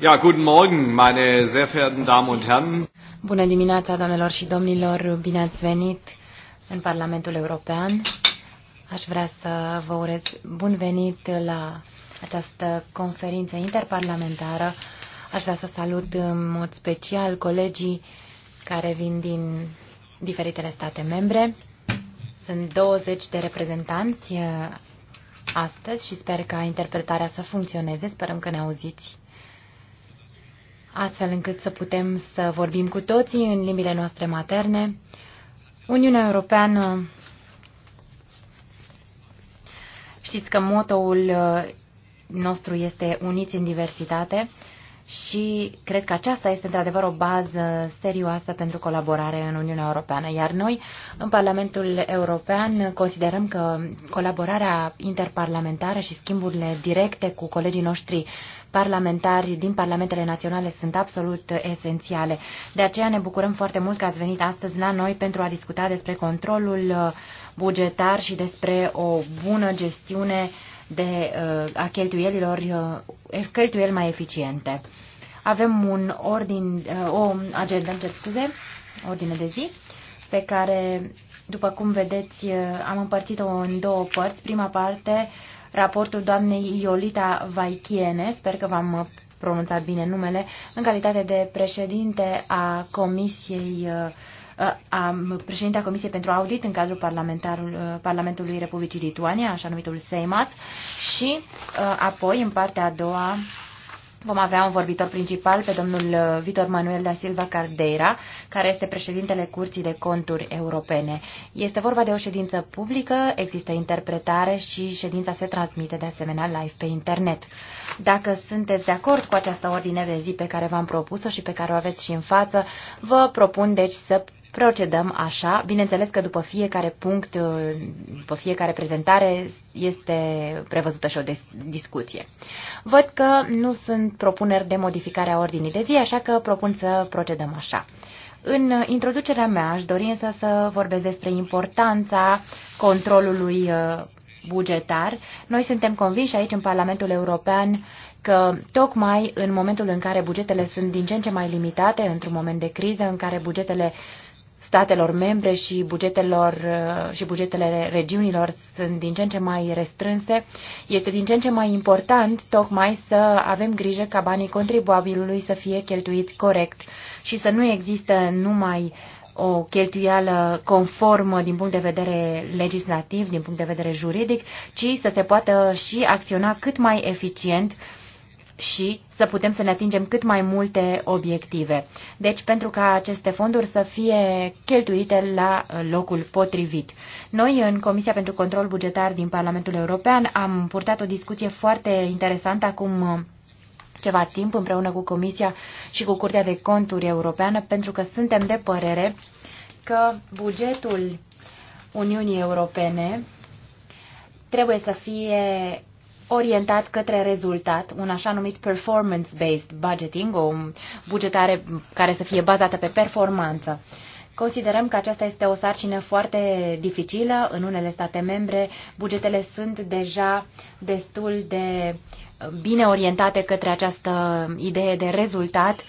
Ja, guten Morgen, meine sehr verehrten Damen und Herren. Bună dimineața, doamnelor și domnilor, bine ați venit în Parlamentul European. Aș vrea să vă urez bun venit la această conferință interparlamentară. Aș vrea să salut în mod special colegii care vin din diferitele state membre. Sunt 20 de reprezentanți eh, astăzi și sper ca interpretarea să funcționeze. Sperăm că ne auziți astfel încât să putem să vorbim cu toții în limbile noastre materne. Uniunea Europeană, știți că motoul uh, nostru este Uniți în diversitate și cred că aceasta este într-adevăr o bază serioasă pentru colaborare în Uniunea Europeană. Iar noi, în Parlamentul European, considerăm că colaborarea interparlamentară și schimburile directe cu colegii noștri uh, parlamentari din parlamentele naționale sunt absolut esențiale. De aceea ne bucurăm foarte mult că ați venit astăzi la noi pentru a discuta despre controlul uh, bugetar și despre o bună gestiune de, uh, a cheltuielilor, uh, cheltuieli mai eficiente. Avem un ordin, o agenda, îmi cer scuze, ordine de zi, pe care, după cum vedeți, am împărțit-o în două părți. Prima parte raportul doamnei Iolita Vaichiene, sper că v-am pronunțat bine numele, în calitate de președinte a Comisiei uh, a președintea Comisiei pentru Audit în cadrul uh, Parlamentului Republicii Lituania, așa numitul Seimat, și uh, apoi, în partea a doua, Vom avea un vorbitor principal pe domnul uh, Vitor Manuel da Silva Cardeira, care este președintele Curții de Conturi Europene. Este vorba de o ședință publică, există interpretare și ședința se transmite de asemenea live pe internet. Dacă sunteți de acord cu această ordine de zi pe care v-am propus-o și pe care o aveți și în față, vă propun deci să procedăm așa. Bineînțeles că după fiecare punct, uh, după fiecare prezentare, este prevăzută și o discuție. Văd că nu sunt propuneri de modificare a ordinii de zi, așa că propun să procedăm așa. În introducerea mea aș dori însă să vorbesc despre importanța controlului uh, bugetar. Noi suntem convinși aici în Parlamentul European că tocmai în momentul în care bugetele sunt din ce în ce mai limitate, într-un moment de criză în care bugetele statelor membre și bugetelor uh, și bugetele regiunilor sunt din ce în ce mai restrânse, este din ce în ce mai important tocmai să avem grijă ca banii contribuabilului să fie cheltuiți corect și să nu există numai o cheltuială conformă din punct de vedere legislativ, din punct de vedere juridic, ci să se poată și acționa cât mai eficient uh, și să putem să ne atingem cât mai multe obiective. Deci pentru ca aceste fonduri să fie cheltuite la uh, locul potrivit. Noi în Comisia pentru Control Bugetar din Parlamentul European am purtat o discuție foarte interesantă acum uh, ceva timp împreună cu Comisia și cu Curtea de Conturi Europeană pentru că suntem de părere că bugetul Uniunii Europene trebuie să fie orientat către rezultat, un așa numit performance-based budgeting, o bugetare care să fie bazată pe performanță. Considerăm că aceasta este o sarcină foarte dificilă. În unele state membre, bugetele sunt deja destul de bine orientate către această idee de rezultat,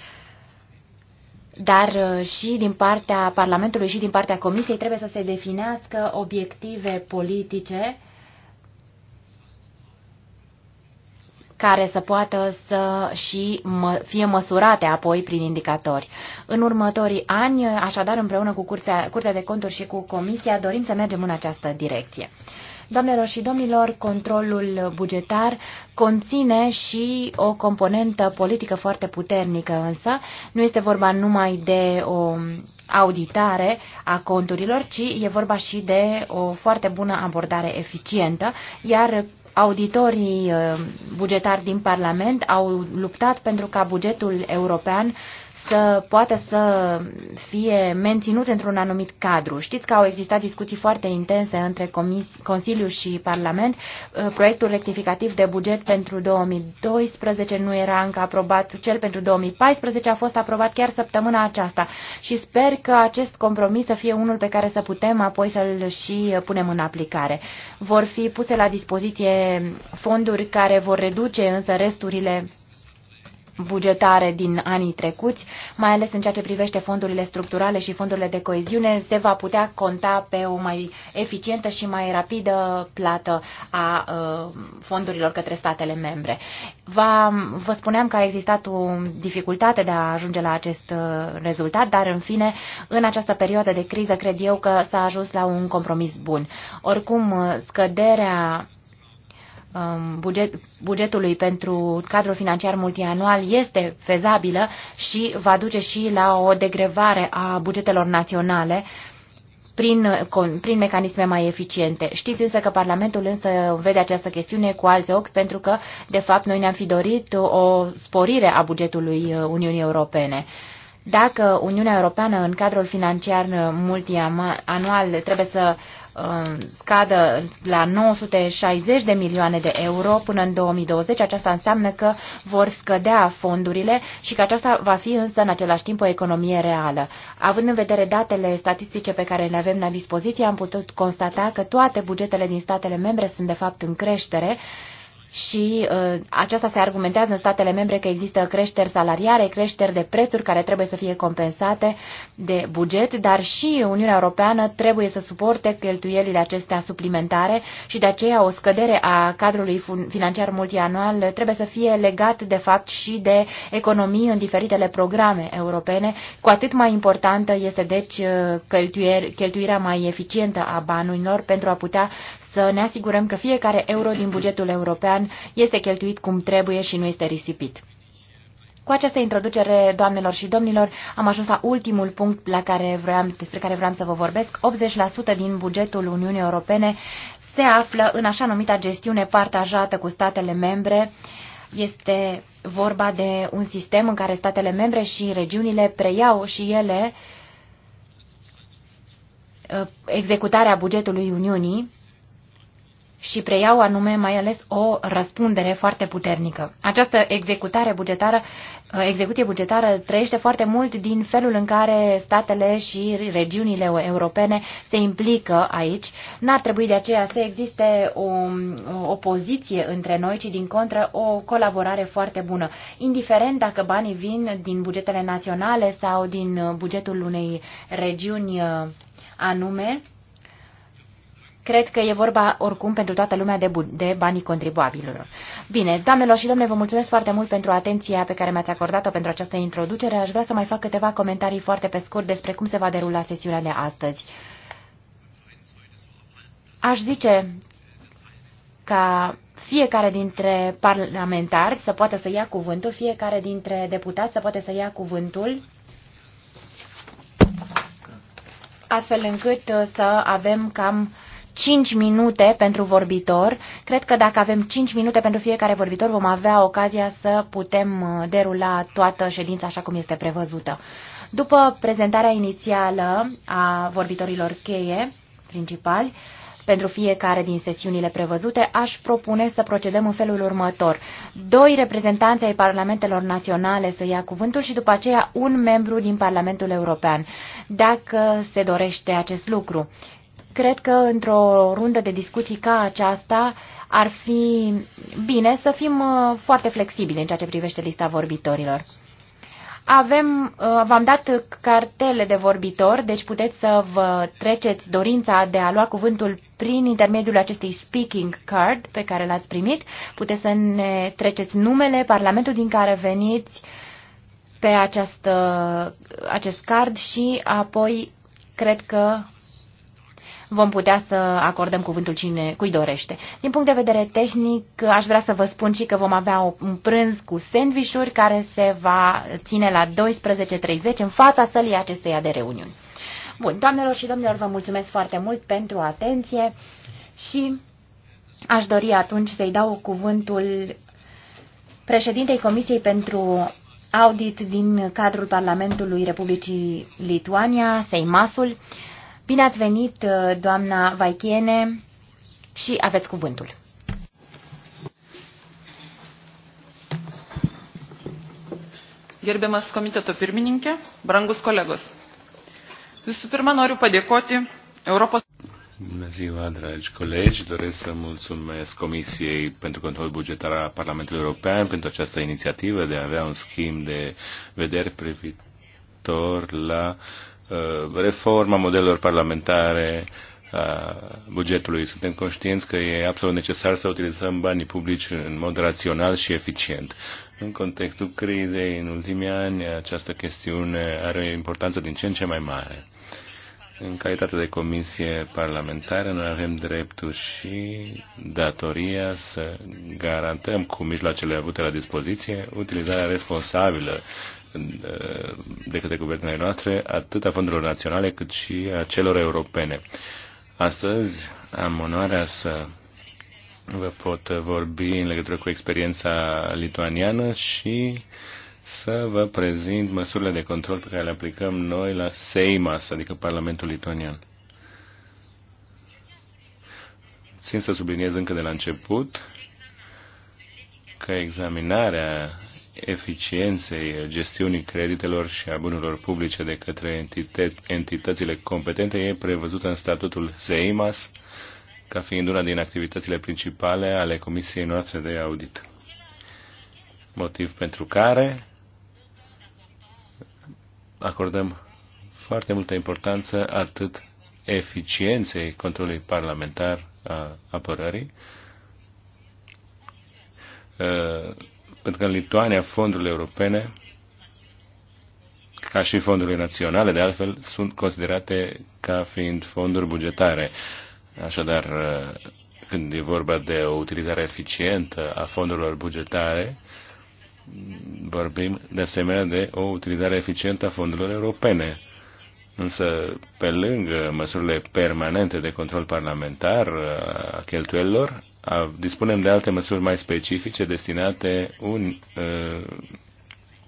dar uh, și din partea Parlamentului și din partea Comisiei trebuie să se definească obiective politice care să poată să și mă, fie măsurate apoi prin indicatori. În următorii ani, așadar împreună cu Curtea, Curtea de Conturi și cu Comisia, dorim să mergem în această direcție. Doamnelor și domnilor, controlul bugetar conține și o componentă politică foarte puternică însă. Nu este vorba numai de o auditare a conturilor, ci e vorba și de o foarte bună abordare eficientă, iar auditorii uh, bugetari din Parlament au luptat pentru ca bugetul european să poată să fie menținut într-un anumit cadru. Știți că au existat discuții foarte intense între comis, Consiliu și Parlament. Uh, proiectul rectificativ de buget pentru 2012 nu era încă aprobat, cel pentru 2014 a fost aprobat chiar săptămâna aceasta și sper că acest compromis să fie unul pe care să putem apoi să-l și punem în aplicare. Vor fi puse la dispoziție fonduri care vor reduce însă resturile bugetare din anii trecuți, mai ales în ceea ce privește fondurile structurale și fondurile de coeziune, se va putea conta pe o mai eficientă și mai rapidă plată a uh, fondurilor către statele membre. Va, vă spuneam că a existat o dificultate de a ajunge la acest uh, rezultat, dar în fine, în această perioadă de criză, cred eu că s-a ajuns la un compromis bun. Oricum, scăderea Um, buget, bugetului pentru cadrul financiar multianual este fezabilă și va duce și la o degrevare a bugetelor naționale prin, prin mecanisme mai eficiente. Știți însă că Parlamentul însă vede această chestiune cu alți ochi pentru că, de fapt, noi ne-am fi dorit o sporire a bugetului Uniunii Europene. Dacă Uniunea Europeană în cadrul financiar multianual trebuie să uh, Uh, scadă la 960 de milioane de euro până în 2020. Aceasta înseamnă că vor scădea fondurile și că aceasta va fi însă în același timp o economie reală. Având în vedere datele statistice pe care le avem la dispoziție, am putut constata că toate bugetele din statele membre sunt de fapt în creștere și uh, aceasta se argumentează în statele membre că există creșteri salariare, creșteri de prețuri care trebuie să fie compensate de buget, dar și Uniunea Europeană trebuie să suporte cheltuielile acestea suplimentare și de aceea o scădere a cadrului financiar multianual trebuie să fie legat de fapt și de economii în diferitele programe europene. Cu atât mai importantă este deci uh, cheltuier, cheltuirea mai eficientă a banilor pentru a putea să ne asigurăm că fiecare euro din bugetul european este cheltuit cum trebuie și nu este risipit. Cu această introducere, doamnelor și domnilor, am ajuns la ultimul punct la care vroiam, despre care vreau să vă vorbesc. 80% din bugetul Uniunii Europene se află în așa numita gestiune partajată cu statele membre. Este vorba de un sistem în care statele membre și regiunile preiau și ele uh, executarea bugetului Uniunii și preiau anume mai ales o răspundere foarte puternică. Această executare bugetară, uh, execuție bugetară trăiește foarte mult din felul în care statele și regiunile europene se implică aici. N-ar trebui de aceea să existe o opoziție între noi, ci din contră o colaborare foarte bună. Indiferent dacă banii vin din bugetele naționale sau din bugetul unei regiuni uh, anume, cred că e vorba oricum pentru toată lumea de, de banii contribuabililor. Bine, doamnelor și domne, vă mulțumesc foarte mult pentru atenția pe care mi-ați acordat-o pentru această introducere. Aș vrea să mai fac câteva comentarii foarte pe scurt despre cum se va derula sesiunea de astăzi. Aș zice ca fiecare dintre parlamentari să poată să ia cuvântul, fiecare dintre deputați să poată să ia cuvântul, astfel încât să avem cam 5 minute pentru vorbitor. Cred că dacă avem 5 minute pentru fiecare vorbitor, vom avea ocazia să putem uh, derula toată ședința așa cum este prevăzută. După prezentarea inițială a vorbitorilor cheie principali, pentru fiecare din sesiunile prevăzute, aș propune să procedăm în felul următor. Doi reprezentanți ai parlamentelor naționale să ia cuvântul și după aceea un membru din Parlamentul European, dacă se dorește acest lucru cred că într-o rundă de discuții ca aceasta ar fi bine să fim uh, foarte flexibili în ceea ce privește lista vorbitorilor. Avem, uh, v-am dat cartele de vorbitor, deci puteți să vă treceți dorința de a lua cuvântul prin intermediul acestei speaking card pe care l-ați primit. Puteți să ne treceți numele, parlamentul din care veniți pe această, acest card și apoi cred că vom putea să acordăm cuvântul cine, cui dorește. Din punct de vedere tehnic, aș vrea să vă spun și că vom avea un prânz cu sandvișuri care se va ține la 12.30 în fața sălii acesteia de reuniuni. Bun, doamnelor și domnilor, vă mulțumesc foarte mult pentru atenție și aș dori atunci să-i dau cuvântul președintei Comisiei pentru Audit din cadrul Parlamentului Republicii Lituania, Seimasul, Bine ați venit, uh, doamna Vaichiene, și aveți cuvântul. Gerbiamas komiteto pirmininkė, brangus kolegos. Visų pirma, noriu padėkoti Europos. Bună ziua, dragi colegi! Doresc să mulțumesc Comisiei pentru Control Bugetar a Parlamentului European pentru această inițiativă de a avea un schimb de vederi privitor la uh, Uh, reforma modelelor parlamentare, a bugetului. Suntem conștienți că e absolut necesar să utilizăm banii publici în mod rațional și eficient. În contextul crizei, în ultimii ani, această chestiune are o importanță din ce în ce mai mare. În calitate de comisie parlamentară, noi avem dreptul și datoria să garantăm cu mijloacele avute la dispoziție utilizarea responsabilă de către guvernele noastre, atât a fondurilor naționale cât și a celor europene. Astăzi am onoarea să vă pot vorbi în legătură cu experiența lituaniană și să vă prezint măsurile de control pe care le aplicăm noi la Seimas, adică Parlamentul Lituanian. Țin să subliniez încă de la început că examinarea eficienței gestiunii creditelor și a bunurilor publice de către entitățile competente e prevăzută în statutul ZEIMAS ca fiind una din activitățile principale ale Comisiei noastre de audit. Motiv pentru care acordăm foarte multă importanță atât eficienței controlului parlamentar a apărării, pentru că în Lituania fondurile europene, ca și fondurile naționale, de altfel, sunt considerate ca fiind fonduri bugetare. Așadar, când e vorba de o utilizare eficientă a fondurilor bugetare, vorbim de asemenea de o utilizare eficientă a fondurilor europene. Însă, pe lângă măsurile permanente de control parlamentar a cheltuielilor, dispunem de alte măsuri mai specifice destinate un,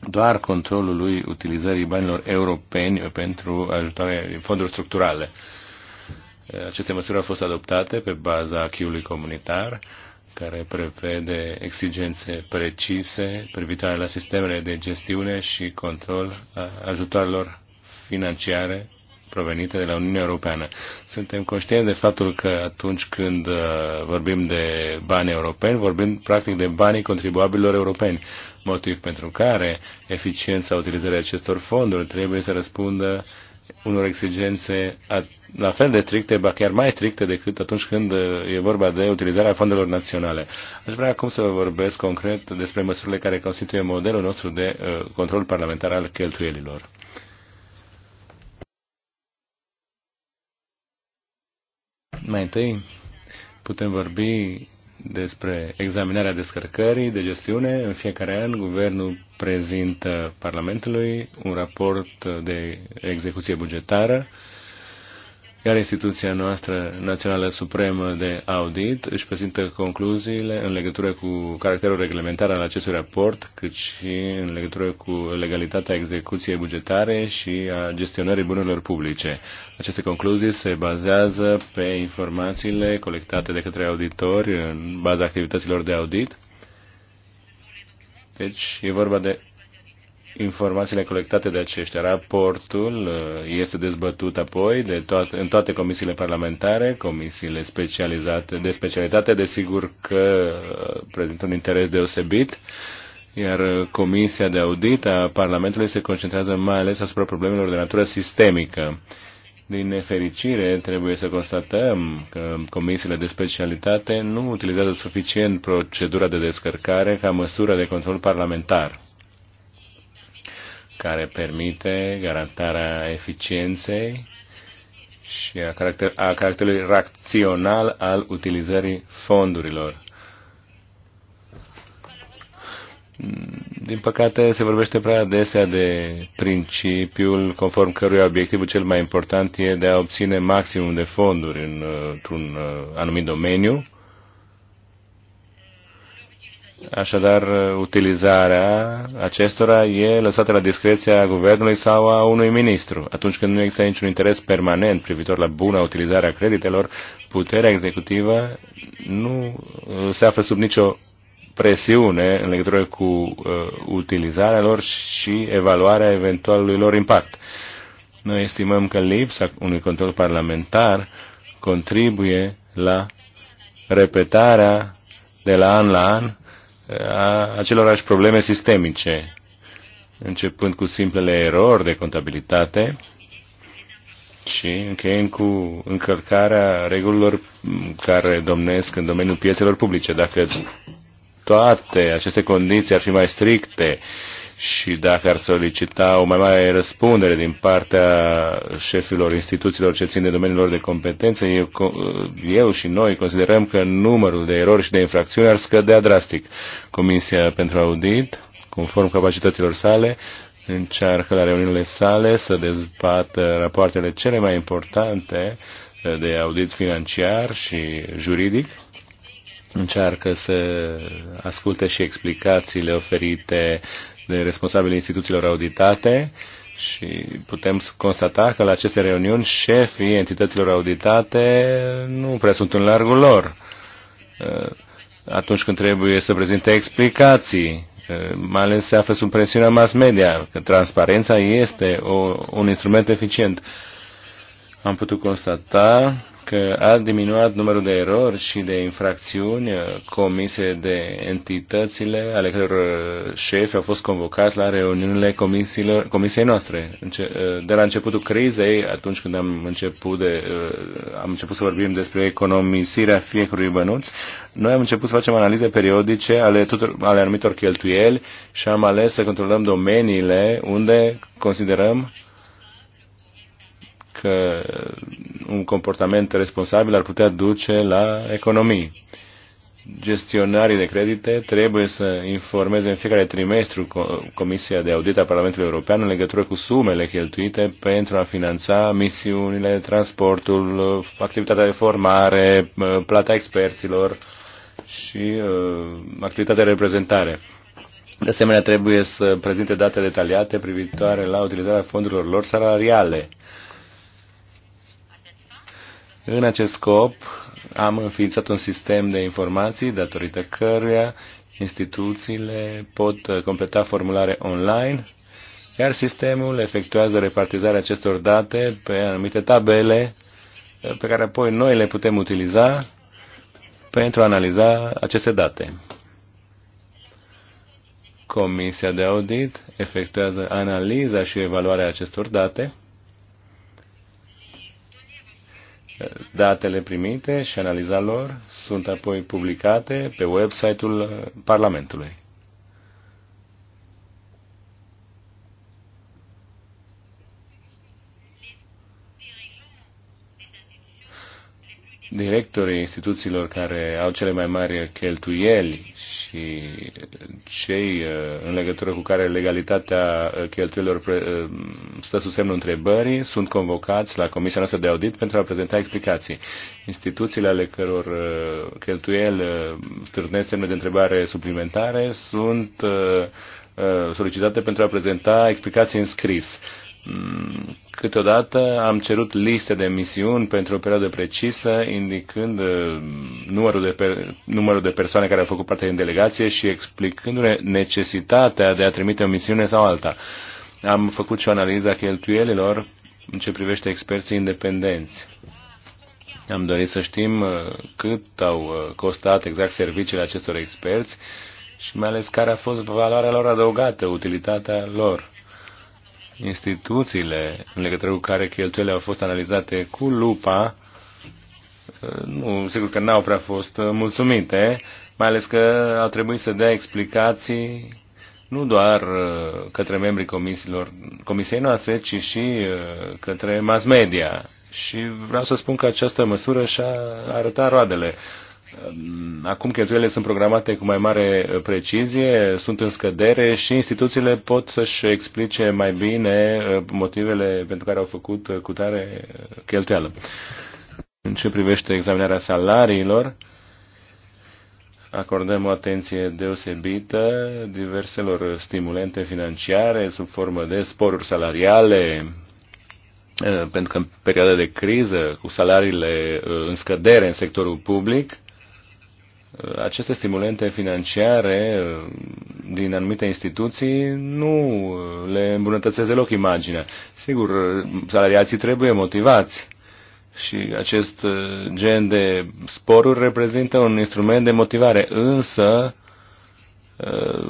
doar controlului utilizării banilor europeni pentru ajutoare în fonduri structurale. Aceste măsuri au fost adoptate pe baza acquis comunitar, care prevede exigențe precise privitoare la sistemele de gestiune și control a ajutoarelor financiare provenite de la Uniunea Europeană. Suntem conștienți de faptul că atunci când uh, vorbim de bani europeni, vorbim practic de banii contribuabililor europeni, motiv pentru care eficiența utilizării acestor fonduri trebuie să răspundă unor exigențe la fel de stricte, ba chiar mai stricte decât atunci când uh, e vorba de utilizarea fondurilor naționale. Aș vrea acum să vă vorbesc concret despre măsurile care constituie modelul nostru de uh, control parlamentar al cheltuielilor. Mai întâi putem vorbi despre examinarea descărcării de gestiune. În fiecare an, guvernul prezintă Parlamentului un raport de execuție bugetară iar instituția noastră națională supremă de audit își prezintă concluziile în legătură cu caracterul reglementar al acestui raport, cât și în legătură cu legalitatea execuției bugetare și a gestionării bunurilor publice. Aceste concluzii se bazează pe informațiile colectate de către auditori în baza activităților de audit. Deci e vorba de informațiile colectate de aceștia. Raportul uh, este dezbătut apoi de toate, în toate comisiile parlamentare, comisiile specializate de specialitate, desigur că uh, prezintă un interes deosebit, iar uh, Comisia de Audit a Parlamentului se concentrează mai ales asupra problemelor de natură sistemică. Din nefericire, trebuie să constatăm că comisiile de specialitate nu utilizează suficient procedura de descărcare ca măsură de control parlamentar care permite garantarea eficienței și a, caracter, a caracterului rațional al utilizării fondurilor. Din păcate, se vorbește prea adesea de principiul conform căruia obiectivul cel mai important e de a obține maximum de fonduri într-un uh, anumit domeniu Așadar, utilizarea acestora e lăsată la discreția guvernului sau a unui ministru. Atunci când nu există niciun interes permanent privitor la buna utilizare a creditelor, puterea executivă nu uh, se află sub nicio presiune în legătură cu uh, utilizarea lor și evaluarea eventualului lor impact. Noi estimăm că lipsa unui control parlamentar contribuie la repetarea de la an la an acelorași probleme sistemice, începând cu simplele erori de contabilitate și încheiind cu încălcarea regulilor care domnesc în domeniul piețelor publice. Dacă toate aceste condiții ar fi mai stricte, și dacă ar solicita o mai mare răspundere din partea șefilor instituțiilor ce țin de domeniul de competență, eu, eu și noi considerăm că numărul de erori și de infracțiuni ar scădea drastic. Comisia pentru audit, conform capacităților sale, încearcă la reuniunile sale să dezbată rapoartele cele mai importante de audit financiar și juridic încearcă să asculte și explicațiile oferite de responsabili instituțiilor auditate și putem constata că la aceste reuniuni șefii entităților auditate nu prea sunt în largul lor uh, atunci când trebuie să prezinte explicații, uh, mai ales se află sub presiunea mass media, că transparența este o, un instrument eficient. Am putut constata că a diminuat numărul de erori și de infracțiuni uh, comise de entitățile ale căror uh, șefi au fost convocați la reuniunile comisiilor, comisiei noastre. Uh, de la începutul crizei, atunci când am început, de, am început să vorbim despre economisirea fiecărui bănuț, noi am început să facem analize periodice ale, tuturor, ale anumitor cheltuieli și am ales să controlăm domeniile unde considerăm că un comportament responsabil ar putea duce la economii. Gestionarii de credite trebuie să informeze în fiecare trimestru Comisia de Audit a Parlamentului European în legătură cu sumele cheltuite pentru a finanța misiunile, transportul, activitatea de formare, plata experților și uh, activitatea de reprezentare. De asemenea, trebuie să prezinte date detaliate privitoare la utilizarea fondurilor lor salariale în acest scop, am înființat un sistem de informații datorită căruia instituțiile pot uh, completa formulare online, iar sistemul efectuează repartizarea acestor date pe anumite tabele uh, pe care apoi noi le putem utiliza pentru a analiza aceste date. Comisia de audit efectuează analiza și evaluarea acestor date Datele primite și analiza lor sunt apoi publicate pe website-ul Parlamentului. directorii instituțiilor care au cele mai mari cheltuieli și cei uh, în legătură cu care legalitatea uh, cheltuielor uh, stă sub semnul întrebării sunt convocați la Comisia noastră de audit pentru a prezenta explicații. Instituțiile ale căror cheltuieli stârnesc semne de întrebare suplimentare sunt solicitate pentru a prezenta explicații în scris. Câteodată am cerut liste de misiuni pentru o perioadă precisă, indicând uh, numărul de, per, numărul de persoane care au făcut parte din delegație și explicându-ne necesitatea de a trimite o misiune sau alta. Am făcut și o analiză a cheltuielilor în ce privește experții independenți. Am dorit să știm uh, cât au uh, costat exact serviciile acestor experți și mai ales care a fost valoarea lor adăugată, utilitatea lor instituțiile în legătură cu care cheltuielile au fost analizate cu lupa, nu, sigur că n-au prea fost mulțumite, mai ales că au trebuit să dea explicații nu doar uh, către membrii comisiilor, comisiei noastre, ci și uh, către mass media. Și vreau să spun că această măsură și-a arătat roadele. Ehm, acum cheltuielile sunt programate cu mai mare eh, precizie, sunt în scădere și instituțiile pot să-și explice mai bine eh, motivele pentru care au făcut eh, cu tare cheltuială. În ce privește examinarea salariilor, acordăm o atenție deosebită diverselor stimulente financiare sub formă de sporuri salariale, pentru că în perioada de criză, cu salariile în scădere în sectorul public, aceste stimulente financiare uh, din anumite instituții nu uh, le îmbunătățesc deloc imaginea. Sigur, uh, salariații trebuie motivați și acest gen de sporuri reprezintă un instrument de motivare, însă uh, Uh,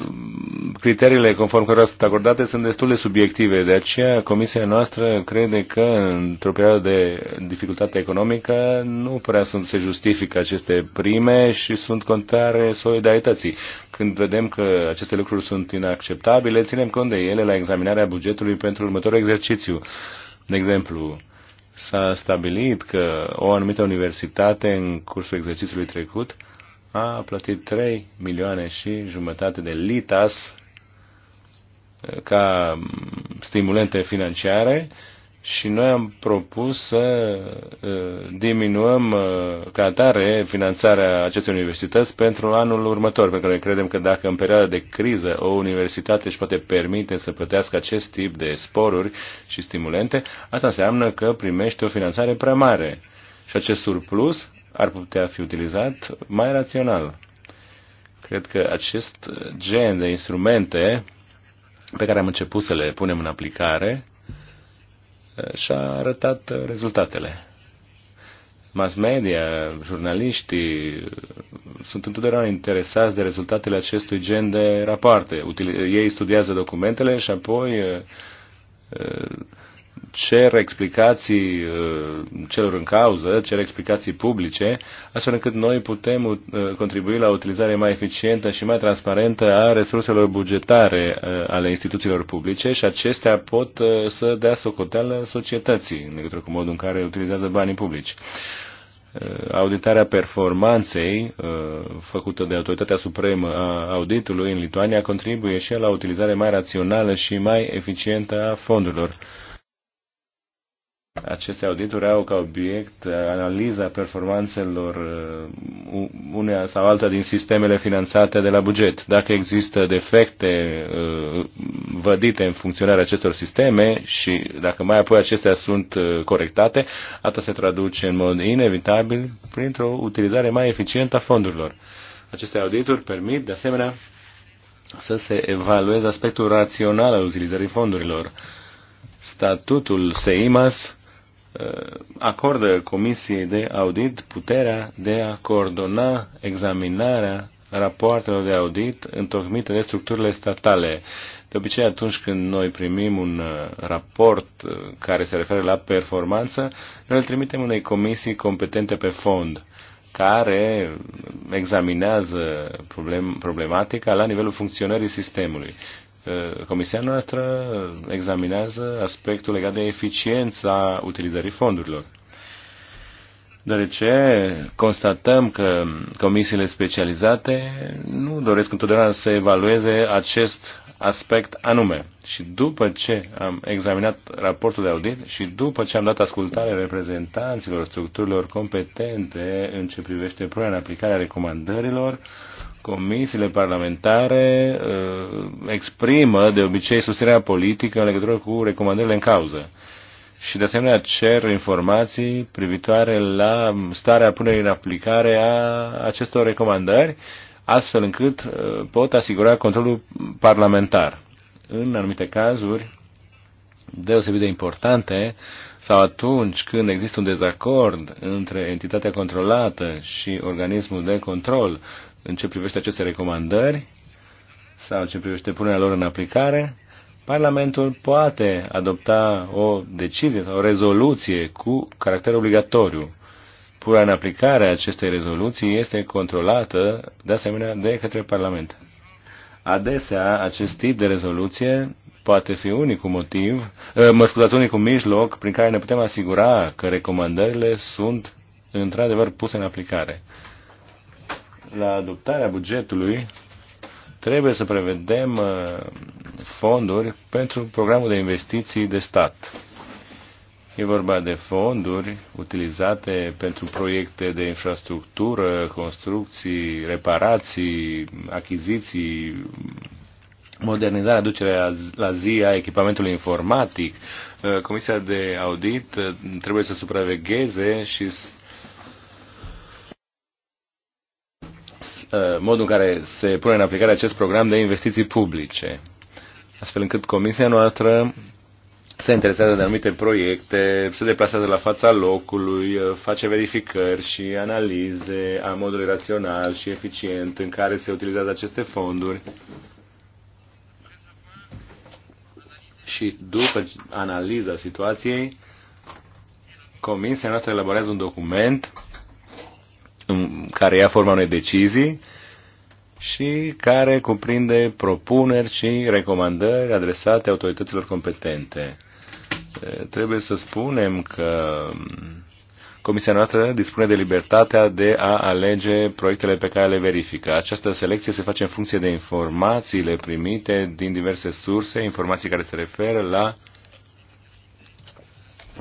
criteriile conform cărora sunt acordate sunt destul de subiective. De aceea, comisia noastră crede că, într-o perioadă de dificultate economică, nu prea sunt, se justifică aceste prime și sunt contare solidarității. Când vedem că aceste lucruri sunt inacceptabile, ținem cont de ele la examinarea bugetului pentru următorul exercițiu. De exemplu, s-a stabilit că o anumită universitate în cursul exercițiului trecut uh, a plătit 3 milioane și jumătate de litas ca stimulente financiare și noi am propus să uh, diminuăm uh, ca atare finanțarea acestei universități pentru anul următor, pentru că noi credem că dacă în perioada de criză o universitate își poate permite să plătească acest tip de sporuri și stimulente, asta înseamnă că primește o finanțare prea mare. Și acest surplus ar putea fi utilizat mai rațional. Cred că acest gen de instrumente pe care am început să le punem în aplicare uh, și-a arătat uh, rezultatele. Mass media, jurnaliștii uh, sunt întotdeauna interesați de rezultatele acestui gen de rapoarte. Ei studiază documentele și apoi cer explicații uh, celor în cauză, cer explicații publice, astfel încât noi putem uh, contribui la utilizarea utilizare mai eficientă și mai transparentă a resurselor bugetare uh, ale instituțiilor publice și acestea pot să dea socoteală societății în legătură cu modul în care utilizează banii publici. Auditarea performanței făcută de Autoritatea Supremă a Auditului în Lituania contribuie și la utilizare mai rațională și mai eficientă a fondurilor aceste audituri au ca obiect analiza performanțelor uh, unea sau alta din sistemele finanțate de la buget. Dacă există defecte uh, vădite în funcționarea acestor sisteme și dacă mai apoi acestea sunt uh, corectate, asta se traduce în mod inevitabil printr-o utilizare mai eficientă a fondurilor. Aceste audituri permit, de asemenea, să se evalueze aspectul rațional al utilizării fondurilor. Statutul SEIMAS Uh, acordă Comisiei de Audit puterea de a coordona examinarea rapoartelor de audit întocmite de structurile statale. De obicei, atunci când noi primim un uh, raport uh, care se referă la performanță, noi îl trimitem unei comisii competente pe fond, care examinează problem, problematica la nivelul funcționării sistemului. Eh, Comisia noastră examinează aspectul legat de eficiența utilizării fondurilor. Deoarece constatăm că comisiile specializate nu doresc întotdeauna să evalueze acest aspect anume. Și după ce am examinat raportul de audit și după ce am dat ascultare reprezentanților structurilor competente în ce privește punerea în aplicarea recomandărilor, recomandărilor, comisiile parlamentare uh, exprimă de obicei susținerea politică în legătură cu recomandările în cauză. Și de asemenea cer informații privitoare la starea punerii în aplicare a acestor recomandări, astfel încât uh, pot asigura controlul parlamentar. În anumite cazuri deosebit de importante, sau atunci când există un dezacord între entitatea controlată și organismul de control, în ce privește aceste recomandări sau în ce privește punerea lor în aplicare, Parlamentul poate adopta o decizie sau o rezoluție cu caracter obligatoriu. Punerea în aplicare a acestei rezoluții este controlată de asemenea de către Parlament. Adesea, acest tip de rezoluție poate fi unicul motiv, ă, mă scuzați, unicul mijloc prin care ne putem asigura că recomandările sunt într-adevăr puse în aplicare la adoptarea bugetului trebuie să prevedem uh, fonduri pentru programul de investiții de stat. E vorba de fonduri utilizate pentru proiecte de infrastructură, construcții, reparații, achiziții, modernizarea, aducerea la zi a echipamentului informatic. Uh, Comisia de audit uh, trebuie să supravegheze și Uh, modul în care se pune în aplicare acest program de investiții publice, astfel încât comisia noastră se interesează de anumite proiecte, se deplasează la fața locului, uh, face verificări și analize a modului rațional și eficient în care se utilizează aceste fonduri. Și după analiza situației, comisia noastră elaborează un document care ia forma unei decizii și care cuprinde propuneri și recomandări adresate autorităților competente. Trebuie să spunem că mm, Comisia noastră dispune de libertatea de a alege proiectele pe care le verifică. Această selecție se face în funcție de informațiile primite din diverse surse, informații care se referă la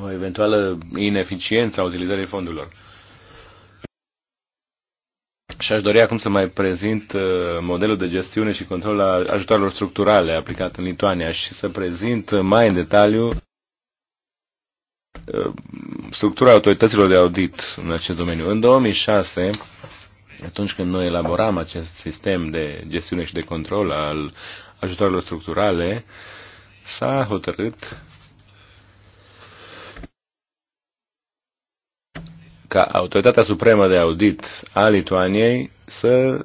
o eventuală ineficiență a utilizării fondurilor. Și aș dori acum să mai prezint uh, modelul de gestiune și control al ajutoarelor structurale aplicat în Lituania și să prezint mai în detaliu uh, structura autorităților de audit în acest domeniu. În 2006, atunci când noi elaboram acest sistem de gestiune și de control al ajutoarelor structurale, s-a hotărât ca Autoritatea Supremă de Audit a Lituaniei să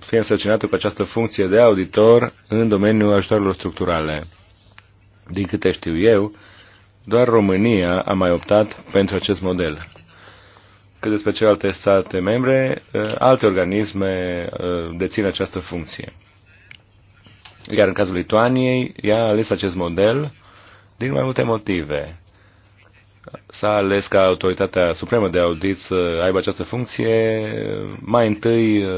fie însărcinată cu această funcție de auditor în domeniul ajutorilor structurale. Din câte știu eu, doar România a mai optat pentru acest model. Cât despre celelalte state membre, alte organisme dețin această funcție. Iar în cazul Lituaniei, ea a ales acest model din mai multe motive s-a ales ca autoritatea supremă de audit să aibă această funcție mai întâi uh,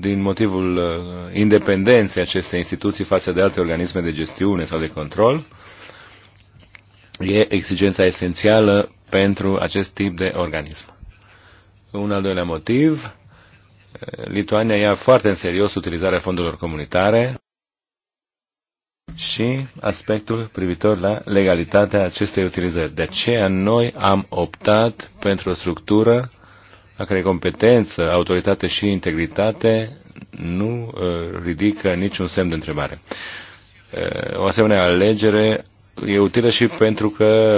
din motivul uh, independenței acestei instituții față de alte organisme de gestiune sau de control. E exigența esențială pentru acest tip de organism. Un al doilea motiv, uh, Lituania ia foarte în serios utilizarea fondurilor comunitare și aspectul privitor la legalitatea acestei utilizări. De aceea noi am optat pentru o structură a care competență, autoritate și integritate nu uh, ridică niciun semn de întrebare. Uh, o asemenea alegere e utilă și pentru că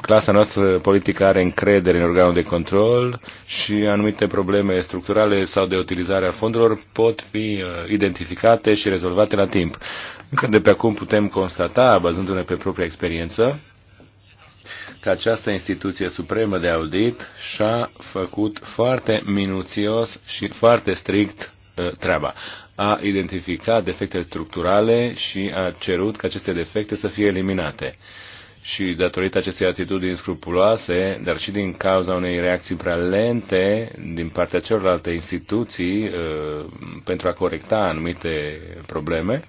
clasa noastră politică are încredere în organul de control și anumite probleme structurale sau de utilizare a fondurilor pot fi uh, identificate și rezolvate la timp. Încă de pe acum putem constata, bazându-ne pe propria experiență, că această instituție supremă de audit și-a făcut foarte minuțios și foarte strict uh, treaba. A identificat defectele structurale și a cerut ca aceste defecte să fie eliminate. Și datorită acestei atitudini scrupuloase, dar și din cauza unei reacții prea lente din partea celorlalte instituții uh, pentru a corecta anumite probleme,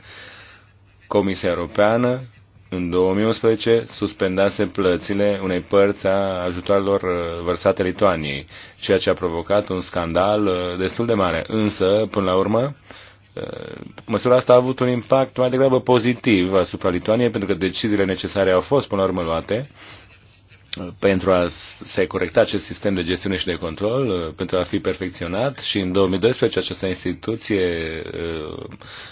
Comisia Europeană în 2011 suspendase plățile unei părți a ajutoarelor uh, vărsate Lituaniei, ceea ce a provocat un scandal uh, destul de mare. Însă, până la urmă, uh, măsura asta a avut un impact mai degrabă pozitiv asupra Lituaniei, pentru că deciziile necesare au fost până la urmă luate pentru a se corecta acest sistem de gestiune și de control, uh, pentru a fi perfecționat și în 2012 această instituție uh,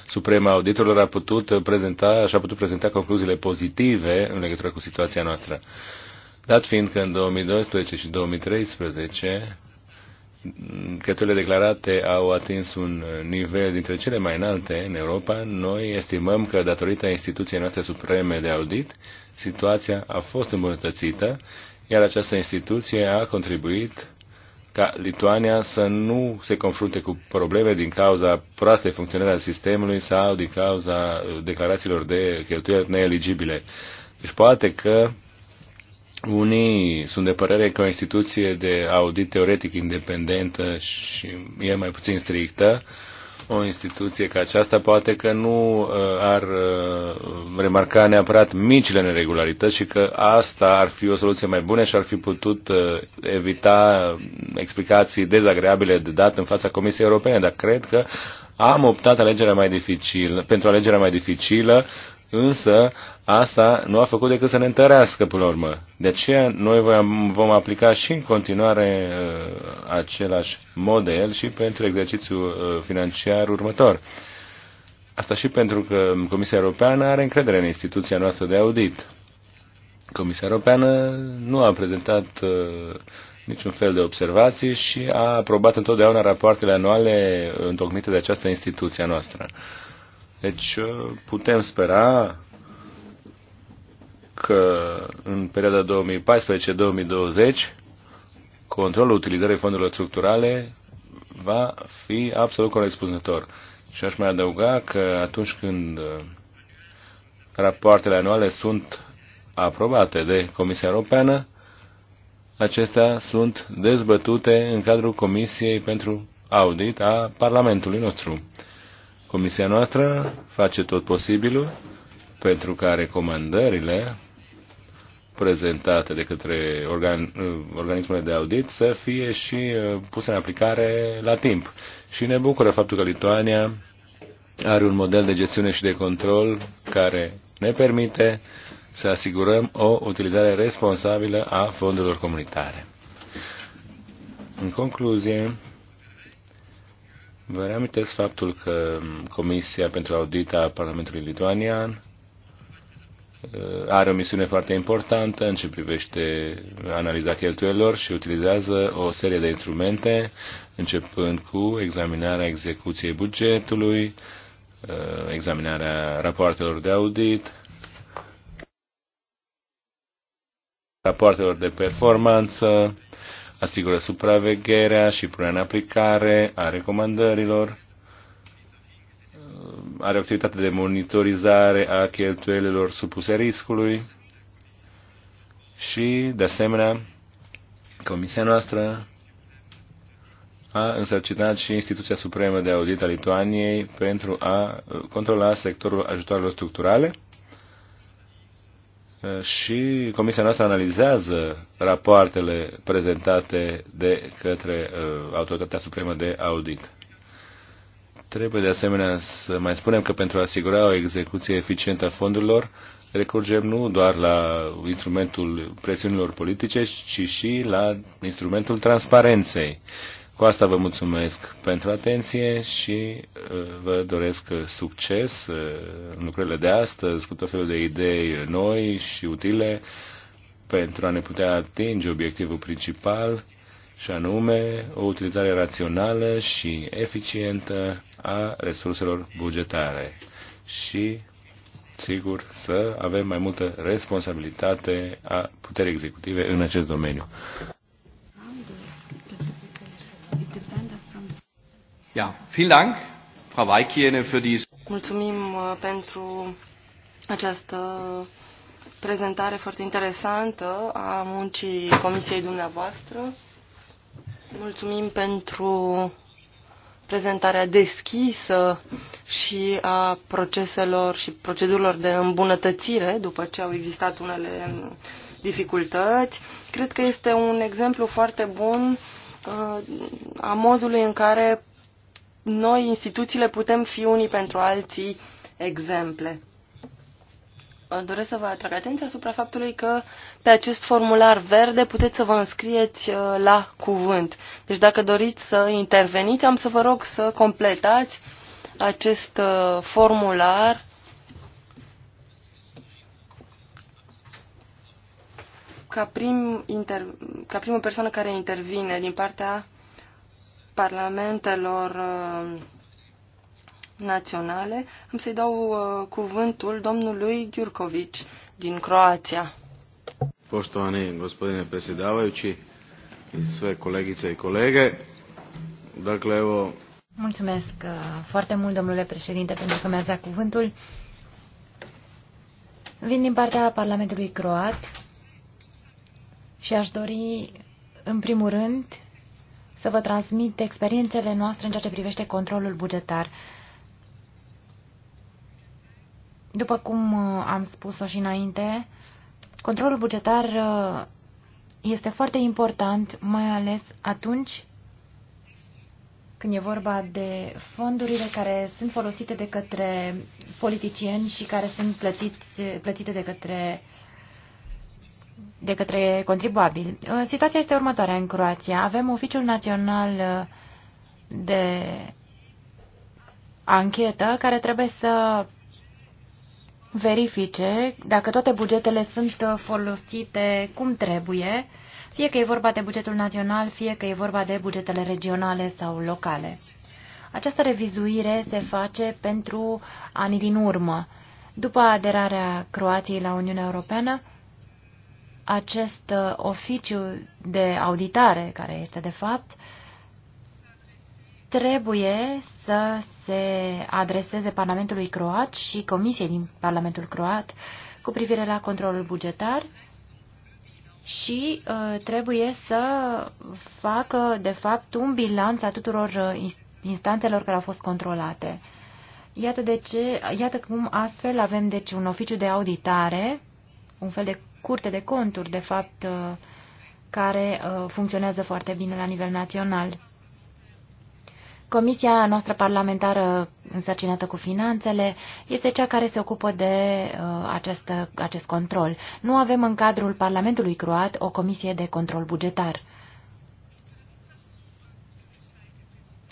suprema auditorilor a putut uh, prezenta și a putut prezenta concluziile pozitive în legătură cu situația noastră. Dat fiind că în 2012 și 2013 cele declarate au atins un nivel dintre cele mai înalte în Europa, noi estimăm că, datorită instituției noastre supreme de audit, situația a fost îmbunătățită, iar această instituție a contribuit ca Lituania să nu se confrunte cu probleme din cauza proastei funcționare al sistemului sau din cauza declarațiilor de cheltuieli neeligibile. Deci poate că unii sunt de părere că o instituție de audit teoretic independentă și e mai puțin strictă, o instituție ca aceasta poate că nu uh, ar uh, remarca neapărat micile neregularități și că asta ar fi o soluție mai bună și ar fi putut uh, evita explicații dezagreabile de dat în fața Comisiei Europene, dar cred că am optat alegerea mai dificilă, pentru alegerea mai dificilă însă asta nu a făcut decât să ne întărească până la urmă. De aceea noi vom aplica și în continuare uh, același model și pentru exercițiul uh, financiar următor. Asta și pentru că Comisia Europeană are încredere în instituția noastră de audit. Comisia Europeană nu a prezentat uh, niciun fel de observații și a aprobat întotdeauna rapoartele anuale întocmite de această instituție noastră. Deci uh, putem spera că în perioada 2014-2020 controlul utilizării fondurilor structurale va fi absolut corespunzător. Și aș mai adăuga că atunci când uh, rapoartele anuale sunt aprobate de Comisia Europeană, acestea sunt dezbătute în cadrul Comisiei pentru Audit a Parlamentului nostru. Comisia noastră face tot posibilul pentru ca recomandările prezentate de către organ, uh, organismele de audit să fie și uh, puse în aplicare la timp. Și ne bucură faptul că Lituania are un model de gestiune și de control care ne permite să asigurăm o utilizare responsabilă a fondurilor comunitare. În concluzie, Vă reamintesc faptul că Comisia pentru Audit a Parlamentului Lituanian uh, are o misiune foarte importantă în ce privește analiza cheltuielor și utilizează o serie de instrumente, începând cu examinarea execuției bugetului, uh, examinarea rapoartelor de audit, rapoartelor de performanță, asigură supravegherea și pune în aplicare a recomandărilor, are o activitate de monitorizare a cheltuielilor supuse riscului și, de asemenea, Comisia noastră a însărcinat și Instituția Supremă de Audit a Lituaniei pentru a controla sectorul ajutoarelor structurale și Comisia noastră analizează rapoartele prezentate de către uh, Autoritatea Supremă de Audit. Trebuie de asemenea să mai spunem că pentru a asigura o execuție eficientă a fondurilor, recurgem nu doar la instrumentul presiunilor politice, ci și la instrumentul transparenței. Cu asta vă mulțumesc pentru atenție și uh, vă doresc uh, succes uh, în lucrările de astăzi, cu tot felul de idei noi și utile pentru a ne putea atinge obiectivul principal și anume o utilizare rațională și eficientă a resurselor bugetare și, sigur, să avem mai multă responsabilitate a puterii executive în acest domeniu. Ja, vielen Dank, Frau Weikiene, für Mulțumim uh, pentru această prezentare foarte interesantă a muncii comisiei dumneavoastră. Mulțumim pentru prezentarea deschisă și a proceselor și procedurilor de îmbunătățire după ce au existat unele dificultăți. Cred că este un exemplu foarte bun uh, a modului în care noi, instituțiile, putem fi unii pentru alții exemple. Doresc să vă atrag atenția asupra faptului că pe acest formular verde puteți să vă înscrieți uh, la cuvânt. Deci dacă doriți să interveniți, am să vă rog să completați acest uh, formular ca, prim inter, ca primă persoană care intervine din partea parlamentelor uh, naționale, am să-i dau uh, cuvântul domnului Gjurković din Croația. Poštovani gospodine predsjedavajući i sve kolegice i kolege, dakle evo... Mulțumesc uh, foarte mult, domnule președinte, pentru că mi-ați dat cuvântul. Vin din partea Parlamentului Croat și aș dori, în primul rând, să vă transmit experiențele noastre în ceea ce privește controlul bugetar. După cum uh, am spus-o și înainte, controlul bugetar uh, este foarte important, mai ales atunci când e vorba de fondurile care sunt folosite de către politicieni și care sunt plătiți, plătite de către de către contribuabil. Uh, situația este următoarea în Croația. Avem Oficiul Național uh, de Anchetă care trebuie să verifice dacă toate bugetele sunt uh, folosite cum trebuie, fie că e vorba de bugetul național, fie că e vorba de bugetele regionale sau locale. Această revizuire se face pentru anii din urmă. După aderarea Croației la Uniunea Europeană, acest uh, oficiu de auditare, care este de fapt, trebuie să se adreseze Parlamentului Croat și Comisiei din Parlamentul Croat cu privire la controlul bugetar și uh, trebuie să facă, de fapt, un bilanț a tuturor uh, instanțelor care au fost controlate. Iată de ce, iată cum astfel avem deci un oficiu de auditare, un fel de curte de conturi, de fapt, uh, care uh, funcționează foarte bine la nivel național. Comisia noastră parlamentară însărcinată cu finanțele este cea care se ocupă de uh, acest, acest control. Nu avem în cadrul Parlamentului Croat o comisie de control bugetar.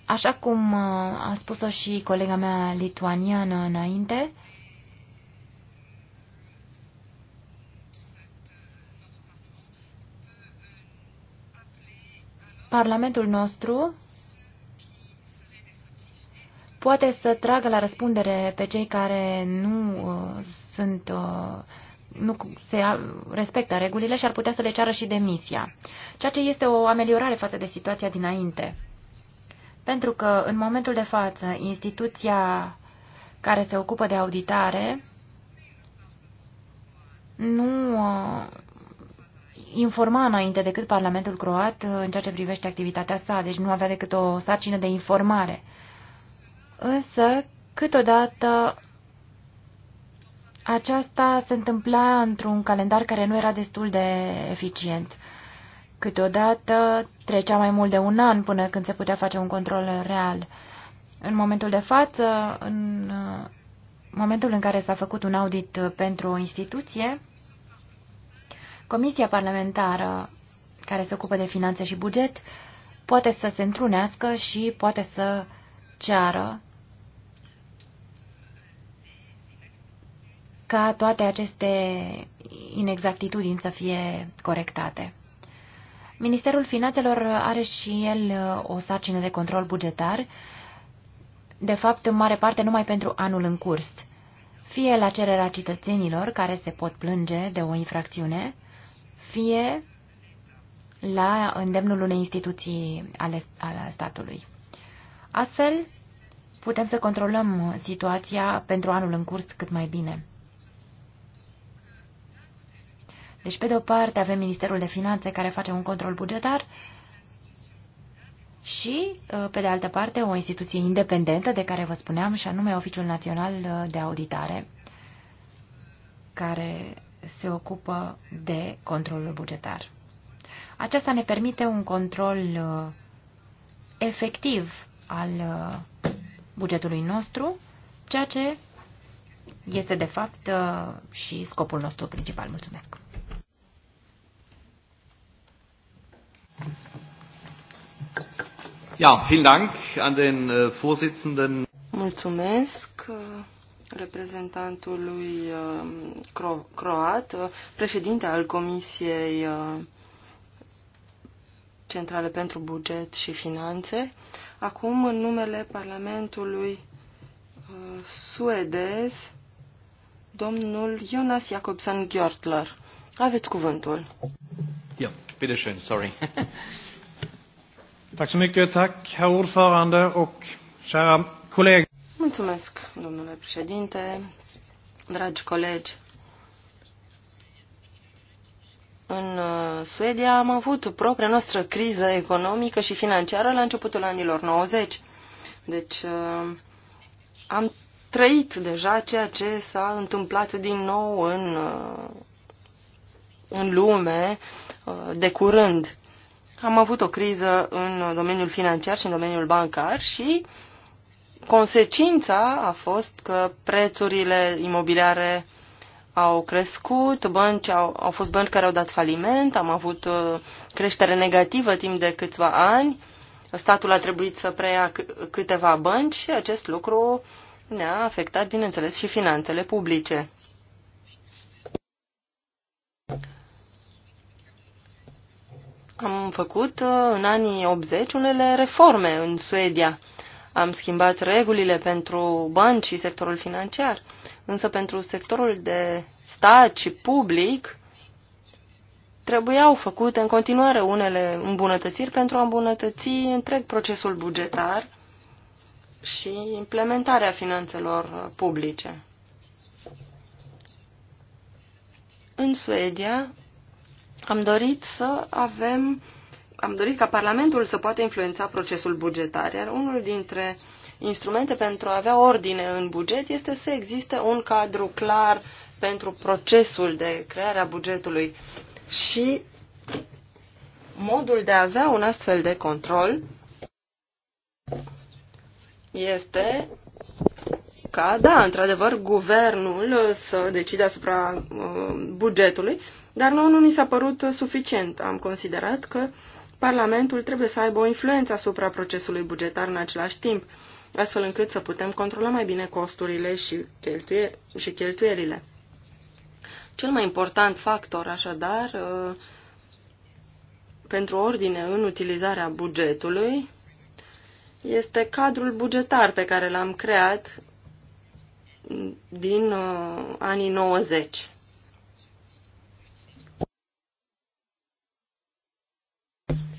Așa cum uh, a spus-o și colega mea lituaniană înainte, uh, Parlamentul nostru poate să tragă la răspundere pe cei care nu uh, sunt uh, nu se respectă regulile și ar putea să le ceară și demisia, ceea ce este o ameliorare față de situația dinainte. Pentru că, în momentul de față, instituția care se ocupă de auditare nu uh, informa înainte decât Parlamentul croat uh, în ceea ce privește activitatea sa, deci nu avea decât o sarcină de informare. Însă, câteodată, aceasta se întâmpla într-un calendar care nu era destul de eficient. Câteodată trecea mai mult de un an până când se putea face un control real. În momentul de față, în uh, momentul în care s-a făcut un audit uh, pentru o instituție, Comisia parlamentară care se ocupă de finanțe și buget poate să se întrunească și poate să ceară ca toate aceste inexactitudini să fie corectate. Ministerul Finanțelor are și el uh, o sarcină de control bugetar, de fapt în mare parte numai pentru anul în curs, fie la cererea cetățenilor care se pot plânge de o infracțiune, fie la îndemnul unei instituții ale, ale statului. Astfel, putem să controlăm situația pentru anul în curs cât mai bine. Deci, pe de o parte, avem Ministerul de Finanțe care face un control bugetar și, pe de altă parte, o instituție independentă de care vă spuneam, și anume Oficiul Național de Auditare, care se ocupă de controlul bugetar. Aceasta ne permite un control uh, efectiv al uh, bugetului nostru, ceea ce este de fapt uh, și scopul nostru principal. Mulțumesc! Ja, vielen Dank an den Vorsitzenden. Mulțumesc reprezentantului uh, cro croat, uh, președinte al Comisiei uh, Centrale pentru Buget și Finanțe. Acum, în numele Parlamentului suedez, domnul Jonas Jakobsen Gjortler. Aveți cuvântul. Ja, schön, sorry. tack så mycket, tack herr ordförande och kära kollegor. Mulțumesc, domnule președinte, dragi colegi. În uh, Suedia am avut propria noastră criză economică și financiară la începutul anilor 90. Deci uh, am trăit deja ceea ce s-a întâmplat din nou în, uh, în lume de curând. Am avut o criză în domeniul financiar și în domeniul bancar și Consecința a fost că prețurile imobiliare au crescut, bănci au, au fost bănci care au dat faliment, am avut uh, creștere negativă timp de câțiva ani, statul a trebuit să preia câteva bănci și acest lucru ne-a afectat, bineînțeles, și finanțele publice. Am făcut uh, în anii 80 unele reforme în Suedia am schimbat regulile pentru bănci și sectorul financiar, însă pentru sectorul de stat și public trebuiau făcute în continuare unele îmbunătățiri pentru a îmbunătăți întreg procesul bugetar și implementarea finanțelor publice. În Suedia am dorit să avem am dorit ca Parlamentul să poată influența procesul bugetar, iar unul dintre instrumente pentru a avea ordine în buget este să existe un cadru clar pentru procesul de creare a bugetului și modul de a avea un astfel de control este ca, da, într-adevăr, guvernul să decide asupra uh, bugetului, dar nu, nu mi s-a părut suficient. Am considerat că uh, Parlamentul trebuie să aibă o influență asupra procesului bugetar în același timp, astfel încât să putem controla mai bine costurile și, cheltuie, și cheltuielile. Cel mai important factor, așadar, uh, pentru ordine în utilizarea bugetului este cadrul bugetar pe care l-am creat din uh, anii 90.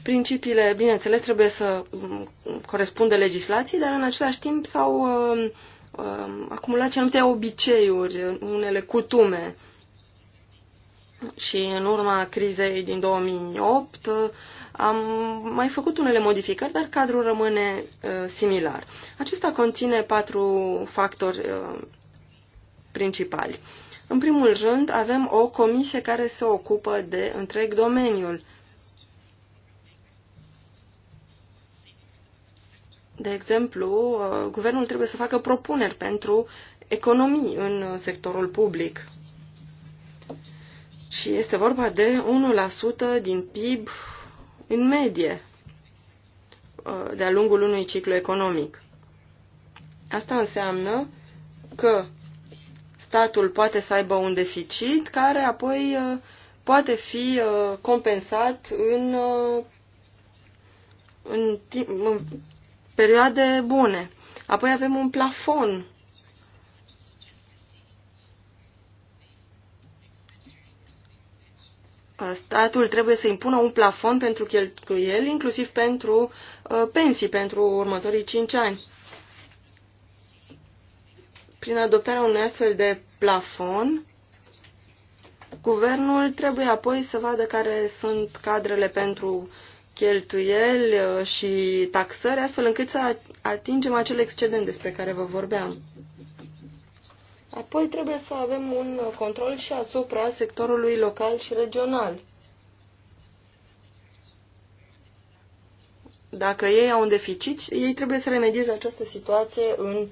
Principiile, bineînțeles, trebuie să mm, corespundă legislației, dar în același timp s-au um, um, acumulat anumite obiceiuri, unele cutume. Și în urma crizei din 2008 uh, am mai făcut unele modificări, dar cadrul rămâne uh, similar. Acesta conține patru factori uh, principali. În primul rând, avem o comisie care se ocupă de întreg domeniul. De exemplu, uh, guvernul trebuie să facă propuneri pentru economii în sectorul public. Și este vorba de 1% din PIB în medie uh, de-a lungul unui ciclu economic. Asta înseamnă că statul poate să aibă un deficit care apoi uh, poate fi compensat în, în, timp, în perioade bune. Apoi avem un plafon. Statul trebuie să impună un plafon pentru cheltuieli, inclusiv pentru uh, pensii pentru următorii 5 ani. Prin adoptarea unui astfel de plafon, Guvernul trebuie apoi să vadă care sunt cadrele pentru cheltuieli uh, și taxări, astfel încât să atingem acel excedent despre care vă vorbeam. Apoi trebuie să avem un control și asupra sectorului local și regional. Dacă ei au un deficit, ei trebuie să remedieze această situație în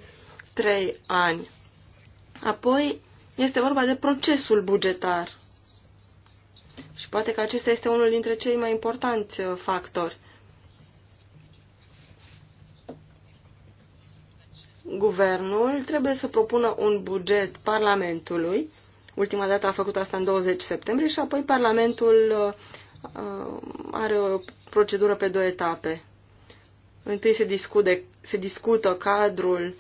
trei ani. Apoi este vorba de procesul bugetar. Și poate că acesta este unul dintre cei mai importanți uh, factori. Guvernul trebuie să propună un buget Parlamentului. Ultima dată a făcut asta în 20 septembrie și apoi Parlamentul uh, uh, are o procedură pe două etape. Întâi se, discute, se discută cadrul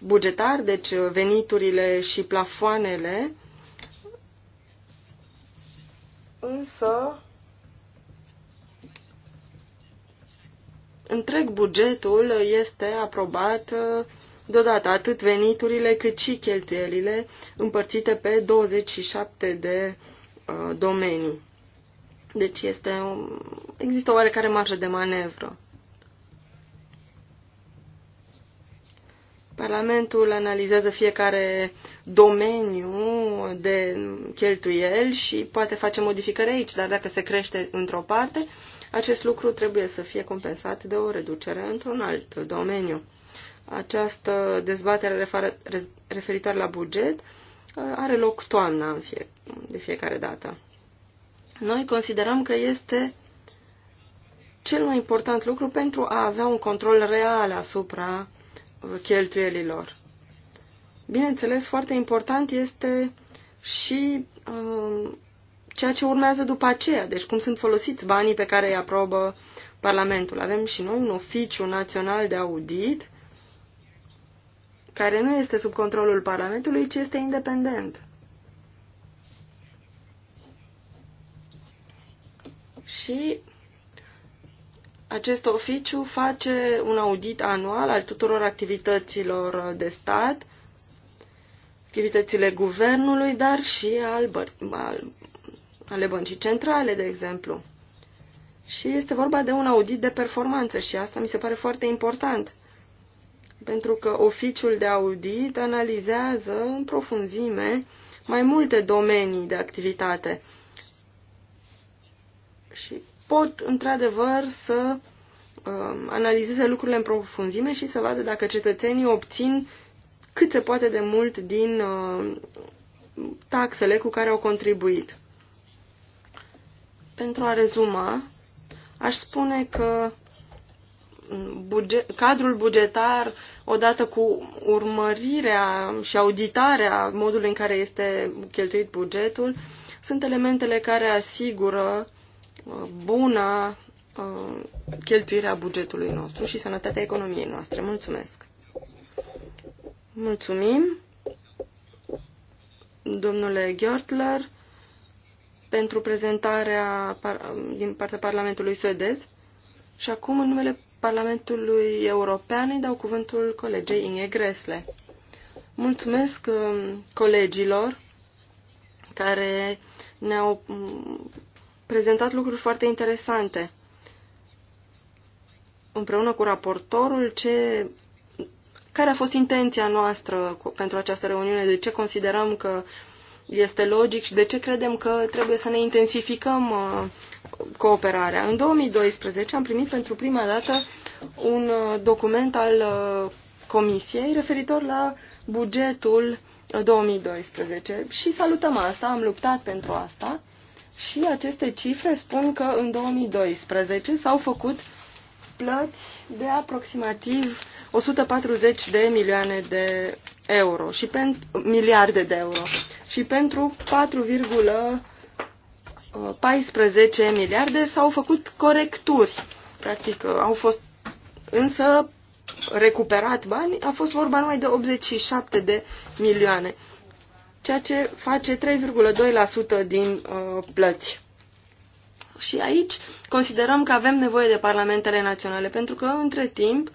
bugetar, deci veniturile și plafoanele însă întreg bugetul este aprobat uh, deodată, atât veniturile cât și cheltuielile împărțite pe 27 de uh, domenii. Deci este, există o oarecare marjă de manevră. Parlamentul analizează fiecare domeniu de cheltuieli și poate face modificări aici, dar dacă se crește într-o parte, acest lucru trebuie să fie compensat de o reducere într-un alt domeniu. Această dezbatere referitoare la buget uh, are loc toamna în fie, de fiecare dată. Noi considerăm că este cel mai important lucru pentru a avea un control real asupra cheltuielilor. Bineînțeles, foarte important este și um, ceea ce urmează după aceea, deci cum sunt folosiți banii pe care îi aprobă Parlamentul. Avem și noi un oficiu național de audit care nu este sub controlul Parlamentului, ci este independent. Și acest oficiu face un audit anual al tuturor activităților de stat activitățile guvernului, dar și al, al, ale băncii centrale, de exemplu. Și este vorba de un audit de performanță și asta mi se pare foarte important. Pentru că oficiul de audit analizează în profunzime mai multe domenii de activitate. Și pot, într-adevăr, să uh, analizeze lucrurile în profunzime și să vadă dacă cetățenii obțin cât se poate de mult din uh, taxele cu care au contribuit. Pentru a rezuma, aș spune că mm, buge- cadrul bugetar, odată cu urmărirea și auditarea modului în care este cheltuit bugetul, sunt elementele care asigură uh, buna uh, cheltuirea bugetului nostru și sănătatea economiei noastre. Mulțumesc! Mulțumim, domnule Gjortler, pentru prezentarea din partea Parlamentului suedez. Și acum, în numele Parlamentului European, îi dau cuvântul colegei Inge Gresle. Mulțumesc um, colegilor care ne-au um, prezentat lucruri foarte interesante. Împreună cu raportorul, ce care a fost intenția noastră pentru această reuniune, de ce considerăm că este logic și de ce credem că trebuie să ne intensificăm uh, cooperarea. În 2012 am primit pentru prima dată un uh, document al uh, Comisiei referitor la bugetul 2012 și salutăm asta, am luptat pentru asta și aceste cifre spun că în 2012 s-au făcut plăți de aproximativ 140 de milioane de euro și pentru miliarde de euro și pentru 4,14 uh, miliarde s-au făcut corecturi. Practic uh, au fost însă recuperat bani, a fost vorba numai de 87 de milioane, ceea ce face 3,2% din uh, plăți. Și aici considerăm că avem nevoie de parlamentele naționale, pentru că între timp uh,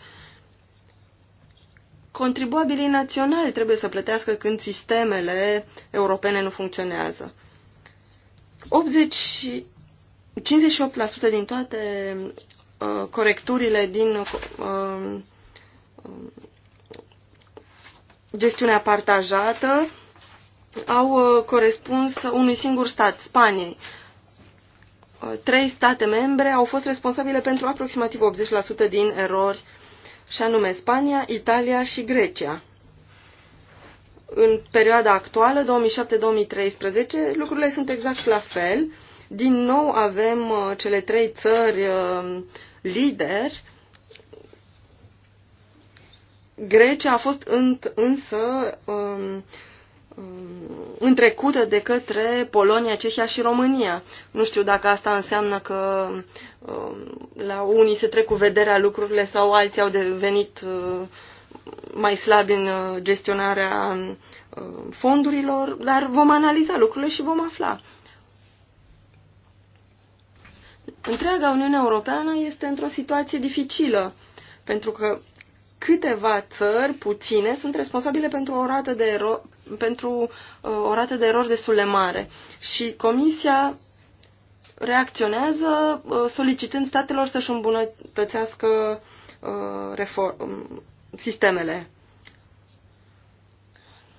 contribuabilii naționali trebuie să plătească când sistemele europene nu funcționează. 80, 58% din toate uh, corecturile din uh, um, gestiunea partajată au uh, corespuns unui singur stat, Spaniei. Uh, trei state membre au fost responsabile pentru aproximativ 80% din erori și anume Spania, Italia și Grecia. În perioada actuală, 2007-2013, lucrurile sunt exact la fel. Din nou avem uh, cele trei țări um, lideri. Grecia a fost însă um, Mm, întrecută de către Polonia, Cehia și România. Nu știu dacă asta înseamnă că um, la unii se trec cu vederea lucrurile sau alții au devenit uh, mai slabi în uh, gestionarea um, fondurilor, dar vom analiza lucrurile și vom afla. Întreaga Uniune Europeană este într-o situație dificilă, pentru că câteva țări, puține, sunt responsabile pentru o rată de ero- pentru uh, o rată de erori destul de mare. Și Comisia reacționează uh, solicitând statelor să-și îmbunătățească uh, um, sistemele.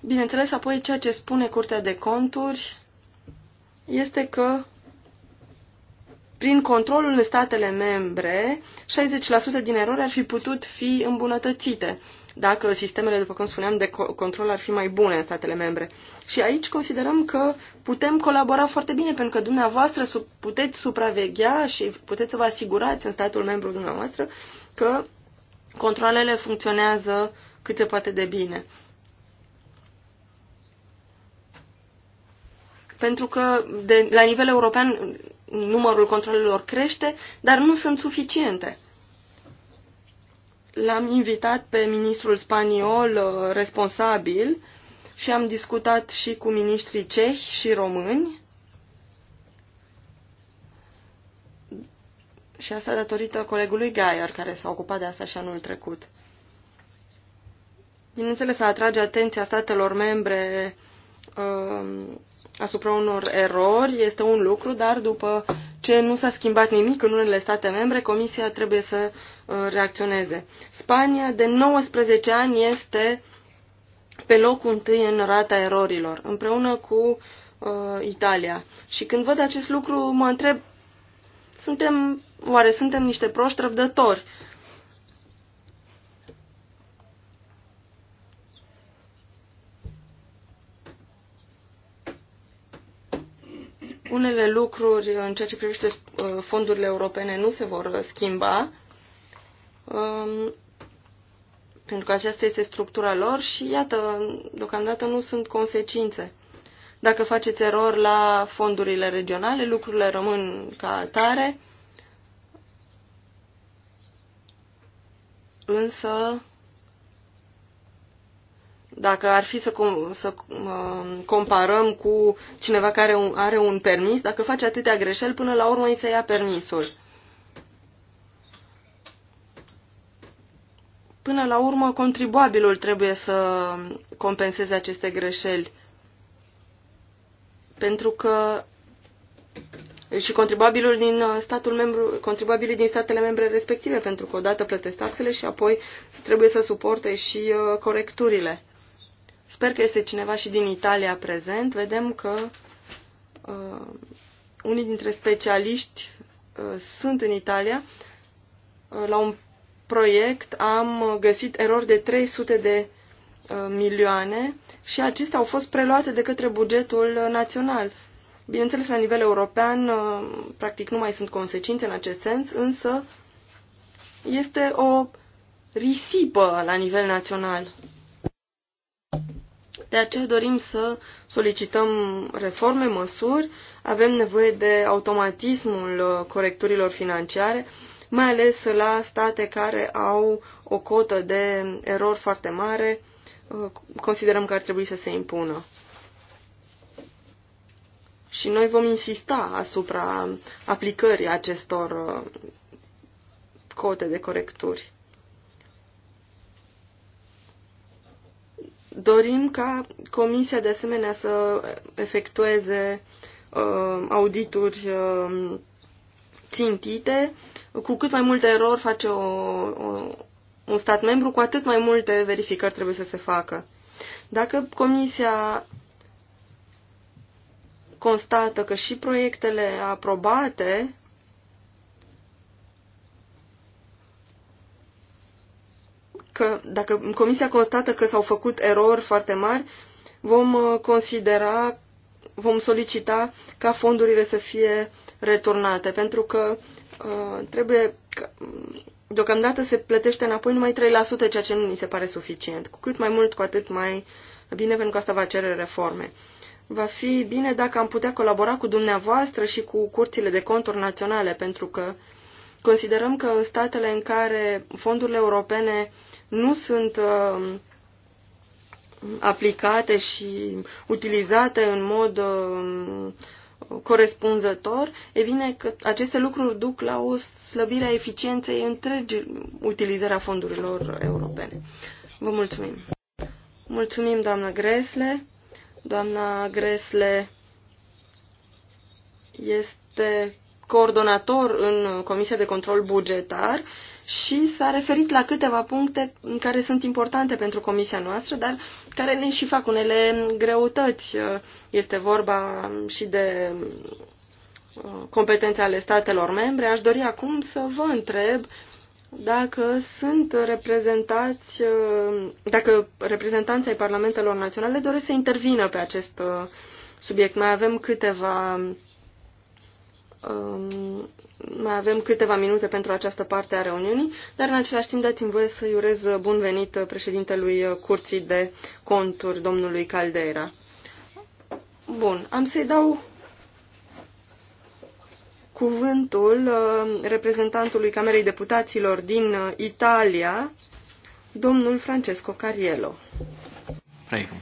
Bineînțeles, apoi ceea ce spune Curtea de Conturi este că prin controlul în statele membre, 60% din erori ar fi putut fi îmbunătățite dacă sistemele, după cum spuneam, de control ar fi mai bune în statele membre. Și aici considerăm că putem colabora foarte bine, pentru că dumneavoastră puteți supraveghea și puteți să vă asigurați în statul membru dumneavoastră că controlele funcționează cât se poate de bine. Pentru că de, la nivel european numărul controlelor crește, dar nu sunt suficiente l-am invitat pe ministrul spaniol uh, responsabil și am discutat și cu ministrii cehi și români. Și asta datorită colegului Gaier, care s-a ocupat de asta și anul trecut. Bineînțeles, atrage atenția statelor membre uh, asupra unor erori este un lucru, dar după ce nu s-a schimbat nimic în unele state membre, Comisia trebuie să uh, reacționeze. Spania de 19 ani este pe locul întâi în rata erorilor, împreună cu uh, Italia. Și când văd acest lucru, mă întreb, suntem, oare suntem niște proști răbdători? Uh, Unele lucruri în ceea ce privește uh, fondurile europene nu se vor uh, schimba, um, pentru că aceasta este structura lor și, iată, deocamdată nu sunt consecințe. Dacă faceți erori la fondurile regionale, lucrurile rămân ca atare, însă dacă ar fi să, com să uh, comparăm cu cineva care un, are un permis, dacă face atâtea greșeli, până la urmă îi se ia permisul. Până la urmă, contribuabilul trebuie să compenseze aceste greșeli. Pentru că și contribuabilul din uh, statul membru, contribuabilii din statele membre respective, pentru că odată plătesc taxele și apoi trebuie să suporte și uh, corecturile. Sper că este cineva și din Italia prezent. Vedem că uh, unii dintre specialiști uh, sunt în Italia. Uh, la un proiect am găsit erori de 300 de uh, milioane și acestea au fost preluate de către bugetul național. Bineînțeles, la nivel european, uh, practic nu mai sunt consecințe în acest sens, însă este o risipă la nivel național. De aceea dorim să solicităm reforme, măsuri, avem nevoie de automatismul uh, corecturilor financiare, mai ales la state care au o cotă de erori foarte mare, uh, considerăm că ar trebui să se impună. Și noi vom insista asupra aplicării acestor uh, cote de corecturi. Dorim ca Comisia de asemenea să efectueze uh, audituri uh, țintite. Cu cât mai multe erori face o, o, un stat membru, cu atât mai multe verificări trebuie să se facă. Dacă Comisia constată că și proiectele aprobate că dacă Comisia constată că s-au făcut erori foarte mari, vom uh, considera, vom solicita ca fondurile să fie returnate, pentru că uh, trebuie, mm, deocamdată se plătește înapoi numai 3%, ceea ce nu ni se pare suficient. Cu cât mai mult, cu atât mai bine, pentru că asta va cere reforme. Va fi bine dacă am putea colabora cu dumneavoastră și cu curțile de conturi naționale, pentru că considerăm că în statele în care fondurile europene nu sunt uh, aplicate și utilizate în mod uh, corespunzător, e bine că aceste lucruri duc la o slăbire a eficienței întregi utilizarea fondurilor europene. Vă mulțumim! Mulțumim, doamna Gresle. Doamna Gresle este coordonator în Comisia de Control Bugetar și s-a referit la câteva puncte care sunt importante pentru comisia noastră, dar care ne și fac unele greutăți. Este vorba și de uh, competențe ale statelor membre. Aș dori acum să vă întreb dacă sunt reprezentați, uh, dacă reprezentanții ai parlamentelor naționale doresc să intervină pe acest uh, subiect. Mai avem câteva Um, mai avem câteva minute pentru această parte a reuniunii, dar în același timp dați-mi voie să-i urez bun venit președintelui Curții de Conturi, domnului Caldeira. Bun, am să-i dau cuvântul uh, reprezentantului Camerei Deputaților din uh, Italia, domnul Francesco Cariello. Prego.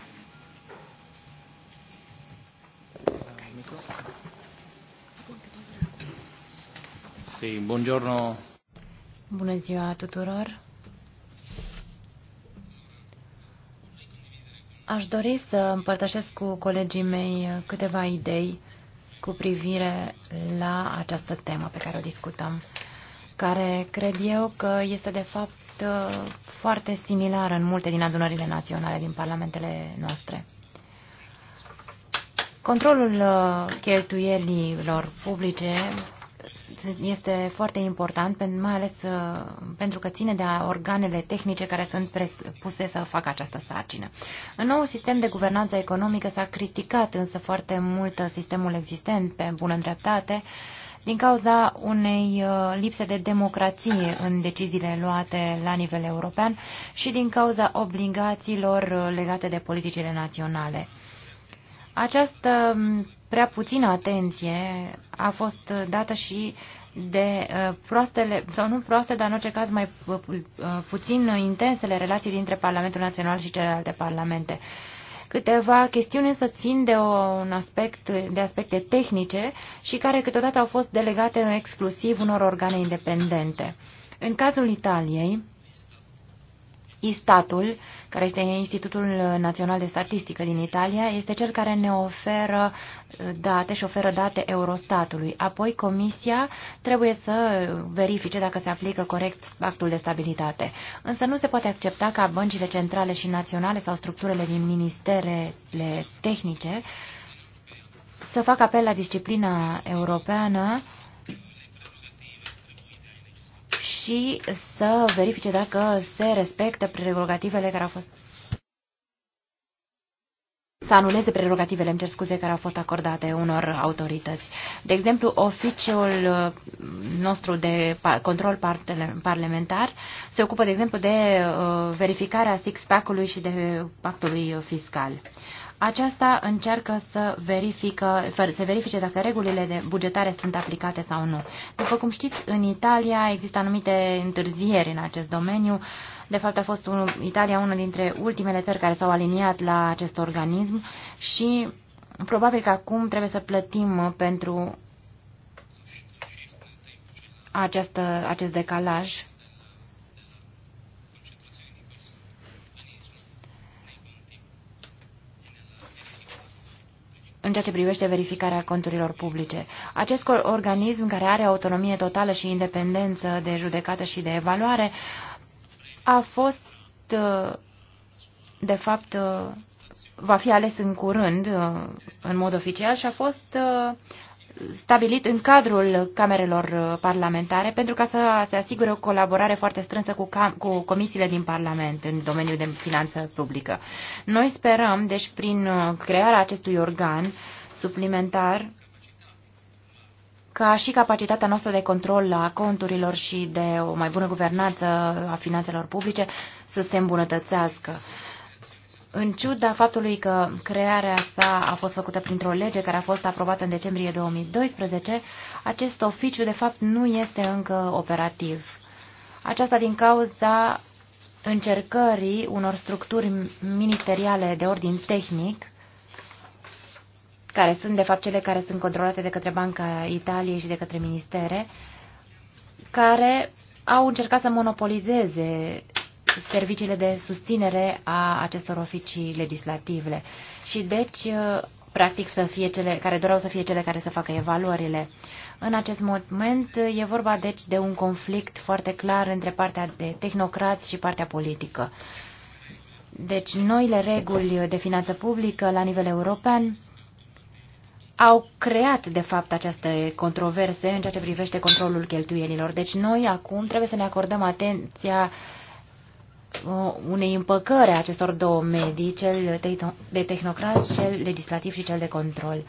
Sì, buongiorno. Bună ziua tuturor. Aș dori să împărtășesc cu colegii mei câteva idei cu privire la această temă pe care o discutăm, care cred eu că este de fapt foarte similară în multe din adunările naționale din parlamentele noastre. Controlul cheltuielilor publice este foarte important, mai ales uh, pentru că ține de organele tehnice care sunt puse să facă această sarcină. În nou sistem de guvernanță economică s-a criticat însă foarte mult uh, sistemul existent pe bună dreptate din cauza unei uh, lipse de democrație în deciziile luate la nivel european și din cauza obligațiilor legate de politicile naționale. Această prea puțină atenție a fost dată și de proastele, sau nu proaste, dar în orice caz mai puțin intensele relații dintre Parlamentul Național și celelalte parlamente. Câteva chestiuni însă țin de un aspect, de aspecte tehnice și care câteodată au fost delegate exclusiv unor organe independente. În cazul Italiei, Istatul, care este Institutul Național de Statistică din Italia, este cel care ne oferă uh, date și oferă date Eurostatului. Apoi Comisia trebuie să verifice dacă se aplică corect actul de stabilitate. Însă nu se poate accepta ca băncile centrale și naționale sau structurile din ministerele tehnice să facă apel la disciplina europeană și să verifice dacă se respectă prerogativele care au fost să anuleze prerogativele, îmi cer scuze, care au fost acordate unor autorități. De exemplu, oficiul uh, nostru de control parlamentar se ocupă, de exemplu, de uh, verificarea six-pack-ului și de pactului fiscal. Aceasta încearcă să verifică, se verifice dacă regulile de bugetare sunt aplicate sau nu. După cum știți, în Italia există anumite întârzieri în acest domeniu. De fapt, a fost un, Italia una dintre ultimele țări care s-au aliniat la acest organism și probabil că acum trebuie să plătim pentru această, acest decalaj în ceea ce privește verificarea conturilor publice. Acest organism, care are autonomie totală și independență de judecată și de evaluare, a fost, de fapt, va fi ales în curând, în mod oficial, și a fost stabilit în cadrul camerelor uh, parlamentare pentru ca să se asigure o colaborare foarte strânsă cu, cam, cu comisiile din Parlament în domeniul de finanță publică. Noi sperăm, deci, prin uh, crearea acestui organ suplimentar, ca și capacitatea noastră de control a conturilor și de o mai bună guvernanță a finanțelor publice să se îmbunătățească. În ciuda faptului că crearea sa a fost făcută printr-o lege care a fost aprobată în decembrie 2012, acest oficiu de fapt nu este încă operativ. Aceasta din cauza încercării unor structuri ministeriale de ordin tehnic, care sunt de fapt cele care sunt controlate de către Banca Italiei și de către ministere, care au încercat să monopolizeze serviciile de susținere a acestor oficii legislative. Și deci, uh, practic, să fie cele care doreau să fie cele care să facă evaluările. În acest moment uh, e vorba, deci, de un conflict foarte clar între partea de tehnocrați și partea politică. Deci, noile reguli de finanță publică la nivel european au creat, de fapt, aceste controverse în ceea ce privește controlul cheltuielilor. Deci noi acum trebuie să ne acordăm atenția Uh, unei împăcări a acestor două medii, cel de tehnocrat, cel legislativ și cel de control.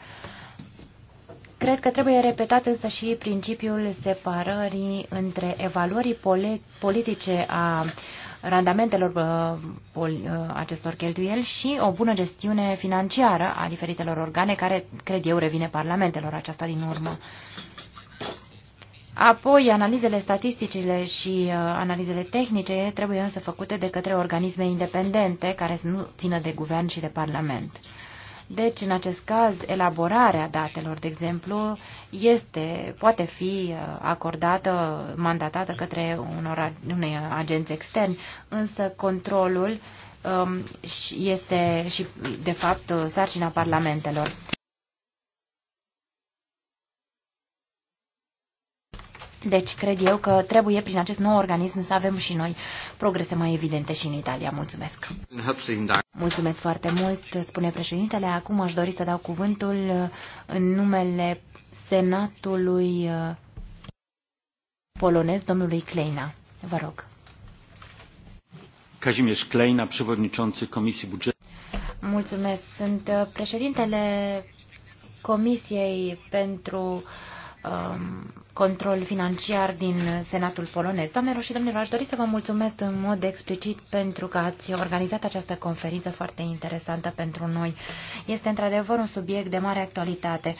Cred că trebuie repetat însă și principiul separării între evaluării politice a randamentelor uh, uh, acestor cheltuieli și o bună gestiune financiară a diferitelor organe, care, cred eu, revine parlamentelor aceasta din urmă. Apoi, analizele statisticile și uh, analizele tehnice trebuie însă făcute de către organisme independente care să nu țină de guvern și de parlament. Deci, în acest caz, elaborarea datelor, de exemplu, este, poate fi uh, acordată, mandatată către unor, unei agenți externi, însă controlul um, este și, de fapt, uh, sarcina parlamentelor. Deci cred eu că trebuie prin acest nou organism să avem și noi progrese mai evidente și în Italia. Mulțumesc! Mulțumesc foarte mult, spune președintele. Acum aș dori să dau cuvântul uh, în numele Senatului uh, polonez, domnului Kleina. Vă rog. Kazimierz Kleina, przewodniczący Komisji Budżetu. Mulțumesc. Sunt uh, președintele Comisiei pentru uh, Um, control financiar din Senatul polonez. Doamnelor și domnilor, aș dori să vă mulțumesc în mod explicit pentru că ați organizat această conferință foarte interesantă pentru noi. Este într-adevăr un subiect de mare actualitate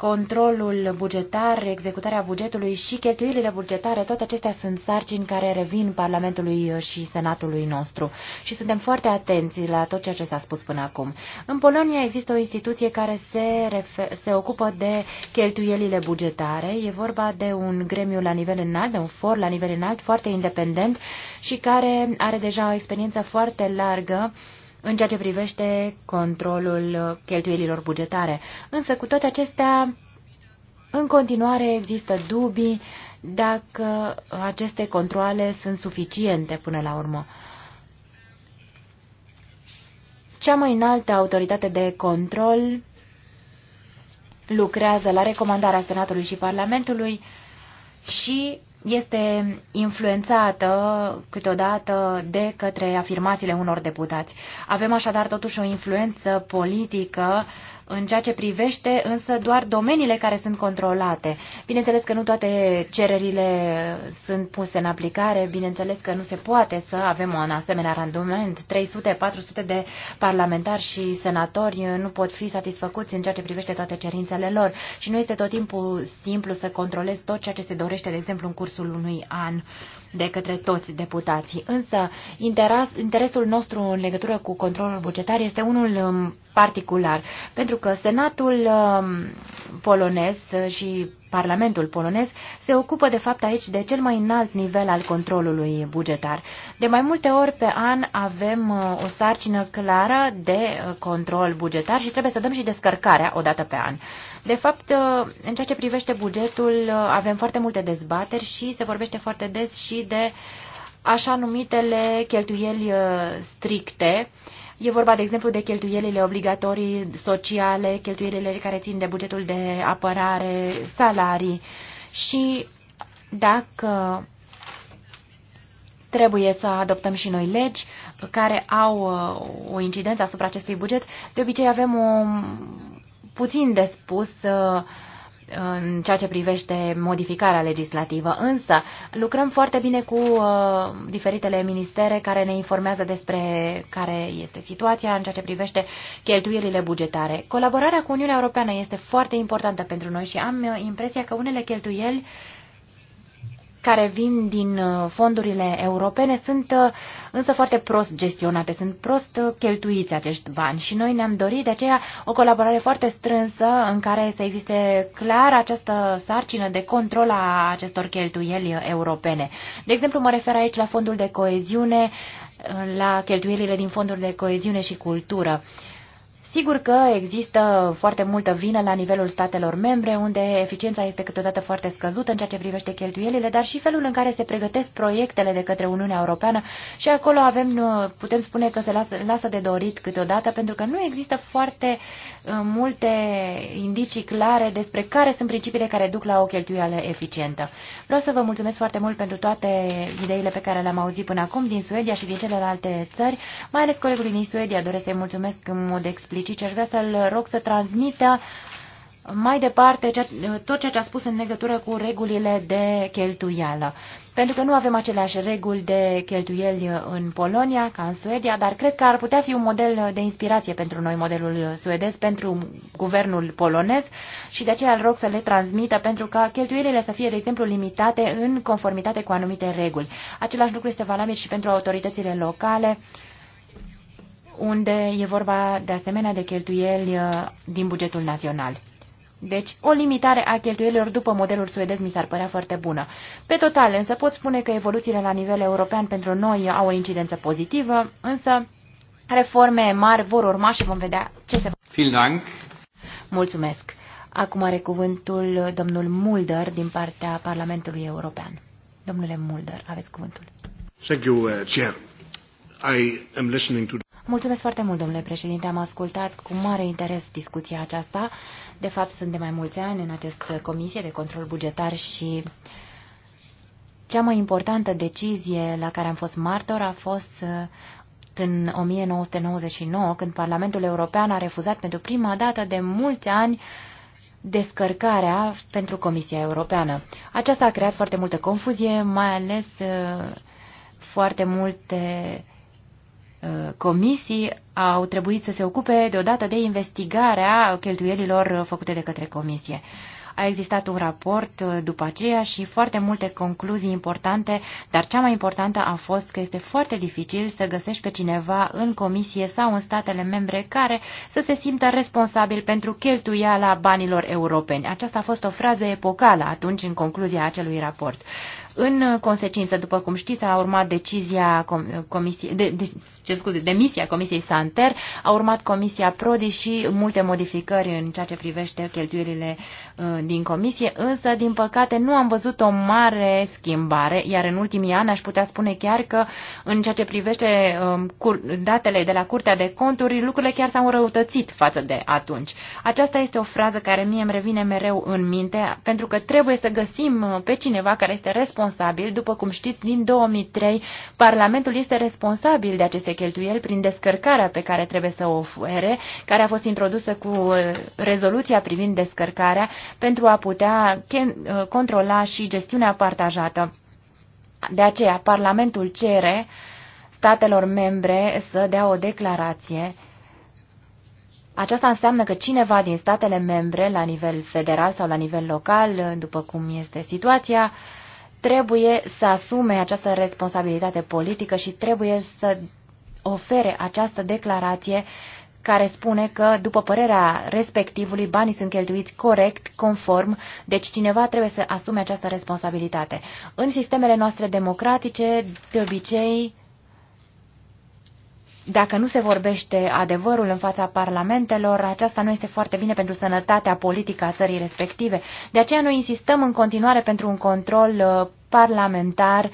controlul bugetar, executarea bugetului și cheltuielile bugetare, toate acestea sunt sarcini care revin Parlamentului și Senatului nostru. Și suntem foarte atenți la tot ceea ce s-a spus până acum. În Polonia există o instituție care se, se ocupă de cheltuielile bugetare. E vorba de un gremiu la nivel înalt, de un for la nivel înalt, foarte independent și care are deja o experiență foarte largă uh, în ceea ce privește controlul cheltuielilor bugetare. Însă, cu toate acestea, în continuare există dubii dacă aceste controle sunt suficiente până la urmă. Cea mai înaltă autoritate de control lucrează la recomandarea Senatului și Parlamentului și este influențată câteodată de către afirmațiile unor deputați. Avem așadar totuși o influență politică în ceea ce privește însă doar domeniile care sunt controlate. Bineînțeles că nu toate cererile sunt puse în aplicare, bineînțeles că nu se poate să avem un asemenea randament. 300-400 de parlamentari și senatori nu pot fi satisfăcuți în ceea ce privește toate cerințele lor și nu este tot timpul simplu să controlezi tot ceea ce se dorește, de exemplu, în cursul unui an de către toți deputații. Însă, interesul nostru în legătură cu controlul bugetar este unul um, particular, pentru că Senatul um, polonez și Parlamentul polonez se ocupă de fapt aici de cel mai înalt nivel al controlului bugetar. De mai multe ori pe an avem uh, o sarcină clară de uh, control bugetar și trebuie să dăm și descărcarea o dată pe an. De fapt, uh, în ceea ce privește bugetul, avem foarte multe dezbateri și se vorbește foarte des și de așa numitele cheltuieli stricte, E vorba, de exemplu, de cheltuielile obligatorii sociale, cheltuielile care țin de bugetul de apărare, salarii și dacă trebuie să adoptăm și noi legi care au uh, o incidență asupra acestui buget, de obicei avem o, um, puțin de spus uh, în ceea ce privește modificarea legislativă, însă lucrăm foarte bine cu uh, diferitele ministere care ne informează despre care este situația în ceea ce privește cheltuielile bugetare. Colaborarea cu Uniunea Europeană este foarte importantă pentru noi și am uh, impresia că unele cheltuieli uh, care vin din uh, fondurile europene sunt uh, însă foarte prost gestionate, sunt prost uh, cheltuiți acești bani și noi ne-am dorit de aceea o colaborare foarte strânsă în care să existe clar această sarcină de control a acestor cheltuieli europene. De exemplu, mă refer aici la fondul de coeziune, la cheltuielile din fondul de coeziune și cultură. Uh, Sigur că există foarte multă vină la nivelul statelor membre, unde eficiența este câteodată foarte scăzută în ceea ce privește cheltuielile, dar și felul în care se pregătesc proiectele de către Uniunea Europeană și acolo avem, uh, putem spune că se lasă, lasă de dorit câteodată, pentru că nu există foarte uh, multe indicii clare despre care sunt principiile care duc la o cheltuială eficientă. Vreau să vă mulțumesc foarte mult pentru toate ideile pe care le-am auzit până acum din Suedia și din celelalte țări, mai ales colegului din Suedia doresc să-i mulțumesc în mod explicit publicii și aș vrea să-l rog să transmită mai departe tot ceea ce a spus în legătură cu regulile de cheltuială. Pentru că nu avem aceleași reguli de cheltuieli în Polonia ca în Suedia, dar cred că ar putea fi un model de inspirație pentru noi, modelul suedez, pentru guvernul polonez și de aceea îl rog să le transmită pentru ca cheltuielile să fie, de exemplu, limitate în conformitate cu anumite reguli. Același lucru este valabil și pentru autoritățile locale unde e vorba de asemenea de cheltuieli uh, din bugetul național. Deci, o limitare a cheltuielilor după modelul suedez mi s-ar părea foarte bună. Pe total, însă, pot spune că evoluțiile la nivel european pentru noi au o incidență pozitivă, însă reforme mari vor urma și vom vedea ce se va... Mulțumesc! Acum are cuvântul domnul Mulder din partea Parlamentului European. Domnule Mulder, aveți cuvântul. Thank you, uh, Chair. I am listening to... Mulțumesc foarte mult, domnule președinte. Am ascultat cu mare interes discuția aceasta. De fapt, sunt de mai mulți ani în această comisie de control bugetar și cea mai importantă decizie la care am fost martor a fost uh, în 1999, când Parlamentul European a refuzat pentru prima dată de mulți ani descărcarea pentru Comisia Europeană. Aceasta a creat foarte multă confuzie, mai ales uh, foarte multe comisii au trebuit să se ocupe deodată de investigarea cheltuielilor făcute de către comisie. A existat un raport uh, după aceea și foarte multe concluzii importante, dar cea mai importantă a fost că este foarte dificil să găsești pe cineva în comisie sau în statele membre care să se simtă responsabil pentru cheltuiala banilor europeni. Aceasta a fost o frază epocală atunci în concluzia acelui raport. În consecință, după cum știți, a urmat decizia comisiei, de, de, ce demisia Comisiei Santer, a urmat Comisia Prodi și multe modificări în ceea ce privește cheltuielile uh, din comisie, însă, din păcate, nu am văzut o mare schimbare, iar în ultimii ani aș putea spune chiar că în ceea ce privește um, datele de la Curtea de Conturi, lucrurile chiar s-au răutățit față de atunci. Aceasta este o frază care mie îmi revine mereu în minte, pentru că trebuie să găsim uh, pe cineva care este responsabil responsabil. După cum știți, din 2003, Parlamentul este responsabil de aceste cheltuieli prin descărcarea pe care trebuie să o ofere, care a fost introdusă cu uh, rezoluția privind descărcarea pentru a putea uh, controla și gestiunea partajată. De aceea, Parlamentul cere statelor membre să dea o declarație aceasta înseamnă că cineva din statele membre, la nivel federal sau la nivel local, după cum este situația, trebuie să asume această responsabilitate politică și trebuie să ofere această declarație care spune că, după părerea respectivului, banii sunt cheltuiți corect, conform, deci cineva trebuie să asume această responsabilitate. În sistemele noastre democratice, de obicei, dacă nu se vorbește adevărul în fața parlamentelor, aceasta nu este foarte bine pentru sănătatea politică a țării respective. De aceea noi insistăm în continuare pentru un control uh, parlamentar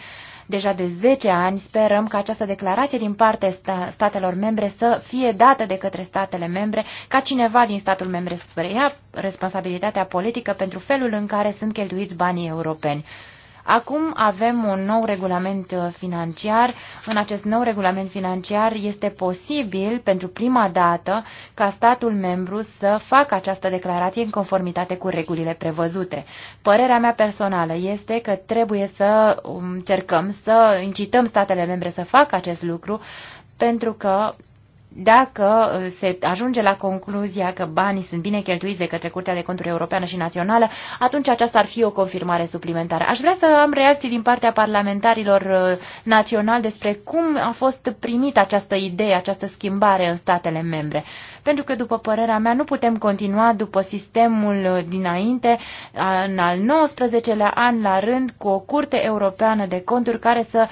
deja de 10 ani. Sperăm că această declarație din partea statelor membre să fie dată de către statele membre ca cineva din statul membre să preia responsabilitatea politică pentru felul în care sunt cheltuiți banii europeni. Acum avem un nou regulament uh, financiar. În acest nou regulament financiar este posibil pentru prima dată ca statul membru să facă această declarație în conformitate cu regulile prevăzute. Părerea mea personală este că trebuie să um, încercăm să incităm statele membre să facă acest lucru pentru că dacă uh, se ajunge la concluzia că banii sunt bine cheltuiți de către Curtea de Conturi Europeană și Națională, atunci aceasta ar fi o confirmare suplimentară. Aș vrea să am reacții din partea parlamentarilor uh, naționali despre cum a fost primită această idee, această schimbare în statele membre. Pentru că, după părerea mea, nu putem continua după sistemul uh, dinainte, în al 19-lea an la rând, cu o curte europeană de conturi care să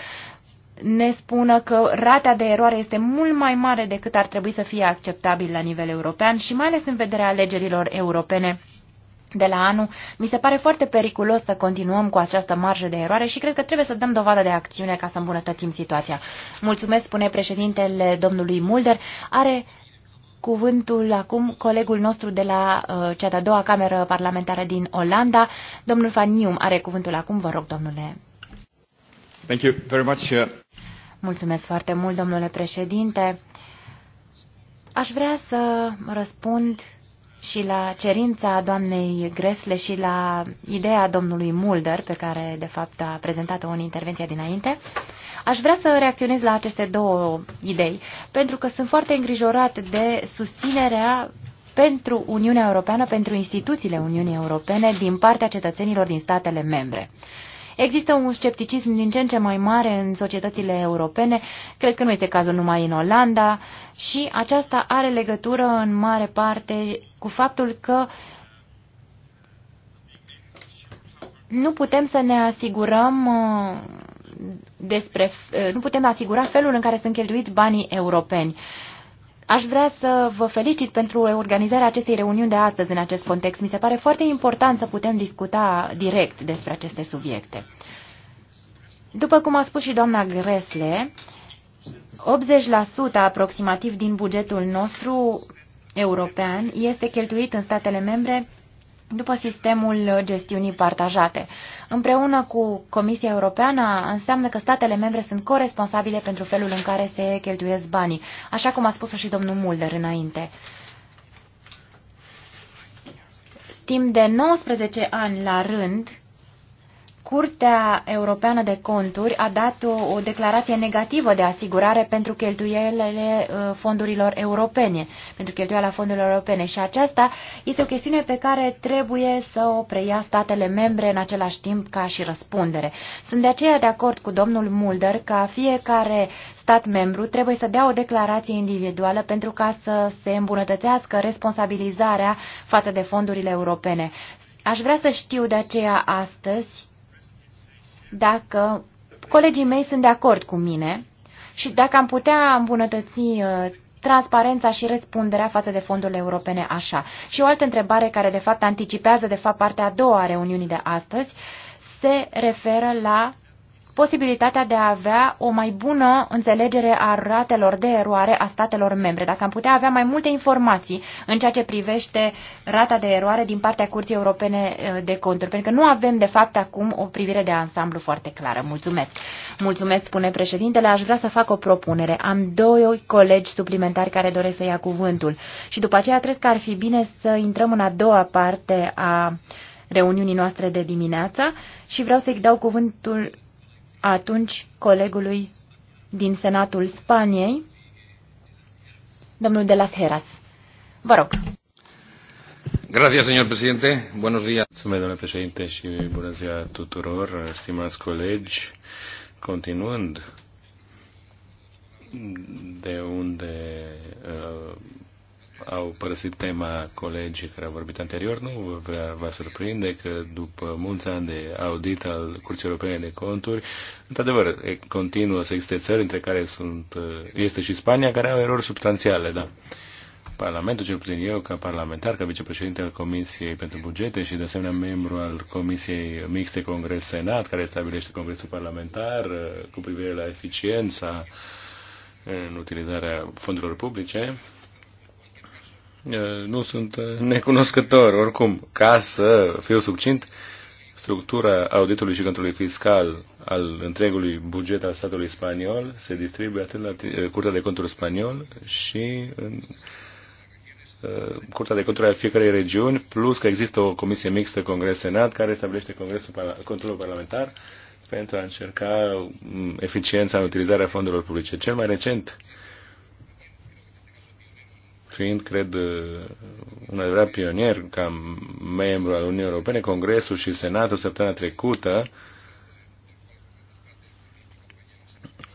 ne spună că rata de eroare este mult mai mare decât ar trebui să fie acceptabil la nivel european și mai ales în vederea alegerilor europene de la anul. Mi se pare foarte periculos să continuăm cu această marjă de eroare și cred că trebuie să dăm dovadă de acțiune ca să îmbunătățim situația. Mulțumesc, spune președintele domnului Mulder. Are cuvântul acum colegul nostru de la uh, cea de-a doua cameră parlamentară din Olanda. Domnul Van Nieuw are cuvântul acum. Vă rog, domnule. Thank you very much. Uh, Mulțumesc foarte mult, domnule președinte. Aș vrea să răspund și la cerința doamnei Gresle și la ideea domnului Mulder, pe care de fapt a prezentat-o în intervenția dinainte. Aș vrea să reacționez la aceste două idei, pentru că sunt foarte îngrijorat de susținerea pentru Uniunea Europeană, pentru instituțiile Uniunii Europene din partea cetățenilor din statele membre. Există un scepticism din ce în ce mai mare în societățile europene, cred că nu este cazul numai în Olanda și aceasta are legătură în mare parte cu faptul că nu putem să ne asigurăm uh, despre, uh, nu putem asigura felul în care sunt cheltuiți banii europeni. Aș vrea să vă felicit pentru organizarea acestei reuniuni de astăzi în acest context. Mi se pare foarte important să putem discuta direct despre aceste subiecte. După cum a spus și doamna Gresle, 80% aproximativ din bugetul nostru european este cheltuit în statele membre după sistemul gestiunii partajate. Împreună cu Comisia Europeană înseamnă că statele membre sunt coresponsabile pentru felul în care se cheltuiesc banii, așa cum a spus-o și domnul Mulder înainte. Timp de 19 ani la rând, Curtea Europeană de Conturi a dat o, o declarație negativă de asigurare pentru cheltuielile uh, fondurilor europene, pentru cheltuiala fondurilor europene și aceasta este o chestiune pe care trebuie să o preia statele membre în același timp ca și răspundere. Sunt de aceea de acord cu domnul Mulder ca fiecare stat membru trebuie să dea o declarație individuală pentru ca să se îmbunătățească responsabilizarea față de fondurile europene. Aș vrea să știu de aceea astăzi dacă colegii mei sunt de acord cu mine și dacă am putea îmbunătăți uh, transparența și răspunderea față de fondurile europene așa. Și o altă întrebare care de fapt anticipează de fapt partea a doua a reuniunii de astăzi se referă la posibilitatea de a avea o mai bună înțelegere a ratelor de eroare a statelor membre. Dacă am putea avea mai multe informații în ceea ce privește rata de eroare din partea Curții Europene eh, de Conturi, pentru că nu avem, de fapt, acum o privire de ansamblu foarte clară. Mulțumesc! Mulțumesc, spune președintele. Aș vrea să fac o propunere. Am doi colegi suplimentari care doresc să ia cuvântul și după aceea cred că ar fi bine să intrăm în a doua parte a reuniunii noastre de dimineață și vreau să-i dau cuvântul atunci colegului din Senatul Spaniei, domnul de las Heras. Vă rog. Gracias, señor presidente. Buenos días. Mulțumesc, domnule președinte, și bună ziua tuturor, stimați colegi. Continuând de unde uh, au părăsit tema colegii care au vorbit anterior, nu vă va surprinde că după mulți ani de audit al Curții Europene de Conturi, într-adevăr, continuă să existe țări, între care sunt, uh, este și Spania, care au erori substanțiale, da. Parlamentul, cel puțin eu, ca parlamentar, ca vicepreședinte al Comisiei pentru Bugete și, de asemenea, membru al Comisiei Mixte Congres-Senat, care stabilește Congresul Parlamentar uh, cu privire la eficiența uh, în utilizarea fondurilor publice, nu sunt necunoscător, oricum, ca să fiu succint, structura auditului și controlului fiscal al întregului buget al statului spaniol se distribuie atât la Curtea de Conturi Spaniol și în Curtea de Conturi al fiecarei regiuni, plus că există o comisie mixtă Congres-Senat care stabilește congresul, controlul parlamentar pentru a încerca eficiența în utilizarea fondurilor publice. Cel mai recent uh, fiind, cred, uh, un adevărat pionier ca membru al Uniunii Europene, Congresul și Senatul săptămâna trecută,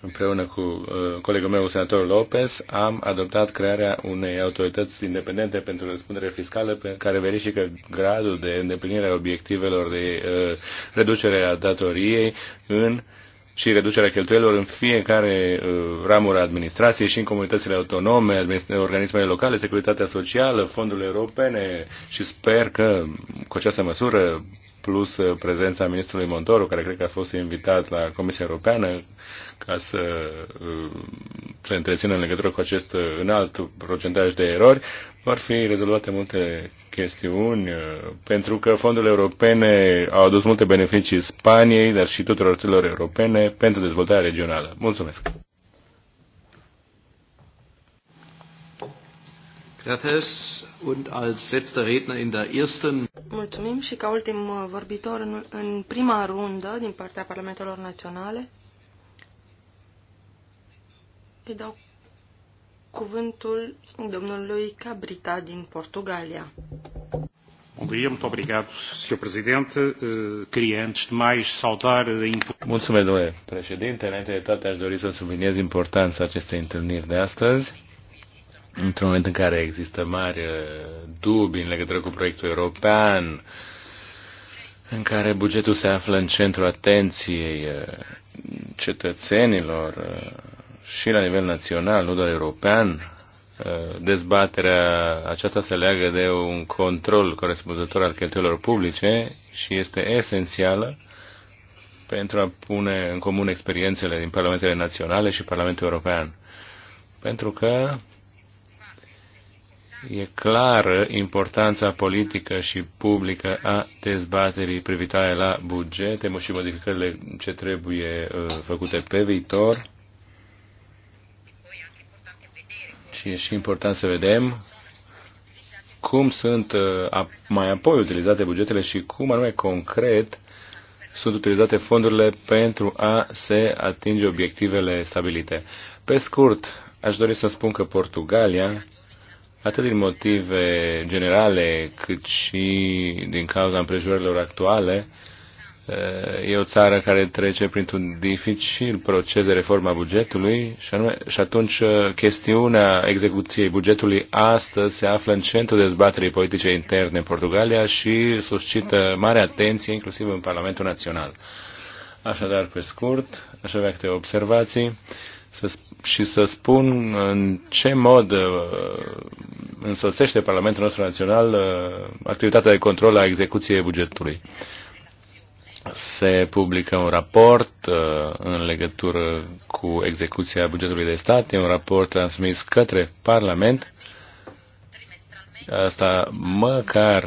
împreună cu uh, colegul meu, senator Lopez, am adoptat crearea unei autorități independente pentru răspundere fiscală pe care verifică gradul de îndeplinire a obiectivelor de uh, reducere a datoriei în uh, și reducerea cheltuielor în fiecare uh, ramură a administrației și în comunitățile autonome, organismele locale, securitatea socială, fondurile europene și sper că cu această măsură plus uh, prezența ministrului Montoro, care cred că a fost invitat la Comisia Europeană ca să uh, se întrețină în legătură cu acest uh, înalt procentaj de erori, vor fi rezolvate multe chestiuni, pentru că fondurile europene au adus multe beneficii Spaniei, dar și tuturor țărilor europene pentru dezvoltarea regională. Mulțumesc! Gracias. Und als letzter Redner in der ersten... Mulțumim și ca ultim uh, vorbitor în, în prima rundă din partea Parlamentelor Naționale îi dau cuvântul domnului Cabrita din Portugalia. Bom dia, muito obrigado, Sr. Presidente. Eh, queria, antes de mais, saudar eh, Mulțumesc, domnule președinte. Înainte de toate, aș dori să subliniez importanța acestei întâlniri de astăzi într-un moment în care există mari uh, dubii în legătură cu proiectul european, în care bugetul se află în centrul atenției uh, cetățenilor uh, și la nivel național, nu doar european, dezbaterea aceasta se leagă de un control corespunzător al cheltuielor publice și este esențială pentru a pune în comun experiențele din parlamentele naționale și Parlamentul European. Pentru că e clară importanța politică și publică a dezbaterii privitoare la bugete și modificările ce trebuie uh, făcute pe viitor. Și e și important să vedem cum sunt uh, mai apoi utilizate bugetele și cum anume concret sunt utilizate fondurile pentru a se atinge obiectivele stabilite. Pe scurt, aș dori să spun că Portugalia atât din motive generale, cât și din cauza împrejurărilor actuale, e o țară care trece printr-un dificil proces de a bugetului și, anume, și atunci uh, chestiunea execuției bugetului astăzi se află în centrul dezbaterii politice interne în Portugalia și suscită mare atenție inclusiv în Parlamentul Național. Așadar, pe scurt, aș avea câte observații să, și să spun în ce mod uh, însoțește Parlamentul nostru național uh, activitatea de control a execuției bugetului. Se publică un raport uh, în legătură cu execuția bugetului de stat, e un raport transmis către Parlament, asta măcar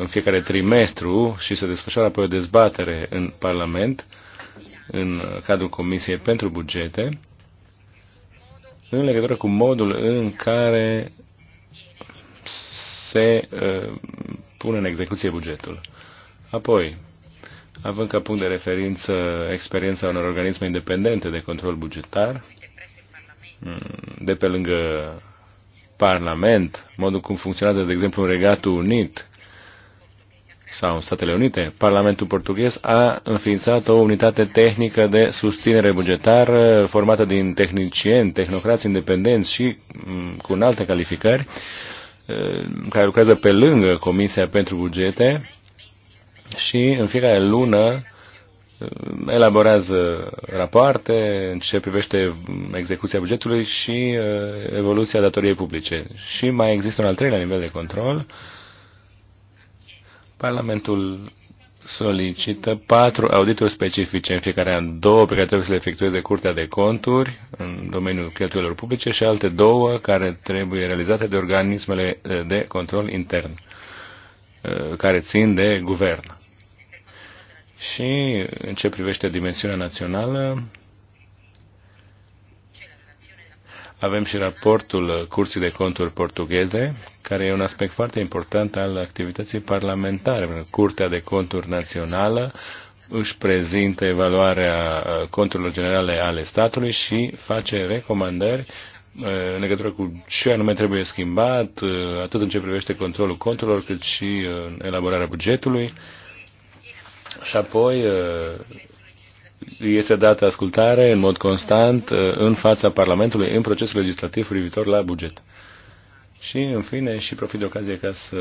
în fiecare trimestru și se desfășoară apoi o dezbatere în Parlament, în cadrul Comisiei pentru Bugete, în legătură cu modul în care se uh, pune în execuție bugetul. Apoi, având ca punct de referință experiența unor organisme independente de control bugetar, mm, de pe lângă Parlament, modul cum funcționează, de exemplu, Regatul Unit, sau în Statele Unite, Parlamentul portughez a înființat o unitate tehnică de susținere bugetară formată din tehnicieni, tehnocrați independenți și mm, cu înalte calificări, eh, care lucrează pe lângă Comisia pentru Bugete și în fiecare lună eh, elaborează rapoarte în ce privește execuția bugetului și eh, evoluția datoriei publice. Și mai există un al treilea nivel de control, Parlamentul solicită patru audituri specifice în fiecare an, două pe care trebuie să le efectueze Curtea de Conturi în domeniul cheltuielor publice și alte două care trebuie realizate de organismele de control intern uh, care țin de guvern. Și în ce privește dimensiunea națională, Avem și raportul Curții de Conturi Portugheze, care e un aspect foarte important al activității parlamentare. Curtea de Conturi Națională își prezintă evaluarea uh, conturilor generale ale statului și face recomandări uh, în legătură cu ce anume trebuie schimbat, uh, atât în ce privește controlul conturilor, cât și elaborarea bugetului. Și apoi este dată ascultare în mod constant uh, în fața Parlamentului în procesul legislativ privitor la buget. Și, în fine, și profit de ocazie ca să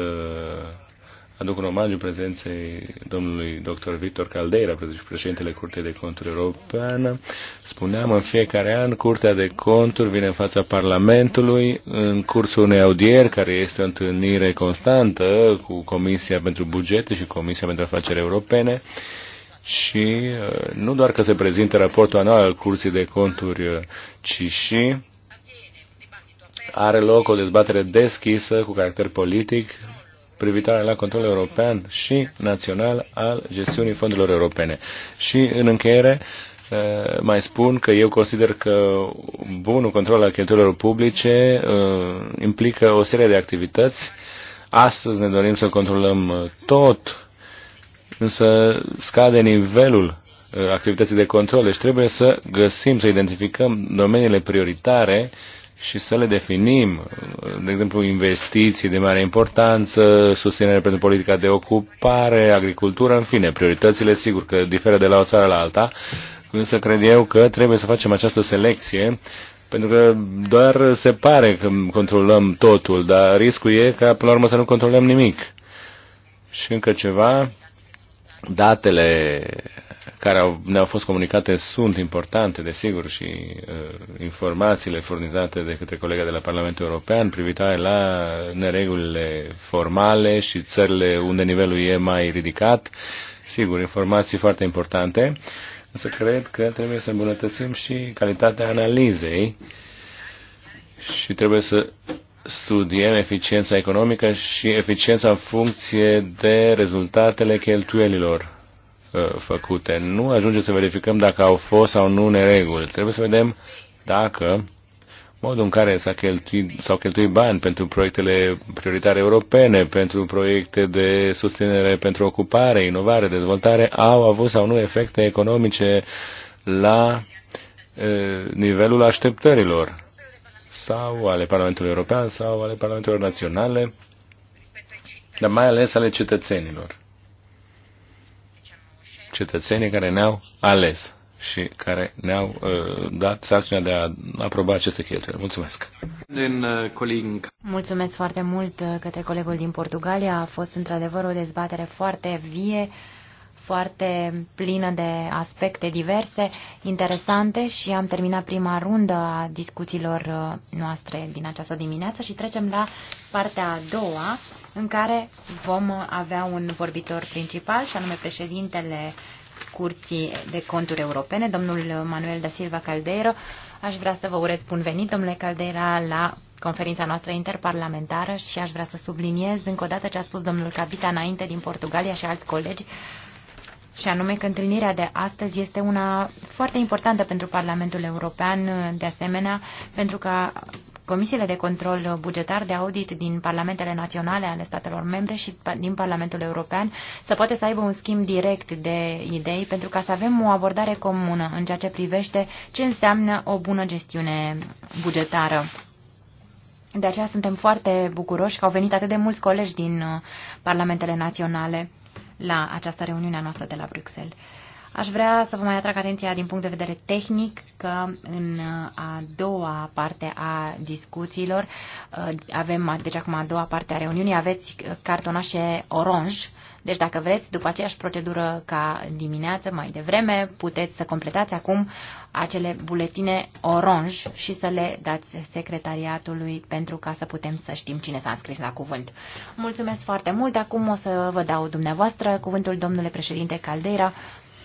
aduc un omagiu prezenței domnului dr. Victor Caldeira, președintele Curtei de Conturi Europeană. Spuneam, în fiecare an, Curtea de Conturi vine în fața Parlamentului în cursul unei audieri, care este o întâlnire constantă cu Comisia pentru Bugete și Comisia pentru Afaceri Europene. Uh, și uh, nu doar că se prezintă raportul anual al Curții de Conturi, uh, ci și are loc o dezbatere deschisă cu caracter politic privitoare la controlul european și național al gestiunii fondurilor europene. Și în încheiere uh, mai spun că eu consider că bunul control al cheltuielor publice implică o serie de activități. Astăzi ne dorim să controlăm tot însă scade nivelul uh, activității de control. Deci trebuie să găsim, să identificăm domeniile prioritare și să le definim, uh, de exemplu, investiții de mare importanță, susținere pentru politica de ocupare, agricultură, în fine, prioritățile, sigur că diferă de la o țară la alta, însă cred eu că trebuie să facem această selecție, pentru că doar se pare că controlăm totul, dar riscul e ca, până la urmă, să nu controlăm nimic. Și încă ceva, datele care au, ne-au fost comunicate sunt importante, desigur, și uh, informațiile furnizate de către colega de la Parlamentul European privitoare la neregulile formale și țările unde nivelul e mai ridicat. Sigur, informații foarte importante, însă cred că trebuie să îmbunătățim și calitatea analizei și trebuie să studiem eficiența economică și eficiența în funcție de rezultatele cheltuielilor uh, făcute. Nu ajunge să verificăm dacă au fost sau nu nereguli. Trebuie să vedem dacă modul în care s-au cheltuit, s cheltuit bani pentru proiectele prioritare europene, pentru proiecte de susținere pentru ocupare, inovare, dezvoltare, au avut sau nu efecte economice la e, uh, nivelul așteptărilor sau ale Parlamentului European sau ale Parlamentelor Naționale, dar mai ales ale cetățenilor. Cetățenii care ne-au ales și care ne-au uh, dat sarcina de a aproba aceste cheltuieli. Mulțumesc! Din, uh, Mulțumesc foarte mult uh, către colegul din Portugalia. A fost într-adevăr o dezbatere foarte vie foarte plină de aspecte diverse, interesante și am terminat prima rundă a discuțiilor uh, noastre din această dimineață și trecem la partea a doua în care vom avea un vorbitor principal și anume președintele Curții de Conturi Europene, domnul Manuel da Silva Caldeiro. Aș vrea să vă urez bun venit, domnule Caldeira, la conferința noastră interparlamentară și aș vrea să subliniez încă o dată ce a spus domnul Capita înainte din Portugalia și alți colegi și anume că întâlnirea de astăzi este una foarte importantă pentru Parlamentul European, de asemenea, pentru că comisiile de control bugetar de audit din parlamentele naționale ale statelor membre și din Parlamentul European să poate să aibă un schimb direct de idei pentru ca să avem o abordare comună în ceea ce privește ce înseamnă o bună gestiune bugetară. De aceea suntem foarte bucuroși că au venit atât de mulți colegi din uh, parlamentele naționale la această reuniune a noastră de la Bruxelles. Aș vrea să vă mai atrag atenția din punct de vedere tehnic că în a doua parte a discuțiilor uh, avem deja deci acum a doua parte a reuniunii aveți cartonașe orange. Deci dacă vreți, după aceeași procedură ca dimineață, mai devreme, puteți să completați acum acele buletine orange și să le dați secretariatului pentru ca să putem să știm cine s-a înscris la cuvânt. Mulțumesc foarte mult. Acum o să vă dau dumneavoastră cuvântul domnule președinte Caldeira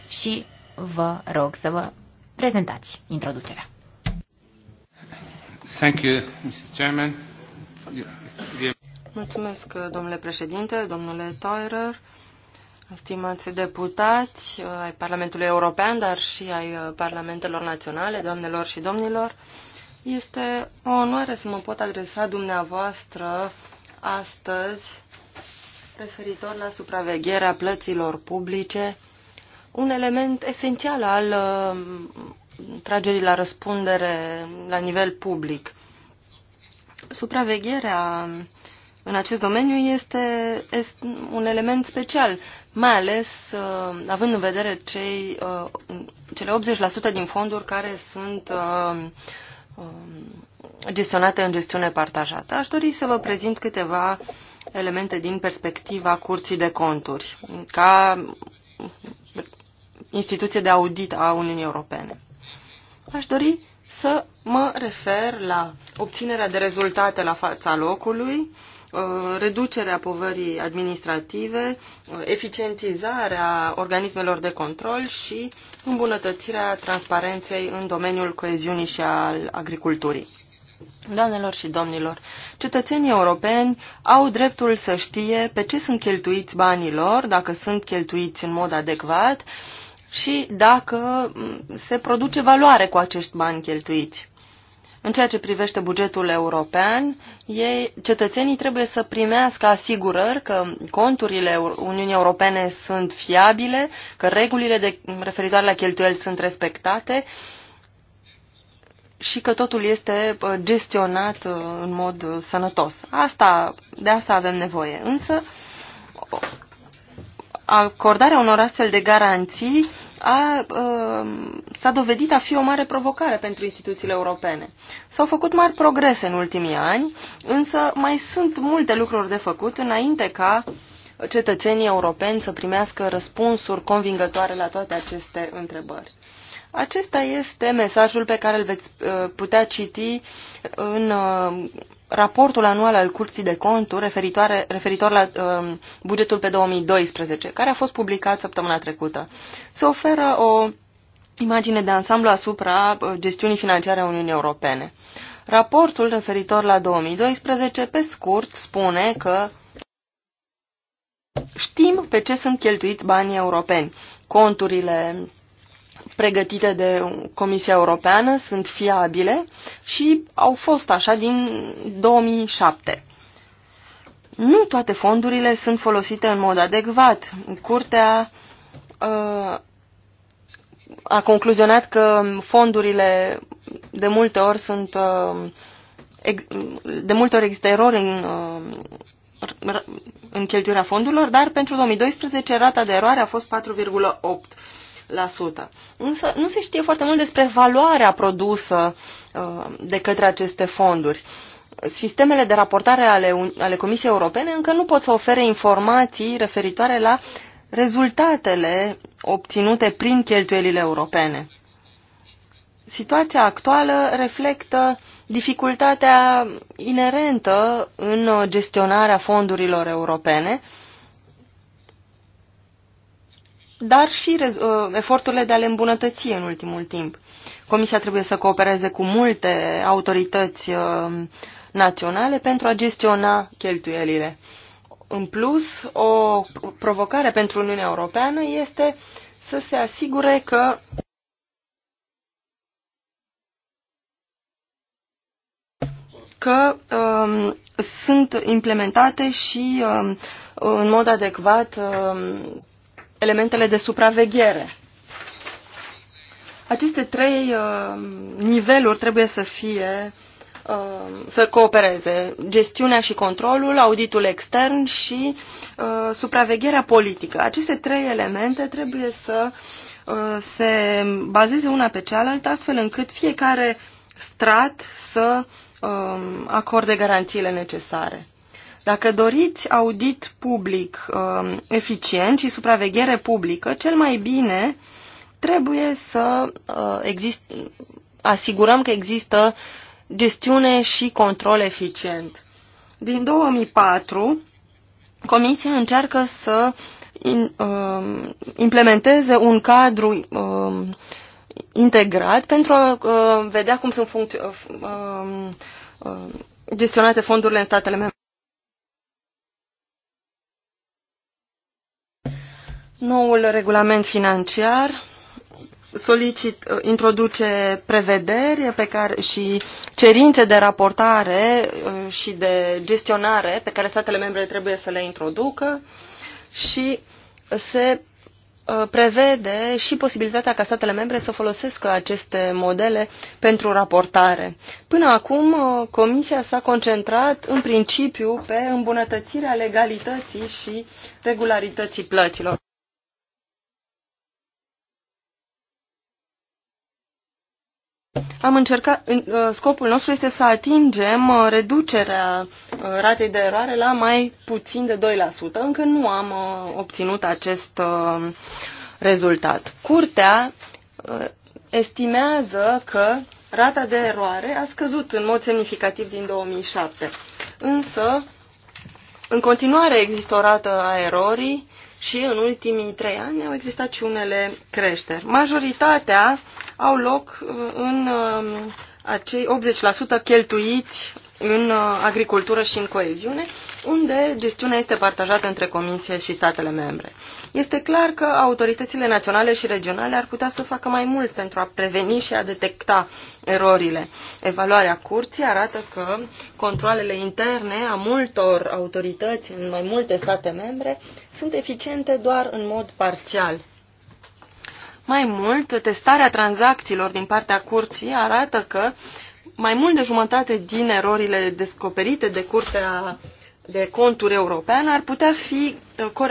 și vă rog să vă prezentați introducerea. Thank you, Mr. Chairman. Mulțumesc, domnule președinte, domnule Teurer, stimați deputați ai Parlamentului European, dar și ai Parlamentelor Naționale, doamnelor și domnilor. Este o onoare să mă pot adresa dumneavoastră astăzi referitor la supravegherea plăților publice, un element esențial al um, tragerii la răspundere la nivel public. Supravegherea în acest domeniu este, este un element special, mai ales uh, având în vedere cei, uh, cele 80% din fonduri care sunt uh, uh, gestionate în gestiune partajată. Aș dori să vă prezint câteva elemente din perspectiva Curții de Conturi, ca instituție de audit a Uniunii Europene. Aș dori să mă refer la obținerea de rezultate la fața locului, uh, Uh, reducerea povării administrative, uh, eficientizarea organismelor de control și îmbunătățirea transparenței în domeniul coeziunii și al agriculturii. Doamnelor și domnilor, cetățenii europeni au dreptul să știe pe ce sunt cheltuiți banii lor, dacă sunt cheltuiți în mod adecvat și dacă mm, se produce valoare cu acești bani cheltuiți. În ceea ce privește bugetul european, ei, cetățenii trebuie să primească asigurări că conturile Uniunii Europene sunt fiabile, că regulile de, referitoare la cheltuieli sunt respectate și că totul este uh, gestionat uh, în mod uh, sănătos. Asta, de asta avem nevoie. Însă, acordarea unor astfel de garanții a, s-a dovedit a fi o mare provocare pentru instituțiile europene. S-au făcut mari progrese în ultimii ani, însă mai sunt multe lucruri de făcut înainte ca cetățenii europeni să primească răspunsuri convingătoare la toate aceste întrebări. Acesta este mesajul pe care îl veți uh, putea citi în uh, raportul anual al Curții de Conturi referitoare, referitor la uh, bugetul pe 2012, care a fost publicat săptămâna trecută. Se oferă o imagine de ansamblu asupra uh, gestiunii financiare a Uniunii Europene. Raportul referitor la 2012, pe scurt, spune că știm pe ce sunt cheltuiți banii europeni. Conturile pregătite de Comisia Europeană sunt fiabile și au fost așa din 2007. Nu toate fondurile sunt folosite în mod adecvat. Curtea uh, a concluzionat că fondurile de multe ori sunt uh, de multe ori există erori în, uh, în cheltuirea fondurilor, dar pentru 2012 rata de eroare a fost 4,8 Însă nu se știe foarte mult despre valoarea produsă uh, de către aceste fonduri. Sistemele de raportare ale, ale Comisiei Europene încă nu pot să ofere informații referitoare la rezultatele obținute prin cheltuielile europene. Situația actuală reflectă dificultatea inerentă în gestionarea fondurilor europene, dar și uh, eforturile de a le îmbunătăți în ultimul timp. Comisia trebuie să coopereze cu multe autorități uh, naționale pentru a gestiona cheltuielile. În plus, o provocare pentru Uniunea Europeană este să se asigure că că um, sunt implementate și um, în mod adecvat um, elementele de supraveghere. Aceste trei uh, niveluri trebuie să fie uh, să coopereze gestiunea și controlul, auditul extern și uh, supravegherea politică. Aceste trei elemente trebuie să uh, se bazeze una pe cealaltă, astfel încât fiecare strat să uh, acorde garanțiile necesare. Dacă doriți audit public um, eficient și supraveghere publică, cel mai bine trebuie să uh, exist, asigurăm că există gestiune și control eficient. Din 2004, Comisia încearcă să um, implementeze un cadru um, integrat pentru a uh, vedea cum sunt funcționate uh, gestionate fondurile în statele membre. Noul regulament financiar solicit, introduce prevederi pe care, și cerințe de raportare uh, și de gestionare pe care statele membre trebuie să le introducă și se uh, prevede și posibilitatea ca statele membre să folosească aceste modele pentru raportare. Până acum, uh, Comisia s-a concentrat în principiu pe îmbunătățirea legalității și regularității plăților. Am încercat, uh, scopul nostru este să atingem uh, reducerea uh, ratei de eroare la mai puțin de 2%. Încă nu am obținut acest rezultat. Curtea estimează că rata de eroare a scăzut în mod semnificativ din 2007. Însă, în continuare există o rată a erorii și în ultimii trei ani au existat și unele creșteri. Majoritatea au loc uh, în um, acei 80% cheltuiți în uh, agricultură și în coeziune, unde gestiunea este partajată între Comisie și statele membre. Este clar că autoritățile naționale și regionale ar putea să facă mai mult pentru a preveni și a detecta erorile. Evaluarea curții arată că controlele interne a multor autorități în mai multe state membre sunt eficiente doar în mod parțial. Mai mult, testarea tranzacțiilor din partea curții arată că mai mult de jumătate din erorile descoperite de Curtea de Conturi Europeană ar, putea fi,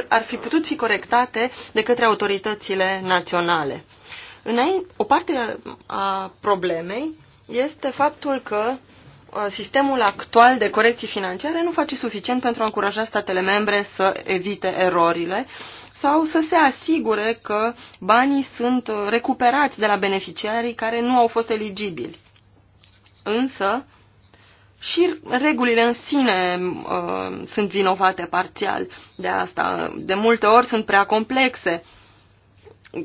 ar fi putut fi corectate de către autoritățile naționale. Înainte, o parte a problemei este faptul că uh, sistemul actual de corecții financiare nu face suficient pentru a încuraja statele membre să evite erorile sau să se asigure că banii sunt recuperați de la beneficiarii care nu au fost eligibili. Însă, și regulile în sine uh, sunt vinovate parțial de asta. De multe ori sunt prea complexe.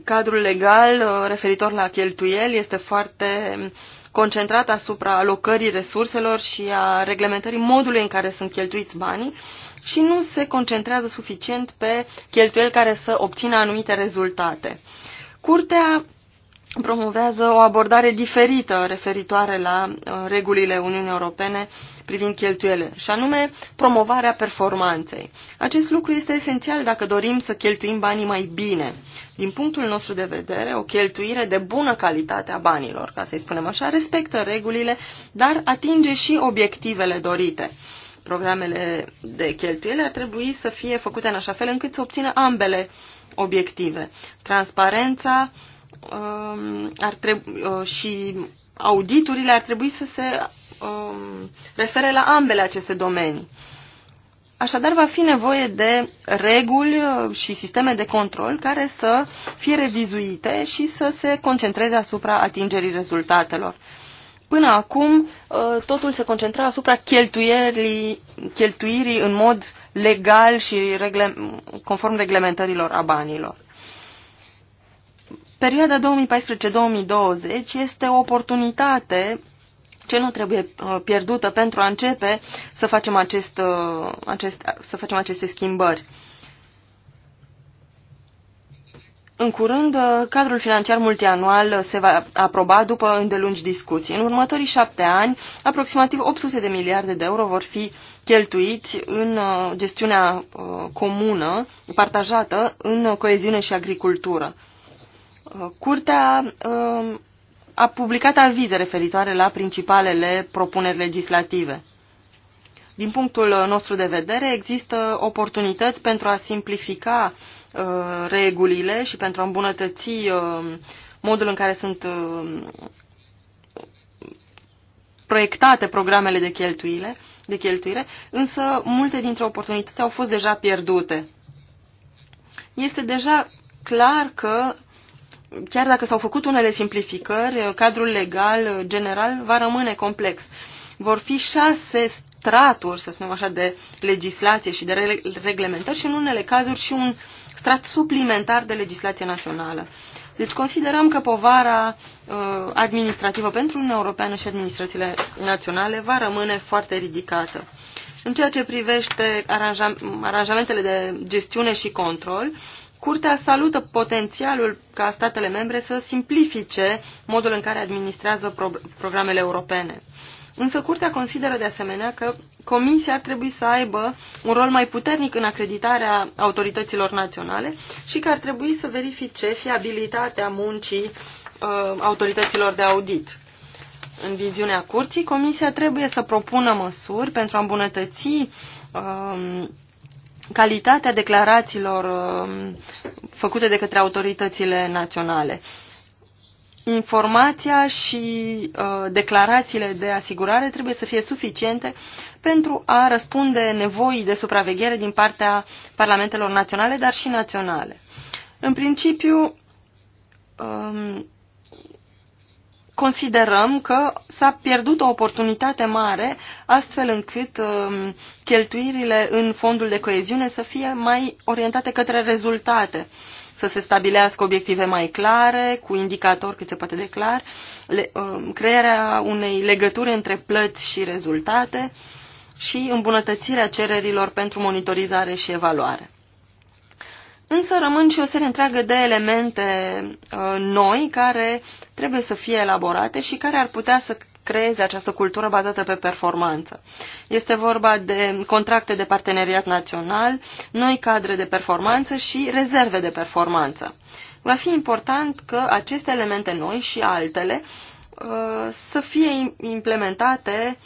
Cadrul legal uh, referitor la cheltuieli este foarte concentrat asupra alocării resurselor și a reglementării modului în care sunt cheltuiți banii, și nu se concentrează suficient pe cheltuieli care să obțină anumite rezultate. Curtea promovează o abordare diferită referitoare la uh, regulile Uniunii Europene privind cheltuiele, și anume promovarea performanței. Acest lucru este esențial dacă dorim să cheltuim banii mai bine. Din punctul nostru de vedere, o cheltuire de bună calitate a banilor, ca să-i spunem așa, respectă regulile, dar atinge și obiectivele dorite programele de cheltuieli ar trebui să fie făcute în așa fel încât să obțină ambele obiective. Transparența um, ar trebui, uh, și auditurile ar trebui să se um, refere la ambele aceste domenii. Așadar, va fi nevoie de reguli uh, și sisteme de control care să fie revizuite și să se concentreze asupra atingerii rezultatelor. Până acum, ă, totul se concentra asupra cheltuielii, cheltuirii în mod legal și regle, conform reglementărilor a banilor. Perioada 2014-2020 este o oportunitate ce nu trebuie ă, pierdută pentru a începe să facem, acest, ă, acest, să facem aceste schimbări. În curând, uh, cadrul financiar multianual uh, se va aproba după îndelungi discuții. În următorii șapte ani, aproximativ 800 de miliarde de euro vor fi cheltuiți în uh, gestiunea comună, partajată, în coeziune și agricultură. Curtea a publicat avize referitoare la principalele propuneri legislative. Din punctul nostru de vedere, există oportunități pentru a simplifica uh, Uh, regulile și pentru a îmbunătăți uh, modul în care sunt uh, proiectate programele de cheltuire, de cheltuire, însă multe dintre oportunități au fost deja pierdute. Este deja clar că, chiar dacă s-au făcut unele simplificări, cadrul legal general va rămâne complex. Vor fi șase straturi, să spunem așa, de legislație și de reglementări și în unele cazuri și un strat suplimentar de legislație națională. Deci considerăm că povara uh, administrativă pentru Uniunea Europeană și administrațiile naționale va rămâne foarte ridicată. În ceea ce privește aranja aranjamentele de gestiune și control, Curtea salută potențialul ca statele membre să simplifice modul în care administrează pro programele europene. Însă Curtea consideră de asemenea că Comisia ar trebui să aibă un rol mai puternic în acreditarea autorităților naționale și că ar trebui să verifice fiabilitatea muncii uh, autorităților de audit. În viziunea Curții, Comisia trebuie să propună măsuri pentru a îmbunătăți um, calitatea declarațiilor um, făcute de către autoritățile naționale informația și uh, declarațiile de asigurare trebuie să fie suficiente pentru a răspunde nevoii de supraveghere din partea parlamentelor naționale, dar și naționale. În principiu, um, considerăm că s-a pierdut o oportunitate mare, astfel încât um, cheltuirile în fondul de coeziune să fie mai orientate către rezultate. Uh, să se stabilească obiective mai clare, cu indicatori cât se poate de clar, le, uh, crearea unei legături între plăți și rezultate și îmbunătățirea cererilor pentru monitorizare și evaluare. Însă rămân și o serie întreagă de elemente uh, noi care trebuie să fie elaborate și care ar putea să creeze această cultură bazată pe performanță. Este vorba de contracte de parteneriat național, noi cadre de performanță și rezerve de performanță. Va fi important că aceste elemente noi și altele uh, să fie implementate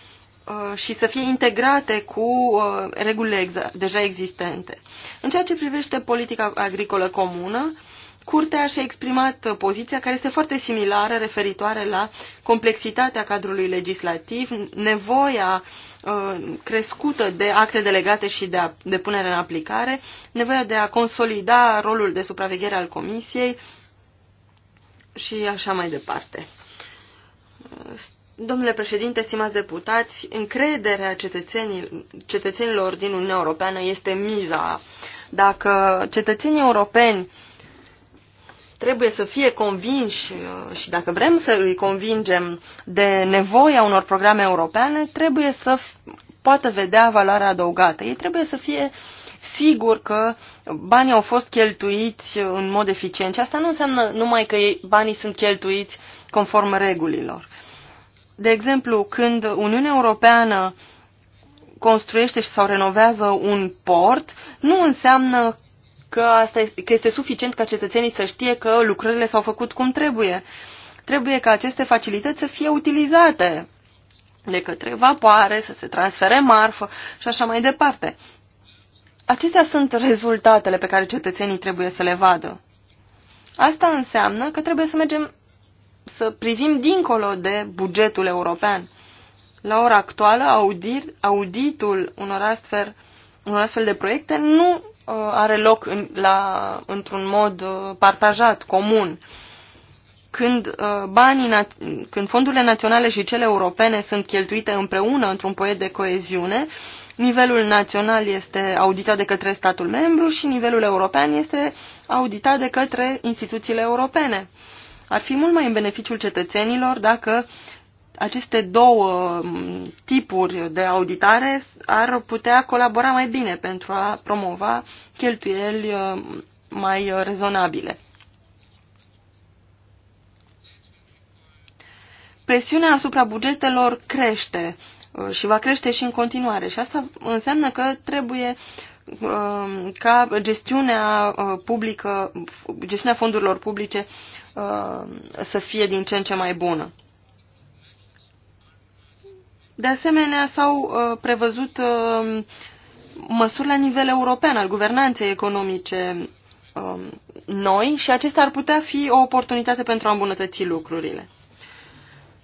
uh, și să fie integrate cu uh, regulile deja existente. În ceea ce privește politica agricolă comună, Curtea și-a exprimat poziția care este foarte similară referitoare la complexitatea cadrului legislativ, nevoia uh, crescută de acte delegate și de, a, de punere în aplicare, nevoia de a consolida rolul de supraveghere al Comisiei și așa mai departe. Domnule președinte, stimați deputați, încrederea cetățenilor din Uniunea Europeană este miza. Dacă cetățenii europeni trebuie să fie convinși uh, și dacă vrem să îi convingem de nevoia unor programe europene, trebuie să poată vedea valoarea adăugată. Ei trebuie să fie sigur că banii au fost cheltuiți în mod eficient și asta nu înseamnă numai că banii sunt cheltuiți conform regulilor. De exemplu, când Uniunea Europeană construiește sau renovează un port, nu înseamnă că, asta este, că este suficient ca cetățenii să știe că lucrările s-au făcut cum trebuie. Trebuie ca aceste facilități să fie utilizate de către vapoare, să se transfere marfă și așa mai departe. Acestea sunt rezultatele pe care cetățenii trebuie să le vadă. Asta înseamnă că trebuie să mergem să privim dincolo de bugetul european. La ora actuală, auditul unor astfel, unor astfel de proiecte nu Uh, are loc în, la, într-un mod uh, partajat, comun. Când, uh, banii, când fondurile naționale și cele europene sunt cheltuite împreună într-un proiect de coeziune, nivelul național este auditat de către statul membru și nivelul european este auditat de către instituțiile europene. Ar fi mult mai în beneficiul cetățenilor dacă aceste două mm, tipuri de auditare ar putea colabora mai bine pentru a promova cheltuieli mm, mai rezonabile. Presiunea asupra bugetelor crește mm, și va crește și în continuare și asta înseamnă că trebuie ca gestiunea publică, gestiunea fondurilor publice să fie din ce în ce mai bună. De asemenea, s-au uh, prevăzut uh, măsuri la nivel european al guvernanței economice um, noi și acesta ar putea fi o oportunitate pentru a îmbunătăți lucrurile.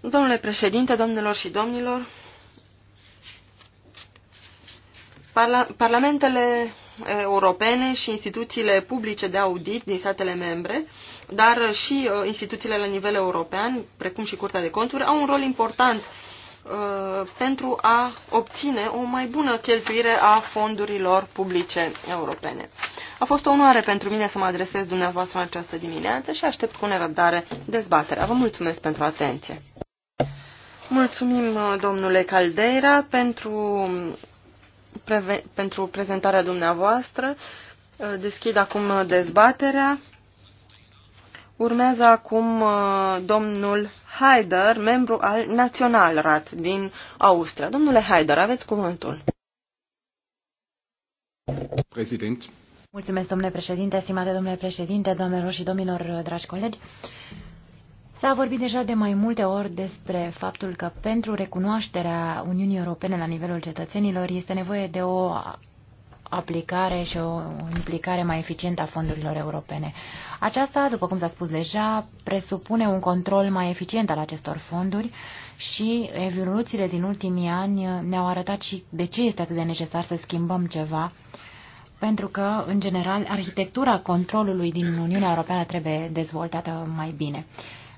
Domnule președinte, domnilor și domnilor, parla parlamentele uh, europene și instituțiile publice de audit din statele membre, dar și instituțiile la nivel european, precum și Curtea de Conturi, au un rol important Uh, pentru a obține o mai bună cheltuire a fondurilor publice europene. A fost o onoare pentru mine să mă adresez dumneavoastră în această dimineață și aștept cu nerăbdare dezbaterea. Vă mulțumesc pentru atenție. Mulțumim, uh, domnule Caldeira, pentru, pentru prezentarea dumneavoastră. Uh, deschid acum dezbaterea. Urmează acum uh, domnul Haider, membru al Naționalrat din Austria. Domnule Haider, aveți cuvântul. Prezident. Mulțumesc, domnule președinte, stimate domnule președinte, domnilor și domnilor, dragi colegi. S-a vorbit deja de mai multe ori despre faptul că pentru recunoașterea Uniunii Europene la nivelul cetățenilor este nevoie de o aplicare și o implicare mai eficientă a fondurilor europene. Aceasta, după cum s-a spus deja, presupune un control mai eficient al acestor fonduri și evoluțiile din ultimii ani ne-au arătat și de ce este atât de necesar să schimbăm ceva, pentru că, în general, arhitectura controlului din Uniunea Europeană trebuie dezvoltată mai bine.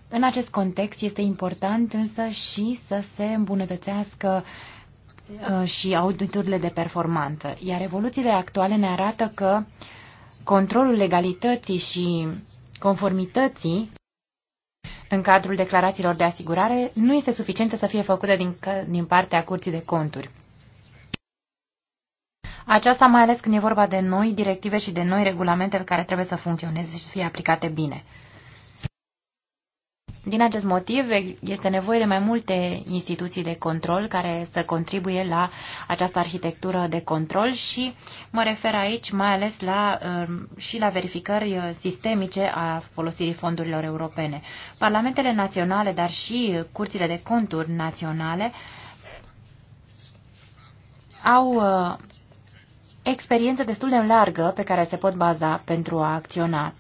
În acest context este important însă și să se îmbunătățească uh, Uh, și auditurile de performanță. Iar evoluțiile actuale ne arată că controlul legalității și conformității în cadrul declarațiilor de asigurare nu este suficientă să fie făcută din, din partea Curții de Conturi. Aceasta mai ales când e vorba de noi directive și de noi regulamente care trebuie să funcționeze și să fie aplicate bine. Din acest motiv, este nevoie de mai multe instituții de control care să contribuie la această arhitectură de control și mă refer aici mai ales la, um, și la verificări uh, sistemice a folosirii fondurilor europene. Parlamentele naționale, dar și curțile de conturi naționale au uh, experiență destul de largă pe care se pot baza pentru a acționa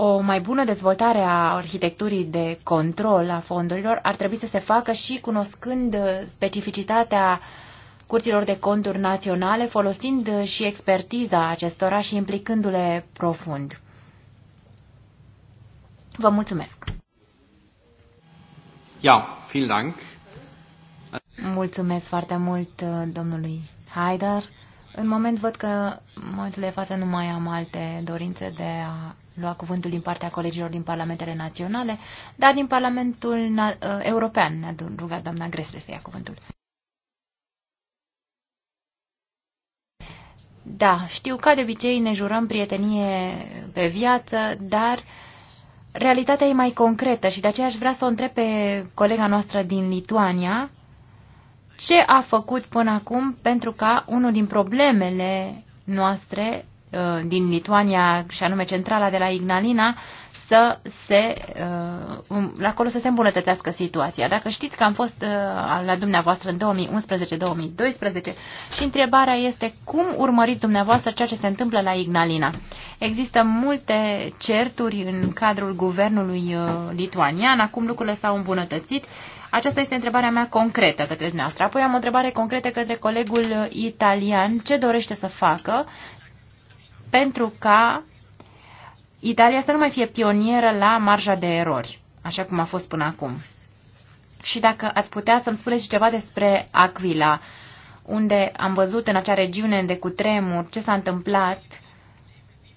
o mai bună dezvoltare a arhitecturii de control a fondurilor ar trebui să se facă și cunoscând specificitatea curților de conturi naționale, folosind și expertiza acestora și implicându-le profund. Vă mulțumesc! Ja, vielen Dank. Mulțumesc foarte mult domnului Haider. În moment văd că în momentul de față nu mai am alte dorințe de a lua cuvântul din partea colegilor din parlamentele naționale, dar din Parlamentul uh, European ne-a rugat doamna Gresle să ia cuvântul. Da, știu, ca de obicei ne jurăm prietenie pe viață, dar realitatea e mai concretă și de aceea aș vrea să o întreb pe colega noastră din Lituania ce a făcut până acum pentru ca unul din problemele noastre Uh, din Lituania, și anume centrala de la Ignalina, să se, uh, um, la acolo să se îmbunătățească situația. Dacă știți că am fost uh, la dumneavoastră în 2011-2012 și întrebarea este cum urmăriți dumneavoastră ceea ce se întâmplă la Ignalina. Există multe certuri în cadrul guvernului lituanian, acum lucrurile s-au îmbunătățit. Aceasta este întrebarea mea concretă către dumneavoastră. Apoi am o întrebare concretă către colegul italian. Ce dorește să facă pentru ca Italia să nu mai fie pionieră la marja de erori, așa cum a fost până acum. Și dacă ați putea să-mi spuneți ceva despre Aquila, unde am văzut în acea regiune de cutremur ce s-a întâmplat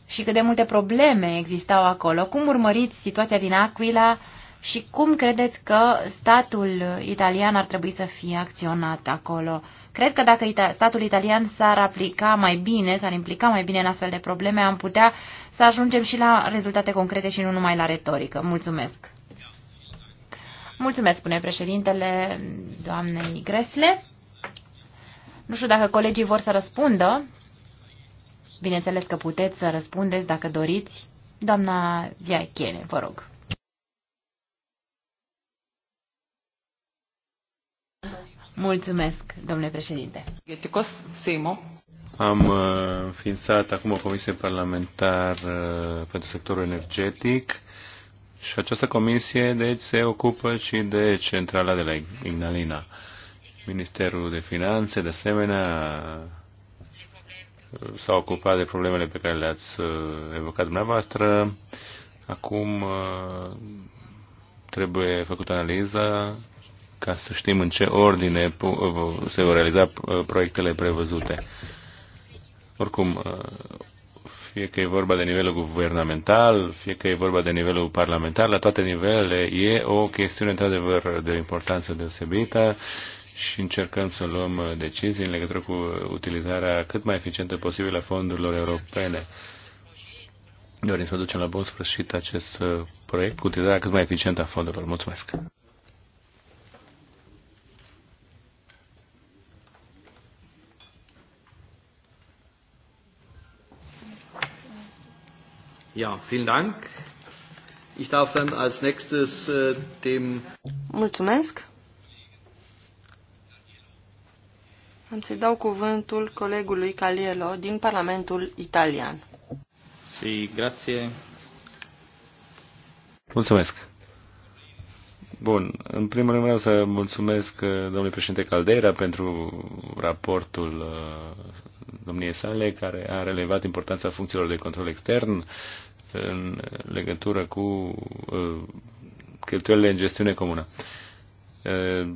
și cât de multe probleme existau acolo, cum urmăriți situația din Aquila și cum credeți că statul italian ar trebui să fie acționat acolo? Cred că dacă statul italian s-ar aplica mai bine, s-ar implica mai bine în astfel de probleme, am putea să ajungem și la rezultate concrete și nu numai la retorică. Mulțumesc! Mulțumesc, spune președintele doamnei Gresle. Nu știu dacă colegii vor să răspundă. Bineînțeles că puteți să răspundeți dacă doriți. Doamna Viachiene, vă rog. Mulțumesc, domnule președinte. Ieticos Simo. Am uh, înființat acum o comisie parlamentară uh, pentru sectorul energetic și această comisie deci se ocupă și de centrala de la Ignalina. Ministerul de Finanțe, de asemenea, uh, s-a ocupat de problemele pe care le-ați evocat dumneavoastră. Acum trebuie făcută analiza ca să știm în ce ordine se vor realiza uh, proiectele prevăzute. Oricum, uh, fie că e vorba de nivelul guvernamental, fie că e vorba de nivelul parlamentar, la toate nivelele e o chestiune într-adevăr de importanță deosebită și încercăm să luăm uh, decizii în legătură cu utilizarea cât mai eficientă posibilă a fondurilor europene. Dorim să ducem la bun sfârșit acest proiect cu utilizarea cât mai eficientă a fondurilor. Mulțumesc! Ja, vielen Dank. Ich darf dann als nächstes äh, dem. Mulțumesc. Am să dau cuvântul colegului Calielo din Parlamentul Italian. Si, grazie. Mulțumesc. Bun, în primul rând vreau să mulțumesc uh, domnului președinte Caldeira pentru raportul uh, domniei sale, care a relevat importanța funcțiilor de control extern în legătură cu uh, cheltuielile în gestiune comună.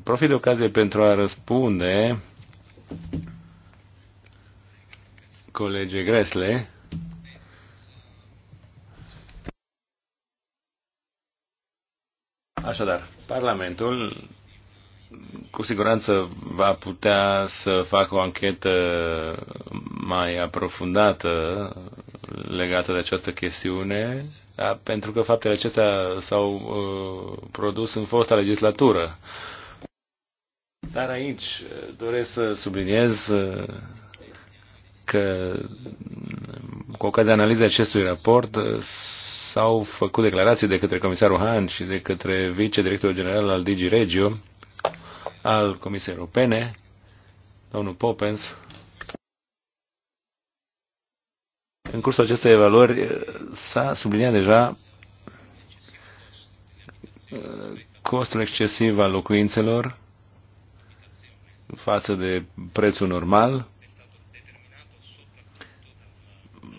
Profit de ocazie pentru a răspunde colege Gresle, Așadar, Parlamentul cu siguranță va putea să facă o anchetă mai aprofundată legată de această chestiune, da? pentru că faptele acestea s-au uh, produs în fosta legislatură. Dar aici uh, doresc să subliniez uh, că cu ocazia analizei acestui raport uh, s-au făcut declarații de către comisarul Han și de către vice vice-directorul general al Digi Regio, al Comisiei Europene, domnul Popens. În cursul acestei evaluări eh, s-a subliniat deja eh, costul excesiv al locuințelor față de prețul normal,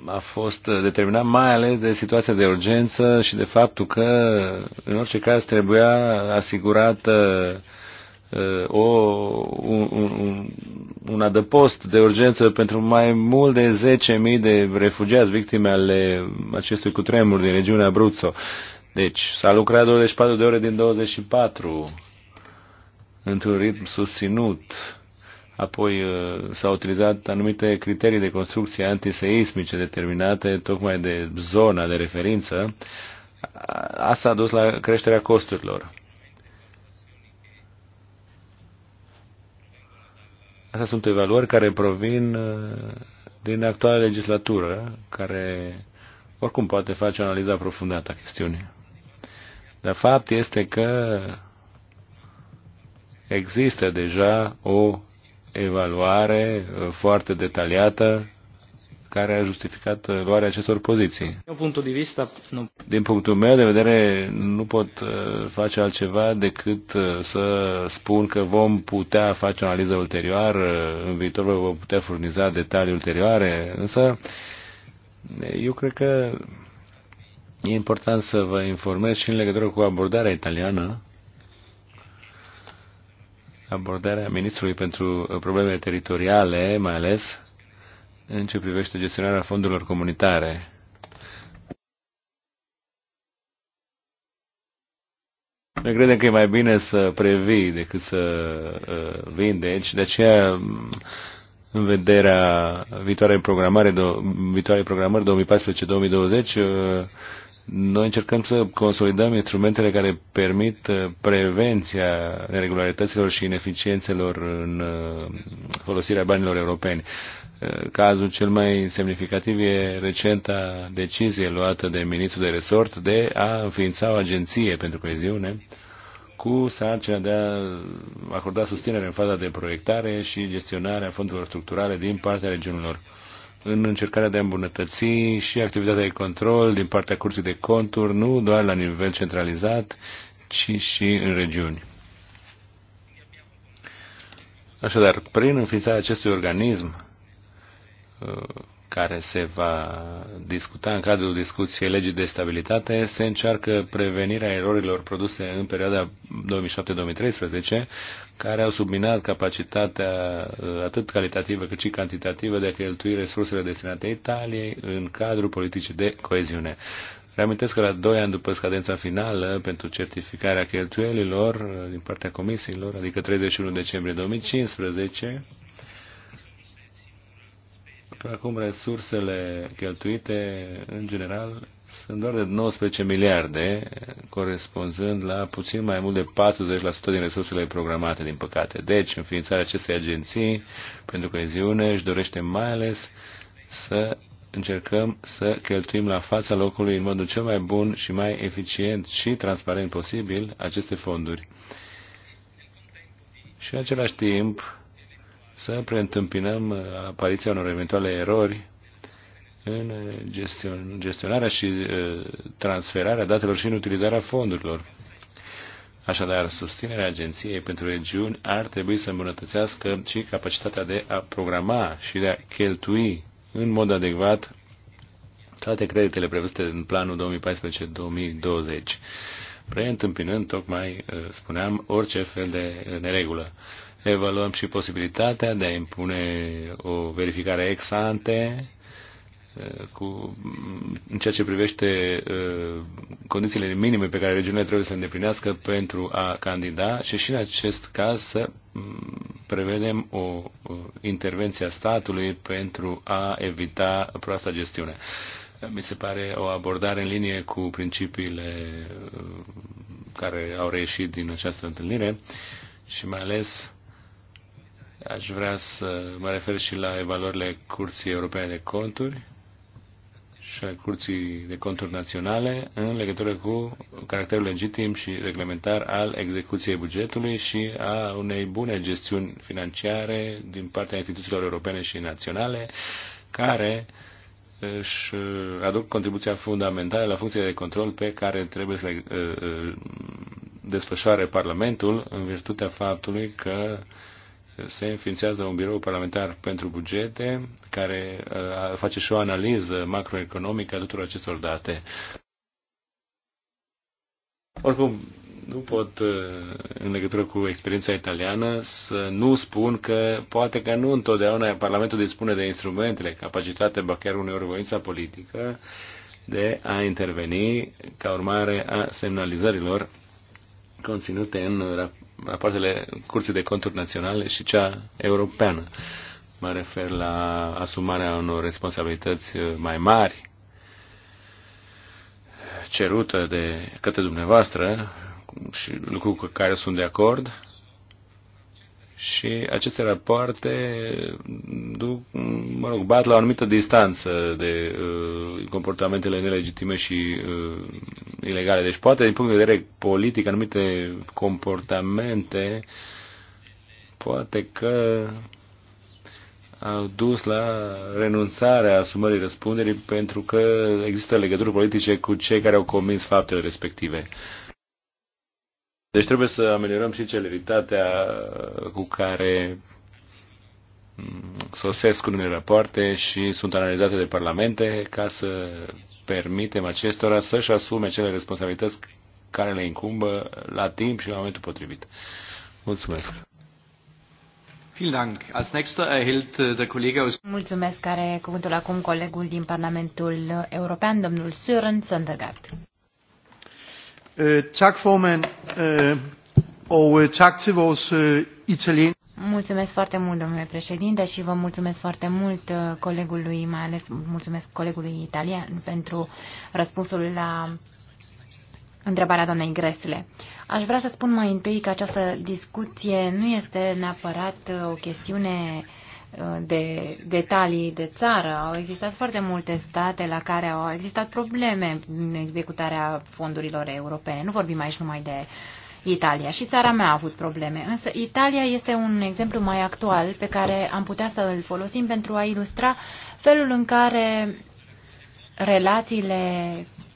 a fost determinat mai ales de situația de urgență și de faptul că, în orice caz, trebuia asigurată uh, o, un, un, un adăpost de urgență pentru mai mult de 10.000 de refugiați, victime ale acestui cutremur din regiunea Abruzzo. Deci, s-a lucrat 24 de ore din 24 într-un ritm susținut Apoi uh, s-au utilizat anumite criterii de construcție antiseismice determinate tocmai de zona de referință. Asta a dus la creșterea costurilor. Astea sunt evaluări care provin uh, din actuala legislatură, care oricum poate face o analiză aprofundată a chestiunii. Dar fapt este că există deja o evaluare uh, foarte detaliată care a justificat uh, luarea acestor poziții. Din punctul meu de vedere, nu pot uh, face altceva decât să spun că vom putea face o analiză ulterioară, în viitor vom putea furniza detalii ulterioare, însă eu cred că e important să vă informez și în legătură cu abordarea italiană abordarea ministrului pentru problemele teritoriale, mai ales în ce privește gestionarea fondurilor comunitare. Noi credem că e mai bine să previi decât să uh, vindeci, deci, de aceea în vederea viitoarei programare, viitoarei programări 2014-2020 noi încercăm să consolidăm instrumentele care permit uh, prevenția neregularităților și ineficiențelor în uh, folosirea banilor europeni. Uh, cazul cel mai semnificativ e recenta decizie luată de ministrul de resort de a înființa o agenție pentru coeziune cu sarcina de a acorda susținere în faza de proiectare și gestionare a fondurilor structurale din partea regiunilor în încercarea de a îmbunătăți și activitatea de control din partea Curții de Conturi, nu doar la nivel centralizat, ci și în regiuni. Așadar, prin înființarea acestui organism, uh, care se va discuta în cadrul discuției legii de stabilitate, se încearcă prevenirea erorilor produse în perioada 2007-2013, care au subminat capacitatea uh, atât calitativă cât și cantitativă de a cheltui resursele destinate Italiei în cadrul politicii de coeziune. Reamintesc că la doi ani după scadența finală pentru certificarea cheltuielilor uh, din partea comisiilor, adică 31 decembrie 2015, Până acum resursele cheltuite, în general, sunt doar de 19 miliarde, corespunzând la puțin mai mult de 40% din resursele programate, din păcate. Deci, înființarea acestei agenții pentru coeziune își dorește mai ales să încercăm să cheltuim la fața locului în modul cel mai bun și mai eficient și transparent posibil aceste fonduri. Și în același timp, să preîntâmpinăm apariția unor eventuale erori în gestionarea și uh, transferarea datelor și în utilizarea fondurilor. Așadar, susținerea agenției pentru regiuni ar trebui să îmbunătățească și capacitatea de a programa și de a cheltui în mod adecvat toate creditele prevăzute în planul 2014-2020, preîntâmpinând, tocmai uh, spuneam, orice fel de neregulă. Evaluăm și posibilitatea de a impune o verificare ex ante eh, cu, în ceea ce privește uh, condițiile minime pe care regiunile trebuie să le îndeplinească pentru a candida și și în acest caz să mm, prevedem o, o intervenție a statului pentru a evita proasta gestiune. Mi se pare o abordare în linie cu principiile uh, care au reieșit din această întâlnire și mai ales Aș vrea să mă refer și la evaluările Curții Europene de Conturi și a Curții de Conturi Naționale în legătură cu caracterul legitim și reglementar al execuției bugetului și a unei bune gestiuni financiare din partea instituțiilor europene și naționale care își aduc contribuția fundamentală la funcția de control pe care trebuie să le uh, uh, desfășoare Parlamentul în virtutea faptului că se înființează un birou parlamentar pentru bugete care uh, face și o analiză macroeconomică a tuturor acestor date. Oricum, nu pot, uh, în legătură cu experiența italiană, să nu spun că poate că nu întotdeauna Parlamentul dispune de instrumentele, capacitatea, ba chiar uneori voința politică, de a interveni ca urmare a semnalizărilor conținute în rapoartele Curții de Conturi Naționale și cea europeană. Mă refer la asumarea unor responsabilități mai mari cerută de către dumneavoastră și lucru cu care sunt de acord și aceste rapoarte duc, mă rog, bat la o anumită distanță de uh, comportamentele nelegitime și uh, ilegale. Deci poate, din punct de vedere politic, anumite comportamente poate că au dus la renunțarea asumării răspunderii pentru că există legături politice cu cei care au comis faptele respective. Uh, deci trebuie să ameliorăm și celeritatea cu care sosesc unele rapoarte și sunt analizate de parlamente ca să permitem acestora să-și asume cele responsabilități care le incumbă la timp și la momentul potrivit. Mulțumesc! Äh, Mulțumesc, care cuvântul acum colegul din Parlamentul European, domnul Søren Sondergaard. Øh, tak formand, øh, og øh, tak til vores italien. Mulțumesc foarte mult, domnule președinte, și vă mulțumesc foarte mult uh, colegului, mai ales mulțumesc colegului italian pentru răspunsul la întrebarea doamnei Gresle. Aș vrea să spun mai întâi că această discuție nu este neapărat uh, o chestiune uh, de detalii de țară. Au existat foarte multe state la care au existat probleme în executarea fondurilor europene. Nu vorbim aici numai de Italia. Și țara mea a avut probleme. Însă Italia este un exemplu mai actual pe care am putea să îl folosim pentru a ilustra felul în care relațiile